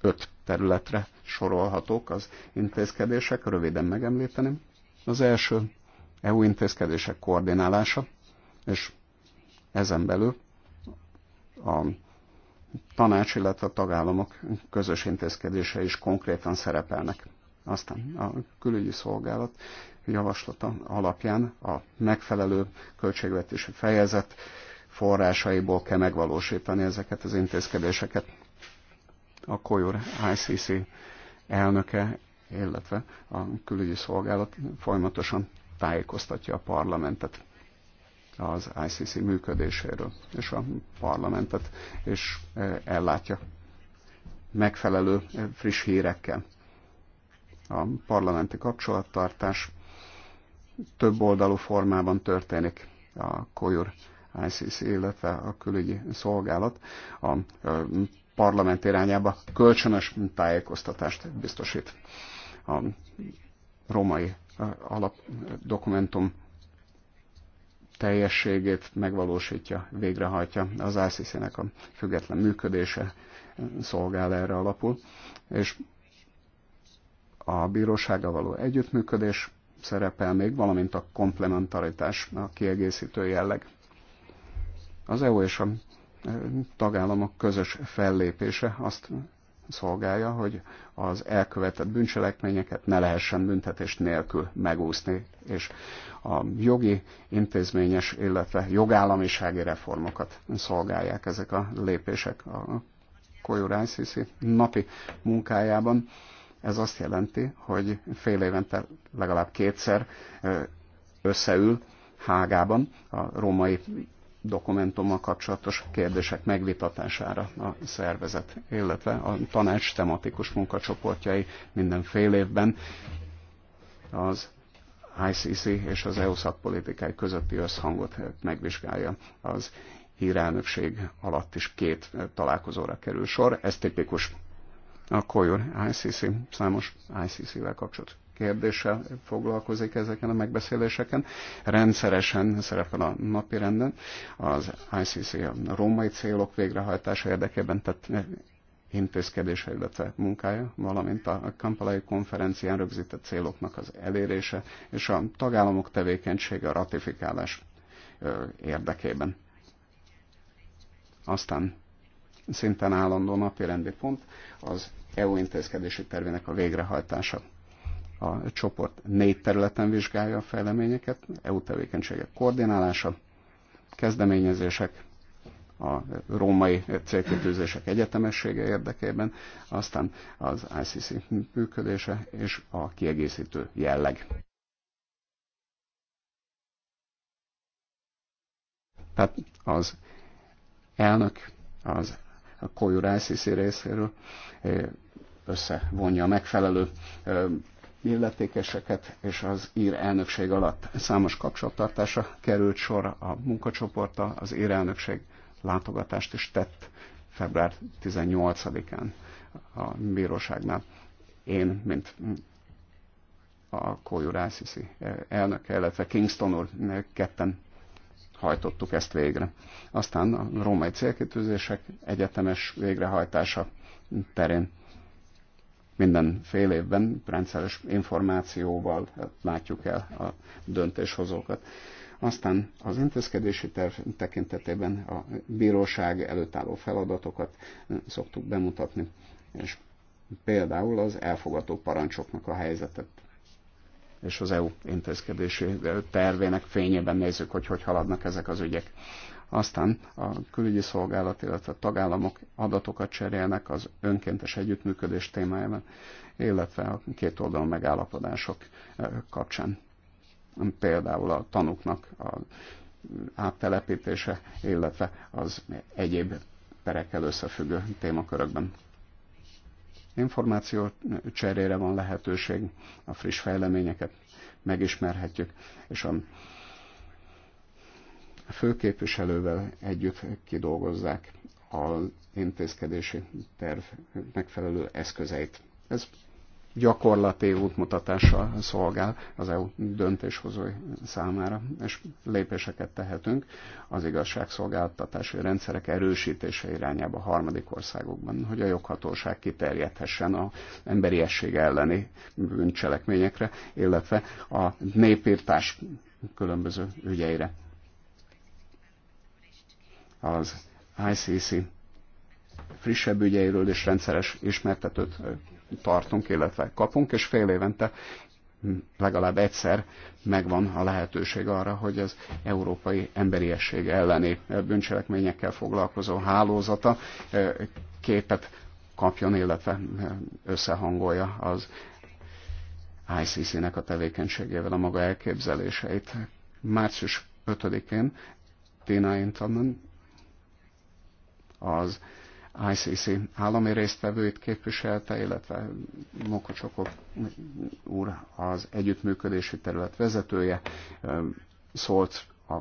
öt területre sorolhatók az intézkedések, röviden megemlíteném. Az első EU intézkedések koordinálása, és ezen belül a tanács, illetve a tagállamok közös intézkedése is konkrétan szerepelnek. Aztán a külügyi szolgálat javaslata alapján a megfelelő költségvetési fejezet forrásaiból kell megvalósítani ezeket az intézkedéseket. A Koyur ICC elnöke, illetve a külügyi szolgálat folyamatosan tájékoztatja a parlamentet az ICC működéséről, és a parlamentet, és e, ellátja megfelelő e, friss hírekkel. A parlamenti kapcsolattartás több oldalú formában történik a COJUR ICC, illetve a külügyi szolgálat a e, parlament irányába kölcsönös tájékoztatást biztosít. A romai alapdokumentum teljességét megvalósítja, végrehajtja. Az ICC-nek a független működése szolgál erre alapul, és a bírósága való együttműködés szerepel még, valamint a komplementaritás, a kiegészítő jelleg. Az EU és a tagállamok közös fellépése azt szolgálja, hogy az elkövetett bűncselekményeket ne lehessen büntetés nélkül megúszni, és a jogi, intézményes, illetve jogállamisági reformokat szolgálják ezek a lépések a Koyur napi munkájában. Ez azt jelenti, hogy fél évente legalább kétszer összeül Hágában a római dokumentummal kapcsolatos kérdések megvitatására a szervezet, illetve a tanács tematikus munkacsoportjai minden fél évben az ICC és az EU szakpolitikai közötti összhangot megvizsgálja. Az hírelnökség alatt is két találkozóra kerül sor. Ez tipikus. A COIUR ICC, számos ICC-vel kapcsolatos kérdéssel foglalkozik ezeken a megbeszéléseken. Rendszeresen szerepel a napi renden az ICC a római célok végrehajtása érdekében, tehát intézkedése, illetve munkája, valamint a kampalai konferencián rögzített céloknak az elérése és a tagállamok tevékenysége a ratifikálás érdekében. Aztán szinten állandó rendi pont az EU intézkedési tervének a végrehajtása. A csoport négy területen vizsgálja a fejleményeket, EU tevékenységek koordinálása, kezdeményezések, a római célkitűzések egyetemessége érdekében, aztán az ICC működése és a kiegészítő jelleg. Tehát az elnök az a Koyur ICC részéről eh, összevonja a megfelelő eh, illetékeseket, és az ír elnökség alatt számos kapcsolattartása került sor a munkacsoporta Az ír elnökség látogatást is tett február 18-án a bíróságnál. Én, mint a Kojurásziszi elnöke, illetve Kingston úr ketten hajtottuk ezt végre. Aztán a római célkitűzések egyetemes végrehajtása terén minden fél évben rendszeres információval látjuk el a döntéshozókat. Aztán az intézkedési terv tekintetében a bíróság előtt álló feladatokat szoktuk bemutatni, és például az elfogadó parancsoknak a helyzetet és az EU intézkedési tervének fényében nézzük, hogy hogy haladnak ezek az ügyek. Aztán a külügyi szolgálat, illetve a tagállamok adatokat cserélnek az önkéntes együttműködés témájában, illetve a oldalon megállapodások kapcsán. Például a tanuknak a áttelepítése, illetve az egyéb perekkel összefüggő témakörökben információ cserére van lehetőség, a friss fejleményeket megismerhetjük, és a a főképviselővel együtt kidolgozzák az intézkedési terv megfelelő eszközeit. Ez gyakorlati útmutatással szolgál az EU döntéshozói számára, és lépéseket tehetünk az igazságszolgáltatási rendszerek erősítése irányába harmadik országokban, hogy a joghatóság kiterjedhessen a emberiesség elleni bűncselekményekre, illetve a népírtás különböző ügyeire az ICC frissebb ügyeiről is rendszeres ismertetőt tartunk, illetve kapunk, és fél évente hm, legalább egyszer megvan a lehetőség arra, hogy az európai emberiesség elleni bűncselekményekkel foglalkozó hálózata képet kapjon, illetve hm, összehangolja az ICC-nek a tevékenységével a maga elképzeléseit. Március 5-én Tina Intaman az ICC állami résztvevőit képviselte, illetve Mokocsokok úr az együttműködési terület vezetője szólt a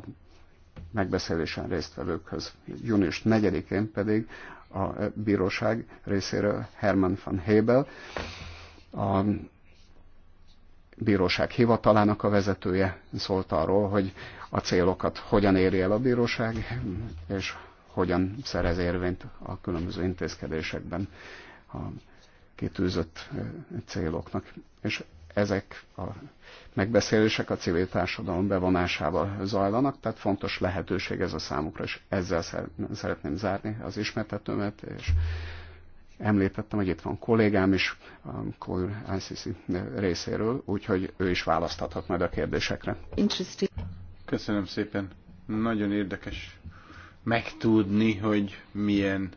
megbeszélésen résztvevőkhöz. Június 4-én pedig a bíróság részéről Herman van Hebel, a bíróság hivatalának a vezetője szólt arról, hogy a célokat hogyan éri el a bíróság, és hogyan szerez érvényt a különböző intézkedésekben a kitűzött céloknak. És ezek a megbeszélések a civil társadalom bevonásával zajlanak, tehát fontos lehetőség ez a számukra, és ezzel szeretném zárni az ismertetőmet, és említettem, hogy itt van kollégám is, a ICC részéről, úgyhogy ő is választhat majd a kérdésekre. Köszönöm szépen. Nagyon érdekes megtudni, hogy milyen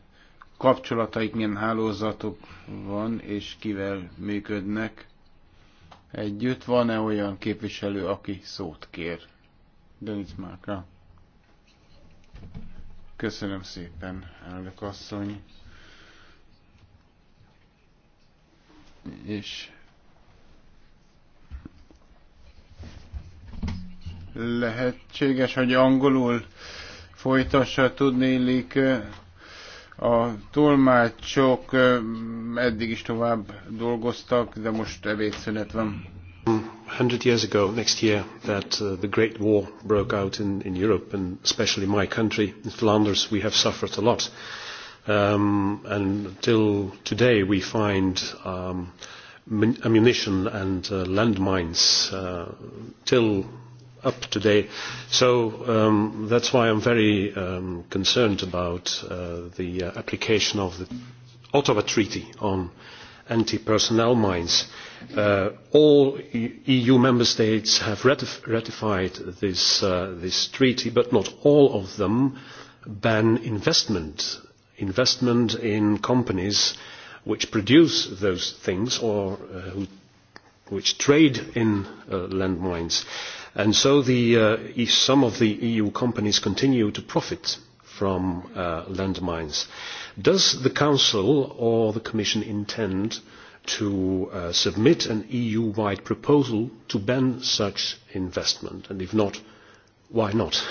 kapcsolataik, milyen hálózatok van, és kivel működnek együtt. Van-e olyan képviselő, aki szót kér? Denis Márka. Köszönöm szépen, elnök asszony. És lehetséges, hogy angolul folytassa tudnélik. A tolmácsok eddig is tovább dolgoztak, de most evédszünet van. 100 um, years ago, next year, that uh, the Great War broke out in, in Europe, and especially my country, in Flanders, we have suffered a lot. Um, and till today, we find um, ammunition and uh, landmines uh, till up to date, So um, that's why I'm very um, concerned about uh, the uh, application of the Ottawa Treaty on anti-personnel mines. Uh, all EU e member states have ratif ratified this, uh, this treaty, but not all of them ban investment, investment in companies which produce those things or uh, who, which trade in uh, landmines. And so the, uh, e-, some of the EU companies continue to profit from uh, landmines. Does the Council or the Commission intend to uh, submit an EU-wide proposal to ban such investment? And if not, why not?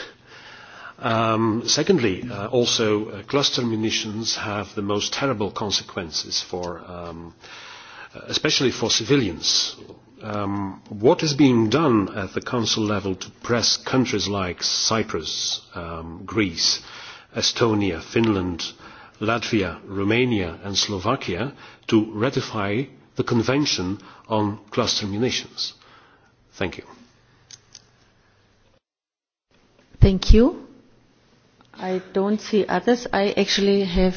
Um, secondly, uh, also uh, cluster munitions have the most terrible consequences for, um, uh, especially for civilians um, what is being done at the Council level to press countries like Cyprus, um, Greece, Estonia, Finland, Latvia, Romania and Slovakia to ratify the Convention on Cluster Munitions? Thank you. Thank you. I don't see others. I actually have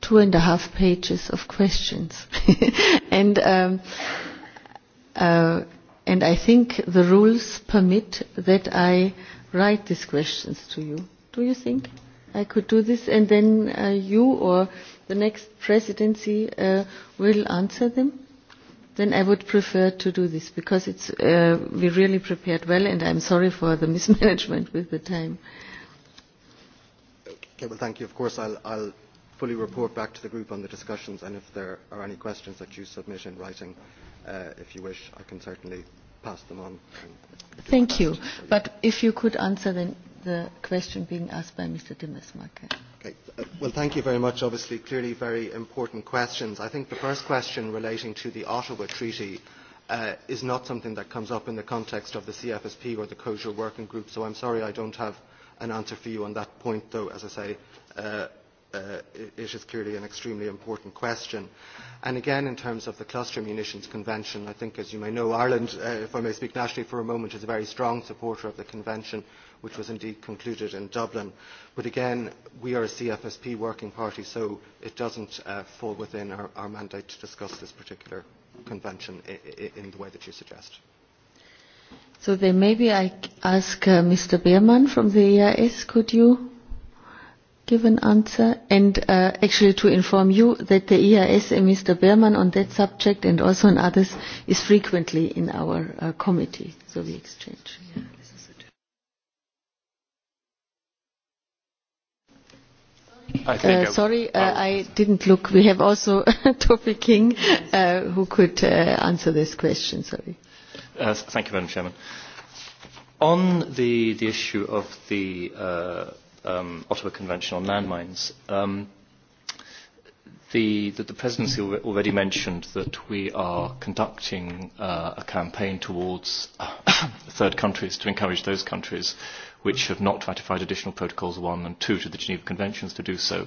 two and a half pages of questions. and um, Uh, and I think the rules permit that I write these questions to you. Do you think I could do this? And then uh, you or the next presidency uh, will answer them? Then I would prefer to do this because it's, uh, we really prepared well and I'm sorry for the mismanagement with the time. Okay, well, thank you. Of course, I'll, I'll fully report back to the group on the discussions and if there are any questions that you submit in writing, uh, uh, if you wish, I can certainly pass them on. Thank you. But if you could answer the, the question being asked by Mr. Dimasmarker. Okay. Uh, well, thank you very much. Obviously, clearly very important questions. I think the first question relating to the Ottawa Treaty uh, is not something that comes up in the context of the CFSP or the Kosher Working Group, so I'm sorry I don't have an answer for you on that point, though, as I say, uh, uh, it is clearly an extremely important question. And again, in terms of the Cluster Munitions Convention, I think, as you may know, Ireland, uh, if I may speak nationally for a moment, is a very strong supporter of the convention, which was indeed concluded in Dublin. But again, we are a CFSP working party, so it doesn't uh, fall within our, our mandate to discuss this particular convention in the way that you suggest. So then maybe I ask uh, Mr. Beerman from the EIS, could you give an answer and uh, actually to inform you that the EIS and Mr. Berman on that subject and also on others is frequently in our uh, committee, so we exchange. Yeah. I think uh, sorry, uh, I didn't look. We have also Toby King uh, who could uh, answer this question. Sorry. Uh, thank you, Madam Chairman. On the, the issue of the uh, um, Ottawa Convention on Landmines. Um, the, the, the Presidency already mentioned that we are conducting uh, a campaign towards third countries to encourage those countries which have not ratified additional protocols one and two to the Geneva Conventions to do so.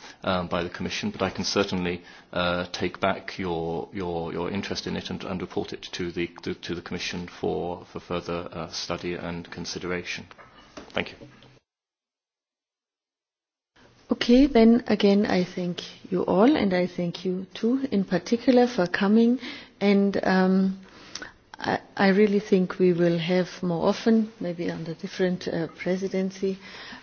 um, by the Commission, but I can certainly uh, take back your, your, your interest in it and, and report it to the, to, to the Commission for, for further uh, study and consideration. Thank you. Okay, then again, I thank you all, and I thank you too, in particular, for coming. And um, I, I really think we will have more often, maybe under different uh, presidency,